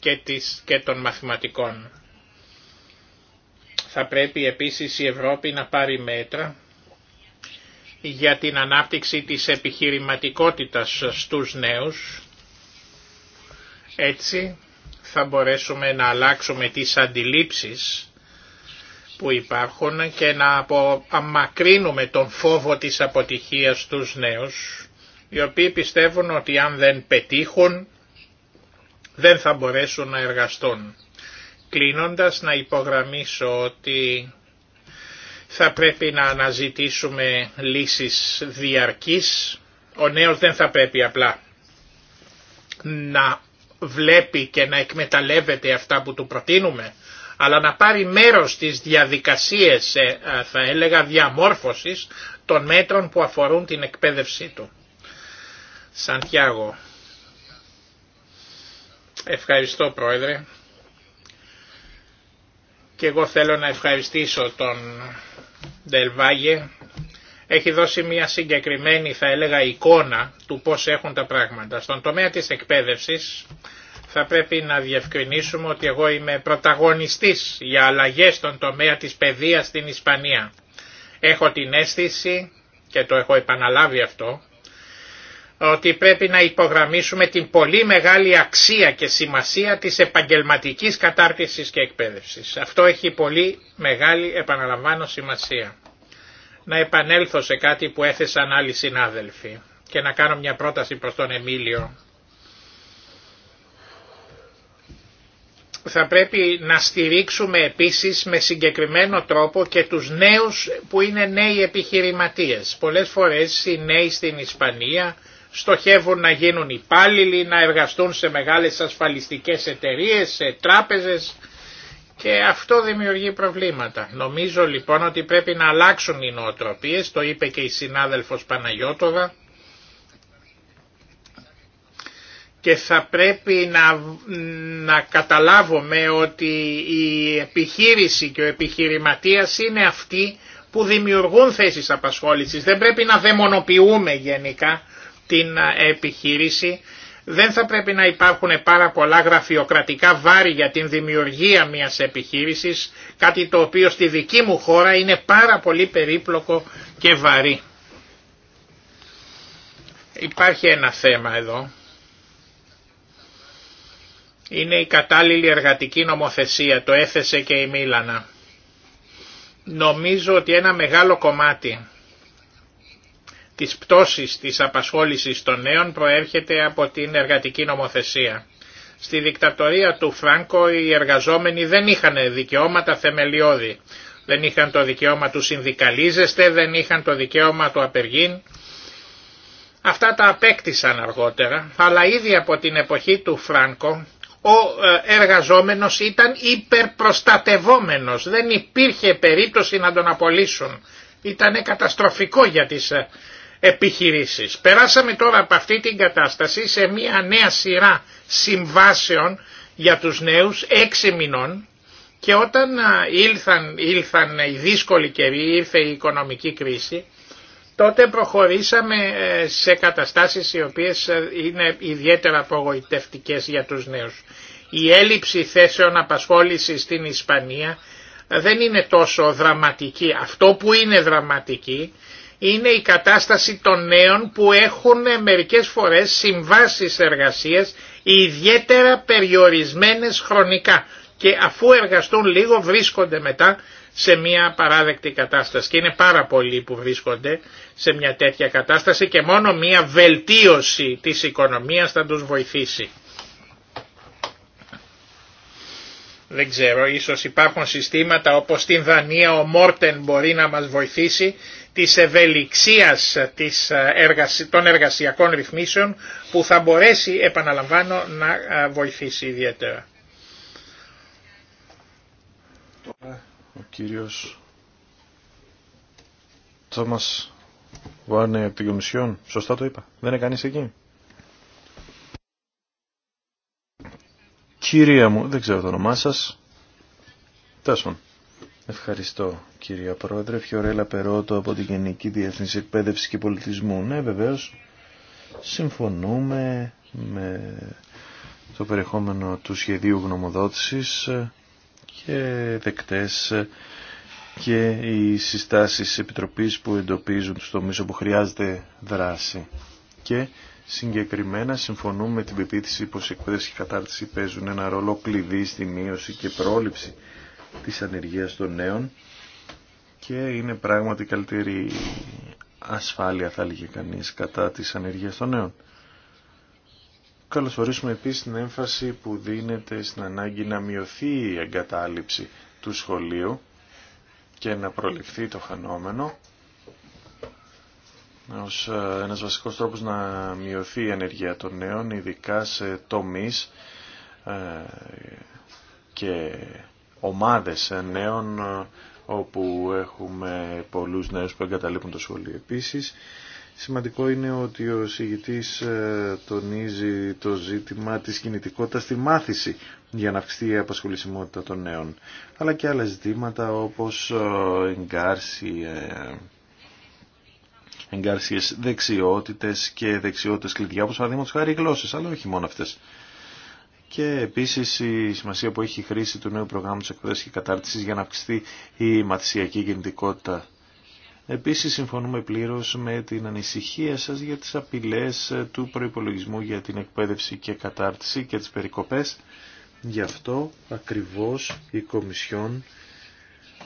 και, και των μαθηματικών. Θα πρέπει επίσης η Ευρώπη να πάρει μέτρα για την ανάπτυξη της επιχειρηματικότητας στους νέους. Έτσι θα μπορέσουμε να αλλάξουμε τις αντιλήψεις που υπάρχουν και να απομακρύνουμε τον φόβο της αποτυχίας στους νέους, οι οποίοι πιστεύουν ότι αν δεν πετύχουν δεν θα μπορέσουν να εργαστούν. Κλείνοντας να υπογραμμίσω ότι θα πρέπει να αναζητήσουμε λύσεις διαρκής. Ο νέος δεν θα πρέπει απλά να βλέπει και να εκμεταλλεύεται αυτά που του προτείνουμε, αλλά να πάρει μέρος στις διαδικασίες, ε, θα έλεγα, διαμόρφωσης των μέτρων που αφορούν την εκπαίδευσή του. Σαντιάγο. Ευχαριστώ Πρόεδρε. Και εγώ θέλω να ευχαριστήσω τον Ντελβάγε έχει δώσει μια συγκεκριμένη θα έλεγα εικόνα του πώς έχουν τα πράγματα. Στον τομέα της εκπαίδευσης θα πρέπει να διευκρινίσουμε ότι εγώ είμαι πρωταγωνιστής για αλλαγές στον τομέα της παιδείας στην Ισπανία. Έχω την αίσθηση και το έχω επαναλάβει αυτό ότι πρέπει να υπογραμμίσουμε την πολύ μεγάλη αξία και σημασία της επαγγελματικής κατάρτισης και εκπαίδευσης. Αυτό έχει πολύ μεγάλη επαναλαμβάνω σημασία. Να επανέλθω σε κάτι που έθεσαν άλλοι συνάδελφοι και να κάνω μια πρόταση προς τον Εμίλιο. Θα πρέπει να στηρίξουμε επίσης με συγκεκριμένο τρόπο και τους νέους που είναι νέοι επιχειρηματίες. Πολλές φορές οι νέοι στην Ισπανία στοχεύουν να γίνουν υπάλληλοι, να εργαστούν σε μεγάλες ασφαλιστικές εταιρείες, σε τράπεζες και αυτό δημιουργεί προβλήματα. Νομίζω λοιπόν ότι πρέπει να αλλάξουν οι νοοτροπίες, το είπε και η συνάδελφος Παναγιώτοδα και θα πρέπει να, να καταλάβουμε ότι η επιχείρηση και ο επιχειρηματίας είναι αυτοί που δημιουργούν θέσεις απασχόλησης. Δεν πρέπει να δαιμονοποιούμε γενικά την επιχείρηση. Δεν θα πρέπει να υπάρχουν πάρα πολλά γραφειοκρατικά βάρη για την δημιουργία μιας επιχείρησης, κάτι το οποίο στη δική μου χώρα είναι πάρα πολύ περίπλοκο και βαρύ. Υπάρχει ένα θέμα εδώ. Είναι η κατάλληλη εργατική νομοθεσία, το έθεσε και η Μίλανα. Νομίζω ότι ένα μεγάλο κομμάτι της πτώσης της απασχόλησης των νέων προέρχεται από την εργατική νομοθεσία. Στη δικτατορία του Φράνκο οι εργαζόμενοι δεν είχαν δικαιώματα θεμελιώδη. Δεν είχαν το δικαίωμα του συνδικαλίζεστε, δεν είχαν το δικαίωμα του απεργήν. Αυτά τα απέκτησαν αργότερα, αλλά ήδη από την εποχή του Φράνκο ο ε, εργαζόμενος ήταν υπερπροστατευόμενος. Δεν υπήρχε περίπτωση να τον απολύσουν. Ήταν καταστροφικό για τις ε, επιχειρήσεις. Περάσαμε τώρα από αυτή την κατάσταση σε μια νέα σειρά συμβάσεων για τους νέους έξι μηνών και όταν ήλθαν, ήλθαν οι δύσκολοι καιροί, ήρθε η οικονομική κρίση, τότε προχωρήσαμε ε, σε καταστάσεις οι οποίες ε, είναι ιδιαίτερα απογοητευτικές για τους νέους. Η έλλειψη θέσεων απασχόλησης στην Ισπανία ε, δεν είναι τόσο δραματική. Αυτό που είναι δραματική είναι η κατάσταση των νέων που έχουν μερικές φορές συμβάσεις εργασίας ιδιαίτερα περιορισμένες χρονικά και αφού εργαστούν λίγο βρίσκονται μετά σε μια παράδεκτη κατάσταση και είναι πάρα πολλοί που βρίσκονται σε μια τέτοια κατάσταση και μόνο μια βελτίωση της οικονομίας θα τους βοηθήσει. Δεν ξέρω, ίσως υπάρχουν συστήματα όπως στην Δανία ο Μόρτεν μπορεί να μας βοηθήσει της ευελιξίας της ε, των εργασιακών ρυθμίσεων που θα μπορέσει, επαναλαμβάνω, να ε, βοηθήσει ιδιαίτερα. Ο κύριος Τόμας βάνε από την Κομισιόν, σωστά το είπα, δεν είναι εκεί. Κυρία μου, δεν ξέρω το όνομά σας. Τέσσερα. Ευχαριστώ κυρία Πρόεδρε. Φιωρέλα Περότο από την Γενική Διεθνής Εκπαίδευση και Πολιτισμού. Ναι βεβαίως συμφωνούμε με το περιεχόμενο του σχεδίου γνωμοδότησης και δεκτές και οι συστάσεις της Επιτροπής που εντοπίζουν τους τομείς όπου χρειάζεται δράση. Και συγκεκριμένα συμφωνούμε με την πεποίθηση πως η εκπαίδευση και η κατάρτιση παίζουν ένα ρόλο κλειδί στη μείωση και πρόληψη της ανεργίας των νέων και είναι πράγματι καλύτερη ασφάλεια θα έλεγε κανείς κατά της ανεργίας των νέων. Καλωσορίσουμε επίσης την έμφαση που δίνεται στην ανάγκη να μειωθεί η εγκατάλειψη του σχολείου και να προληφθεί το φαινόμενο ως ε, ένας βασικός τρόπος να μειωθεί η ανεργία των νέων, ειδικά σε τομείς ε, και ομάδες νέων ε, όπου έχουμε πολλούς νέους που εγκαταλείπουν το σχολείο επίσης. Σημαντικό είναι ότι ο συγητής ε, τονίζει το ζήτημα της κινητικότητας στη μάθηση για να αυξηθεί η απασχολησιμότητα των νέων, αλλά και άλλα ζητήματα όπως ε, εγκάρσιες δεξιότητες και δεξιότητες κλειδιά, όπως παραδείγματος χάρη γλώσσες, αλλά όχι μόνο αυτές και επίσης η σημασία που έχει χρήση του νέου προγράμματος εκπαίδευσης και κατάρτισης για να αυξηθεί η μαθησιακή κινητικότητα. Επίσης συμφωνούμε πλήρως με την ανησυχία σας για τις απειλές του προϋπολογισμού για την εκπαίδευση και κατάρτιση και τις περικοπές. Γι' αυτό ακριβώς η Κομισιόν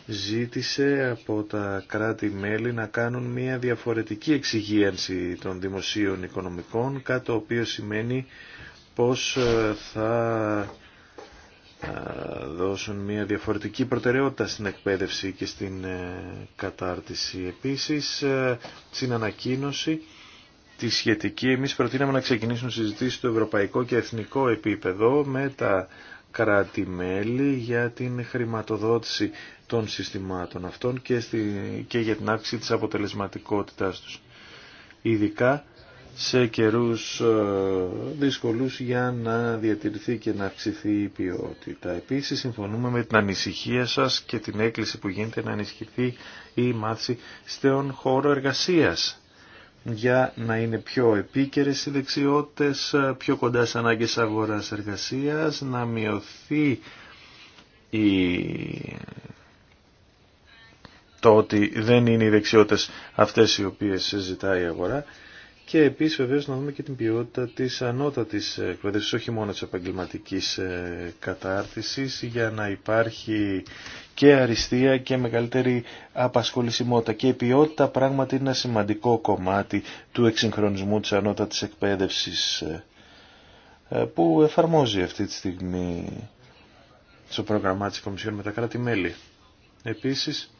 ζήτησε από τα κράτη-μέλη να κάνουν μια διαφορετική εξυγίανση των δημοσίων οικονομικών, κάτι οποίο σημαίνει πώς ε, θα ε, δώσουν μια διαφορετική προτεραιότητα στην εκπαίδευση και στην ε, κατάρτιση. Επίσης, στην ανακοίνωση τη σχετική, εμείς προτείναμε να ξεκινήσουν συζητήσεις στο ευρωπαϊκό και εθνικό επίπεδο με τα κράτη-μέλη για την χρηματοδότηση των συστημάτων αυτών και, στη, και για την αύξηση της αποτελεσματικότητάς τους. Ειδικά σε καιρούς ε, δύσκολους για να διατηρηθεί και να αυξηθεί η ποιότητα. Επίσης συμφωνούμε με την ανησυχία σας και την έκκληση που γίνεται να ενισχυθεί η μάθηση στον χώρο εργασίας για να είναι πιο επίκαιρες οι δεξιότητες, πιο κοντά στις ανάγκες αγοράς εργασίας, να μειωθεί η... το ότι δεν είναι οι δεξιότητες αυτές οι οποίες ζητάει η αγορά και επίσης βεβαίως να δούμε και την ποιότητα της ανώτατης εκπαίδευσης, όχι μόνο της επαγγελματική ε, κατάρτισης, για να υπάρχει και αριστεία και μεγαλύτερη απασχολησιμότητα. Και η ποιότητα πράγματι είναι ένα σημαντικό κομμάτι του εξυγχρονισμού της ανώτατης εκπαίδευσης ε, που εφαρμόζει αυτή τη στιγμή στο πρόγραμμά της Κομισιόν με τα κράτη-μέλη. Επίσης,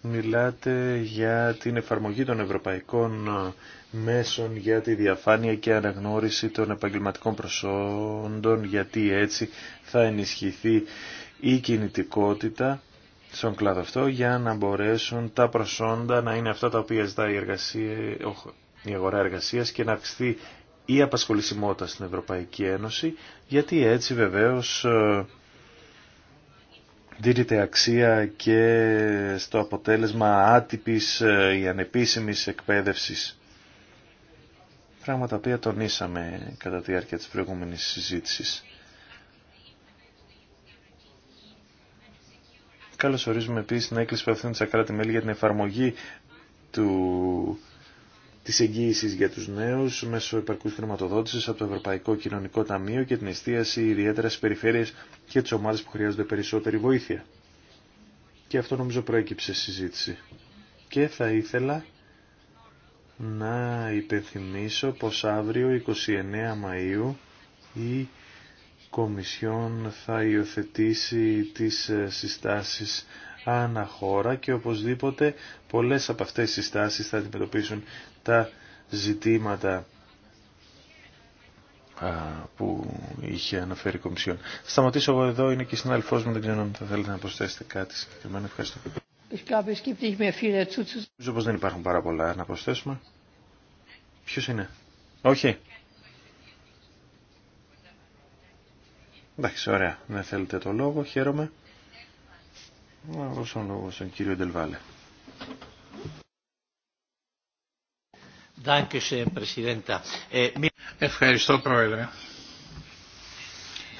μιλάτε για την εφαρμογή των ευρωπαϊκών ε, μέσων για τη διαφάνεια και αναγνώριση των επαγγελματικών προσόντων γιατί έτσι θα ενισχυθεί η κινητικότητα στον κλάδο αυτό για να μπορέσουν τα προσόντα να είναι αυτά τα οποία ζητάει η, εργασία, η αγορά εργασίας και να αυξηθεί η απασχολησιμότητα στην Ευρωπαϊκή Ένωση γιατί έτσι βεβαίως ε, δίνεται αξία και στο αποτέλεσμα άτυπης ε, ή ανεπίσημης εκπαίδευσης πράγματα τα οποία τονίσαμε κατά τη διάρκεια της προηγούμενης συζήτησης. Καλώς ορίζουμε επίσης την έκκληση που απευθύνουν στα κράτη-μέλη για την εφαρμογή του... της εγγύησης για τους νέους μέσω υπαρκούς χρηματοδότησης από το Ευρωπαϊκό Κοινωνικό Ταμείο και την εστίαση ιδιαίτερα στις περιφέρειες και τις ομάδες που χρειάζονται περισσότερη βοήθεια. Και αυτό νομίζω προέκυψε συζήτηση. Και θα ήθελα να υπενθυμίσω πως αύριο 29 Μαΐου η Κομισιόν θα υιοθετήσει τις ε, συστάσεις αναχώρα και οπωσδήποτε πολλές από αυτές τις συστάσεις θα αντιμετωπίσουν τα ζητήματα που είχε αναφέρει η Κομισιόν. Θα Σταματήσω εγώ εδώ, είναι και συνάδελφός μου, δεν ξέρω αν θα θέλετε να προσθέσετε κάτι συγκεκριμένο. Ευχαριστώ. Νομίζω πως δεν υπάρχουν πάρα πολλά να προσθέσουμε. Ποιος είναι. Όχι. Εντάξει, ωραία. Δεν ναι, θέλετε το λόγο. Χαίρομαι. Να δώσω λόγο στον κύριο Ντελβάλε. Ε, Ευχαριστώ, Πρόεδρε.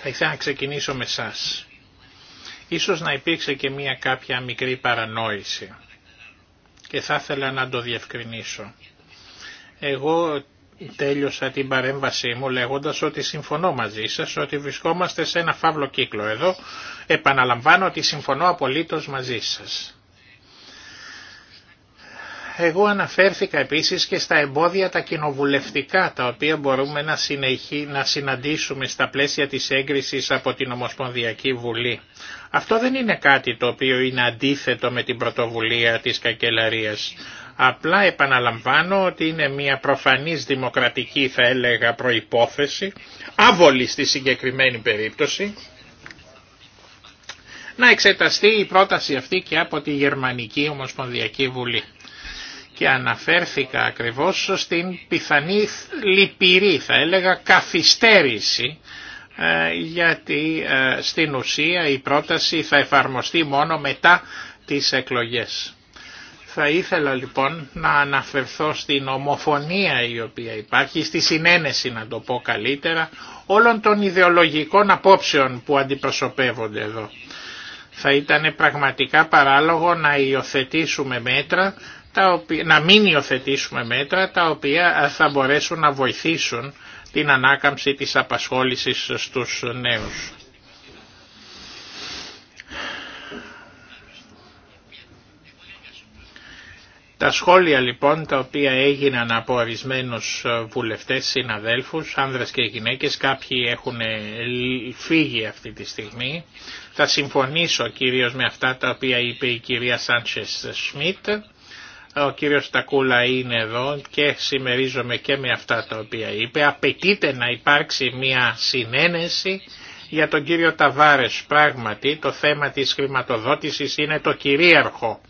Θα ήθελα να ξεκινήσω με εσάς. Ίσως να υπήρξε και μία κάποια μικρή παρανόηση και θα ήθελα να το διευκρινίσω. Εγώ τέλειωσα την παρέμβασή μου λέγοντας ότι συμφωνώ μαζί σας, ότι βρισκόμαστε σε ένα φαύλο κύκλο εδώ. Επαναλαμβάνω ότι συμφωνώ απολύτως μαζί σας. Εγώ αναφέρθηκα επίσης και στα εμπόδια τα κοινοβουλευτικά τα οποία μπορούμε να, συνεχί, να συναντήσουμε στα πλαίσια της έγκρισης από την Ομοσπονδιακή Βουλή. Αυτό δεν είναι κάτι το οποίο είναι αντίθετο με την πρωτοβουλία της Κακελαρίας. Απλά επαναλαμβάνω ότι είναι μια προφανής δημοκρατική θα έλεγα προϋπόθεση, άβολη στη συγκεκριμένη περίπτωση, να εξεταστεί η πρόταση αυτή και από τη Γερμανική Ομοσπονδιακή Βουλή και αναφέρθηκα ακριβώς στην πιθανή λυπηρή θα έλεγα καθυστέρηση ε, γιατί ε, στην ουσία η πρόταση θα εφαρμοστεί μόνο μετά τις εκλογές. Θα ήθελα λοιπόν να αναφερθώ στην ομοφωνία η οποία υπάρχει, στη συνένεση να το πω καλύτερα, όλων των ιδεολογικών απόψεων που αντιπροσωπεύονται εδώ. Θα ήταν πραγματικά παράλογο να υιοθετήσουμε μέτρα να μην υιοθετήσουμε μέτρα τα οποία ε, θα μπορέσουν να βοηθήσουν την ανάκαμψη της απασχόλησης στους νέους. Τα σχόλια λοιπόν τα οποία έγιναν από ορισμένου ε, βουλευτές, συναδέλφους, άνδρες και γυναίκες, κάποιοι έχουν ε, φύγει αυτή τη στιγμή. Θα συμφωνήσω κυρίως με αυτά τα οποία είπε η κυρία Σάντσες Σμιτ ο κύριος Στακούλα είναι εδώ και συμμερίζομαι και με αυτά τα οποία είπε. Απαιτείται να υπάρξει μια συνένεση για τον κύριο Ταβάρες. Πράγματι το θέμα της χρηματοδότησης είναι το κυρίαρχο.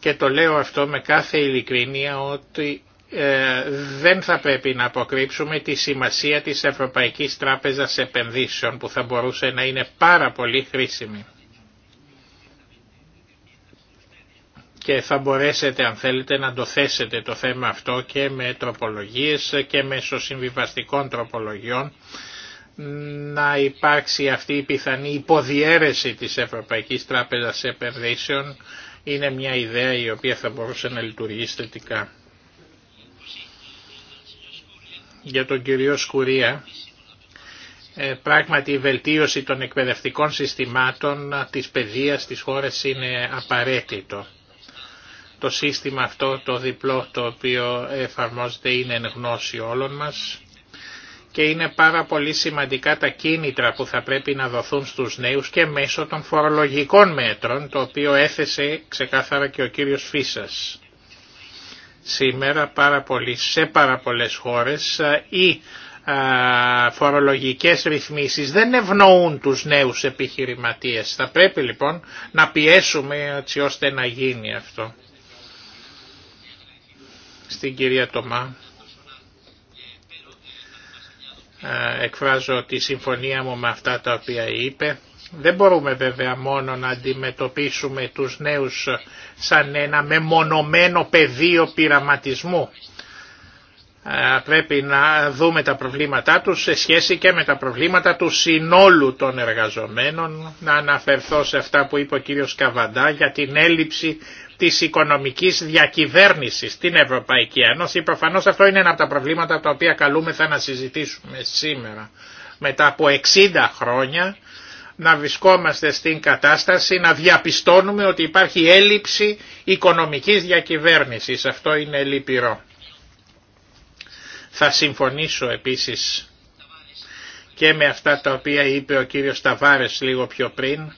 Και το λέω αυτό με κάθε ειλικρίνεια ότι ε, δεν θα πρέπει να αποκρύψουμε τη σημασία της Ευρωπαϊκής Τράπεζας Επενδύσεων που θα μπορούσε να είναι πάρα πολύ χρήσιμη. και θα μπορέσετε αν θέλετε να το θέσετε το θέμα αυτό και με τροπολογίες και με συμβιβαστικών τροπολογιών να υπάρξει αυτή η πιθανή υποδιέρεση της Ευρωπαϊκής Τράπεζας Επενδύσεων είναι μια ιδέα η οποία θα μπορούσε να λειτουργήσει θετικά. Για τον κύριο Σκουρία, ε, πράγματι η βελτίωση των εκπαιδευτικών συστημάτων της παιδείας της χώρες είναι απαραίτητο. Το σύστημα αυτό το διπλό το οποίο εφαρμόζεται είναι εν γνώση όλων μας και είναι πάρα πολύ σημαντικά τα κίνητρα που θα πρέπει να δοθούν στους νέους και μέσω των φορολογικών μέτρων, το οποίο έθεσε ξεκάθαρα και ο κύριος Φίσας. Σήμερα πάρα σε πάρα πολλές χώρες οι φορολογικές ρυθμίσεις δεν ευνοούν τους νέους επιχειρηματίες. Θα πρέπει λοιπόν να πιέσουμε έτσι ώστε να γίνει αυτό στην κυρία Τομά. Ε, εκφράζω τη συμφωνία μου με αυτά τα οποία είπε. Δεν μπορούμε βέβαια μόνο να αντιμετωπίσουμε τους νέους σαν ένα μεμονωμένο πεδίο πειραματισμού. Ε, πρέπει να δούμε τα προβλήματά τους σε σχέση και με τα προβλήματα του συνόλου των εργαζομένων. Να αναφερθώ σε αυτά που είπε ο κύριος Καβαντά για την έλλειψη της οικονομικής διακυβέρνησης στην Ευρωπαϊκή Ένωση. Προφανώς αυτό είναι ένα από τα προβλήματα τα οποία καλούμεθα να συζητήσουμε σήμερα. Μετά από 60 χρόνια να βρισκόμαστε στην κατάσταση να διαπιστώνουμε ότι υπάρχει έλλειψη οικονομικής διακυβέρνησης. Αυτό είναι λυπηρό. Θα συμφωνήσω επίσης και με αυτά τα οποία είπε ο κύριος Ταβάρες λίγο πιο πριν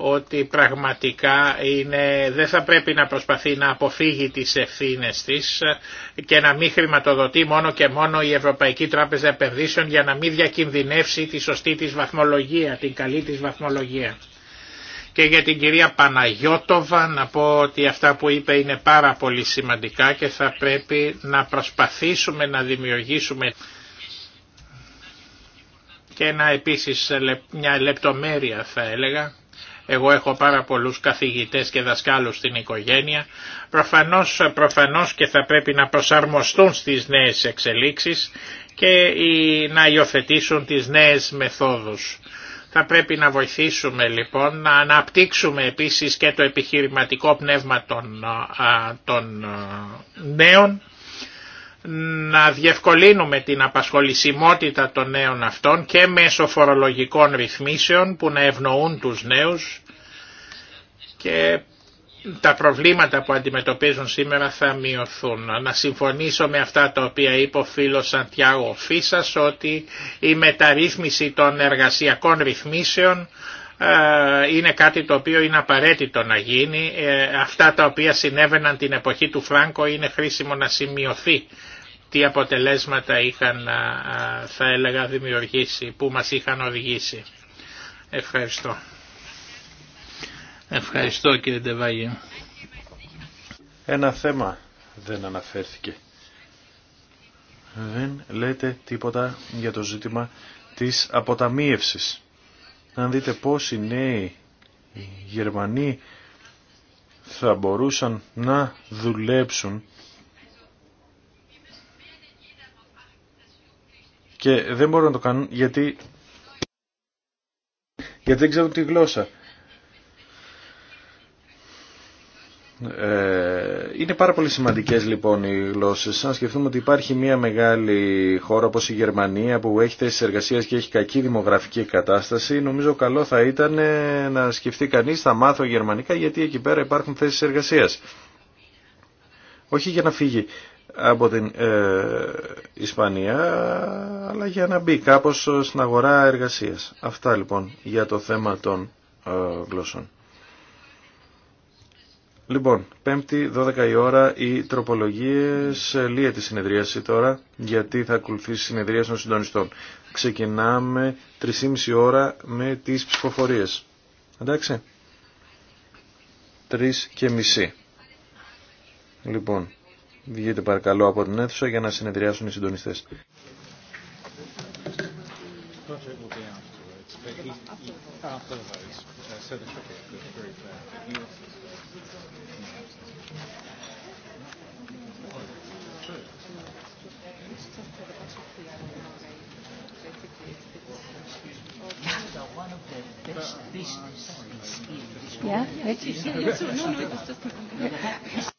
ότι πραγματικά είναι, δεν θα πρέπει να προσπαθεί να αποφύγει τις ευθύνες της και να μην χρηματοδοτεί μόνο και μόνο η Ευρωπαϊκή Τράπεζα Επενδύσεων για να μην διακινδυνεύσει τη σωστή της βαθμολογία, την καλή της βαθμολογία. Και για την κυρία Παναγιώτοβα να πω ότι αυτά που είπε είναι πάρα πολύ σημαντικά και θα πρέπει να προσπαθήσουμε να δημιουργήσουμε και να επίσης μια λεπτομέρεια θα έλεγα εγώ έχω πάρα πολλούς καθηγητές και δασκάλους στην οικογένεια. Προφανώς, προφανώς και θα πρέπει να προσαρμοστούν στις νέες εξελίξεις και να υιοθετήσουν τις νέες μεθόδους. Θα πρέπει να βοηθήσουμε λοιπόν να αναπτύξουμε επίσης και το επιχειρηματικό πνεύμα των νέων να διευκολύνουμε την απασχολησιμότητα των νέων αυτών και μέσω φορολογικών ρυθμίσεων που να ευνοούν τους νέους και τα προβλήματα που αντιμετωπίζουν σήμερα θα μειωθούν. Να συμφωνήσω με αυτά τα οποία είπε ο φίλος Σαντιάγο Φίσας ότι η μεταρρύθμιση των εργασιακών ρυθμίσεων ε, είναι κάτι το οποίο είναι απαραίτητο να γίνει. Ε, αυτά τα οποία συνέβαιναν την εποχή του Φράγκο είναι χρήσιμο να σημειωθεί τι αποτελέσματα είχαν, θα έλεγα, δημιουργήσει, που μας είχαν οδηγήσει. Ευχαριστώ. Ευχαριστώ κύριε Ντεβάγιο. Ένα θέμα δεν αναφέρθηκε. Δεν λέτε τίποτα για το ζήτημα της αποταμίευσης. Να δείτε πώς οι νέοι οι Γερμανοί θα μπορούσαν να δουλέψουν Και δεν μπορούν να το κάνουν γιατί, γιατί δεν ξέρουν τη γλώσσα. Ε, είναι πάρα πολύ σημαντικές λοιπόν οι γλώσσες. Αν σκεφτούμε ότι υπάρχει μια μεγάλη χώρα όπως η Γερμανία που έχει θέσεις εργασίας και έχει κακή δημογραφική κατάσταση, νομίζω καλό θα ήταν ε, να σκεφτεί κανείς θα μάθω γερμανικά γιατί εκεί πέρα υπάρχουν θέσεις εργασίας. Όχι για να φύγει από την ε, Ισπανία αλλά για να μπει κάπως στην αγορά εργασίας. Αυτά λοιπόν για το θέμα των ε, γλώσσων. Λοιπόν, 5η, 12 η ώρα, οι τροπολογίες ε, λύεται τη συνεδρίαση τώρα, γιατί θα ακολουθήσει η συνεδρία των συντονιστών. Ξεκινάμε 3,5 ώρα με τις ψηφοφορίες. Εντάξει, 3 και μισή. Λοιπόν, Βγείτε παρακαλώ από την αίθουσα για να συνεδριάσουν οι συντονιστές. Yeah,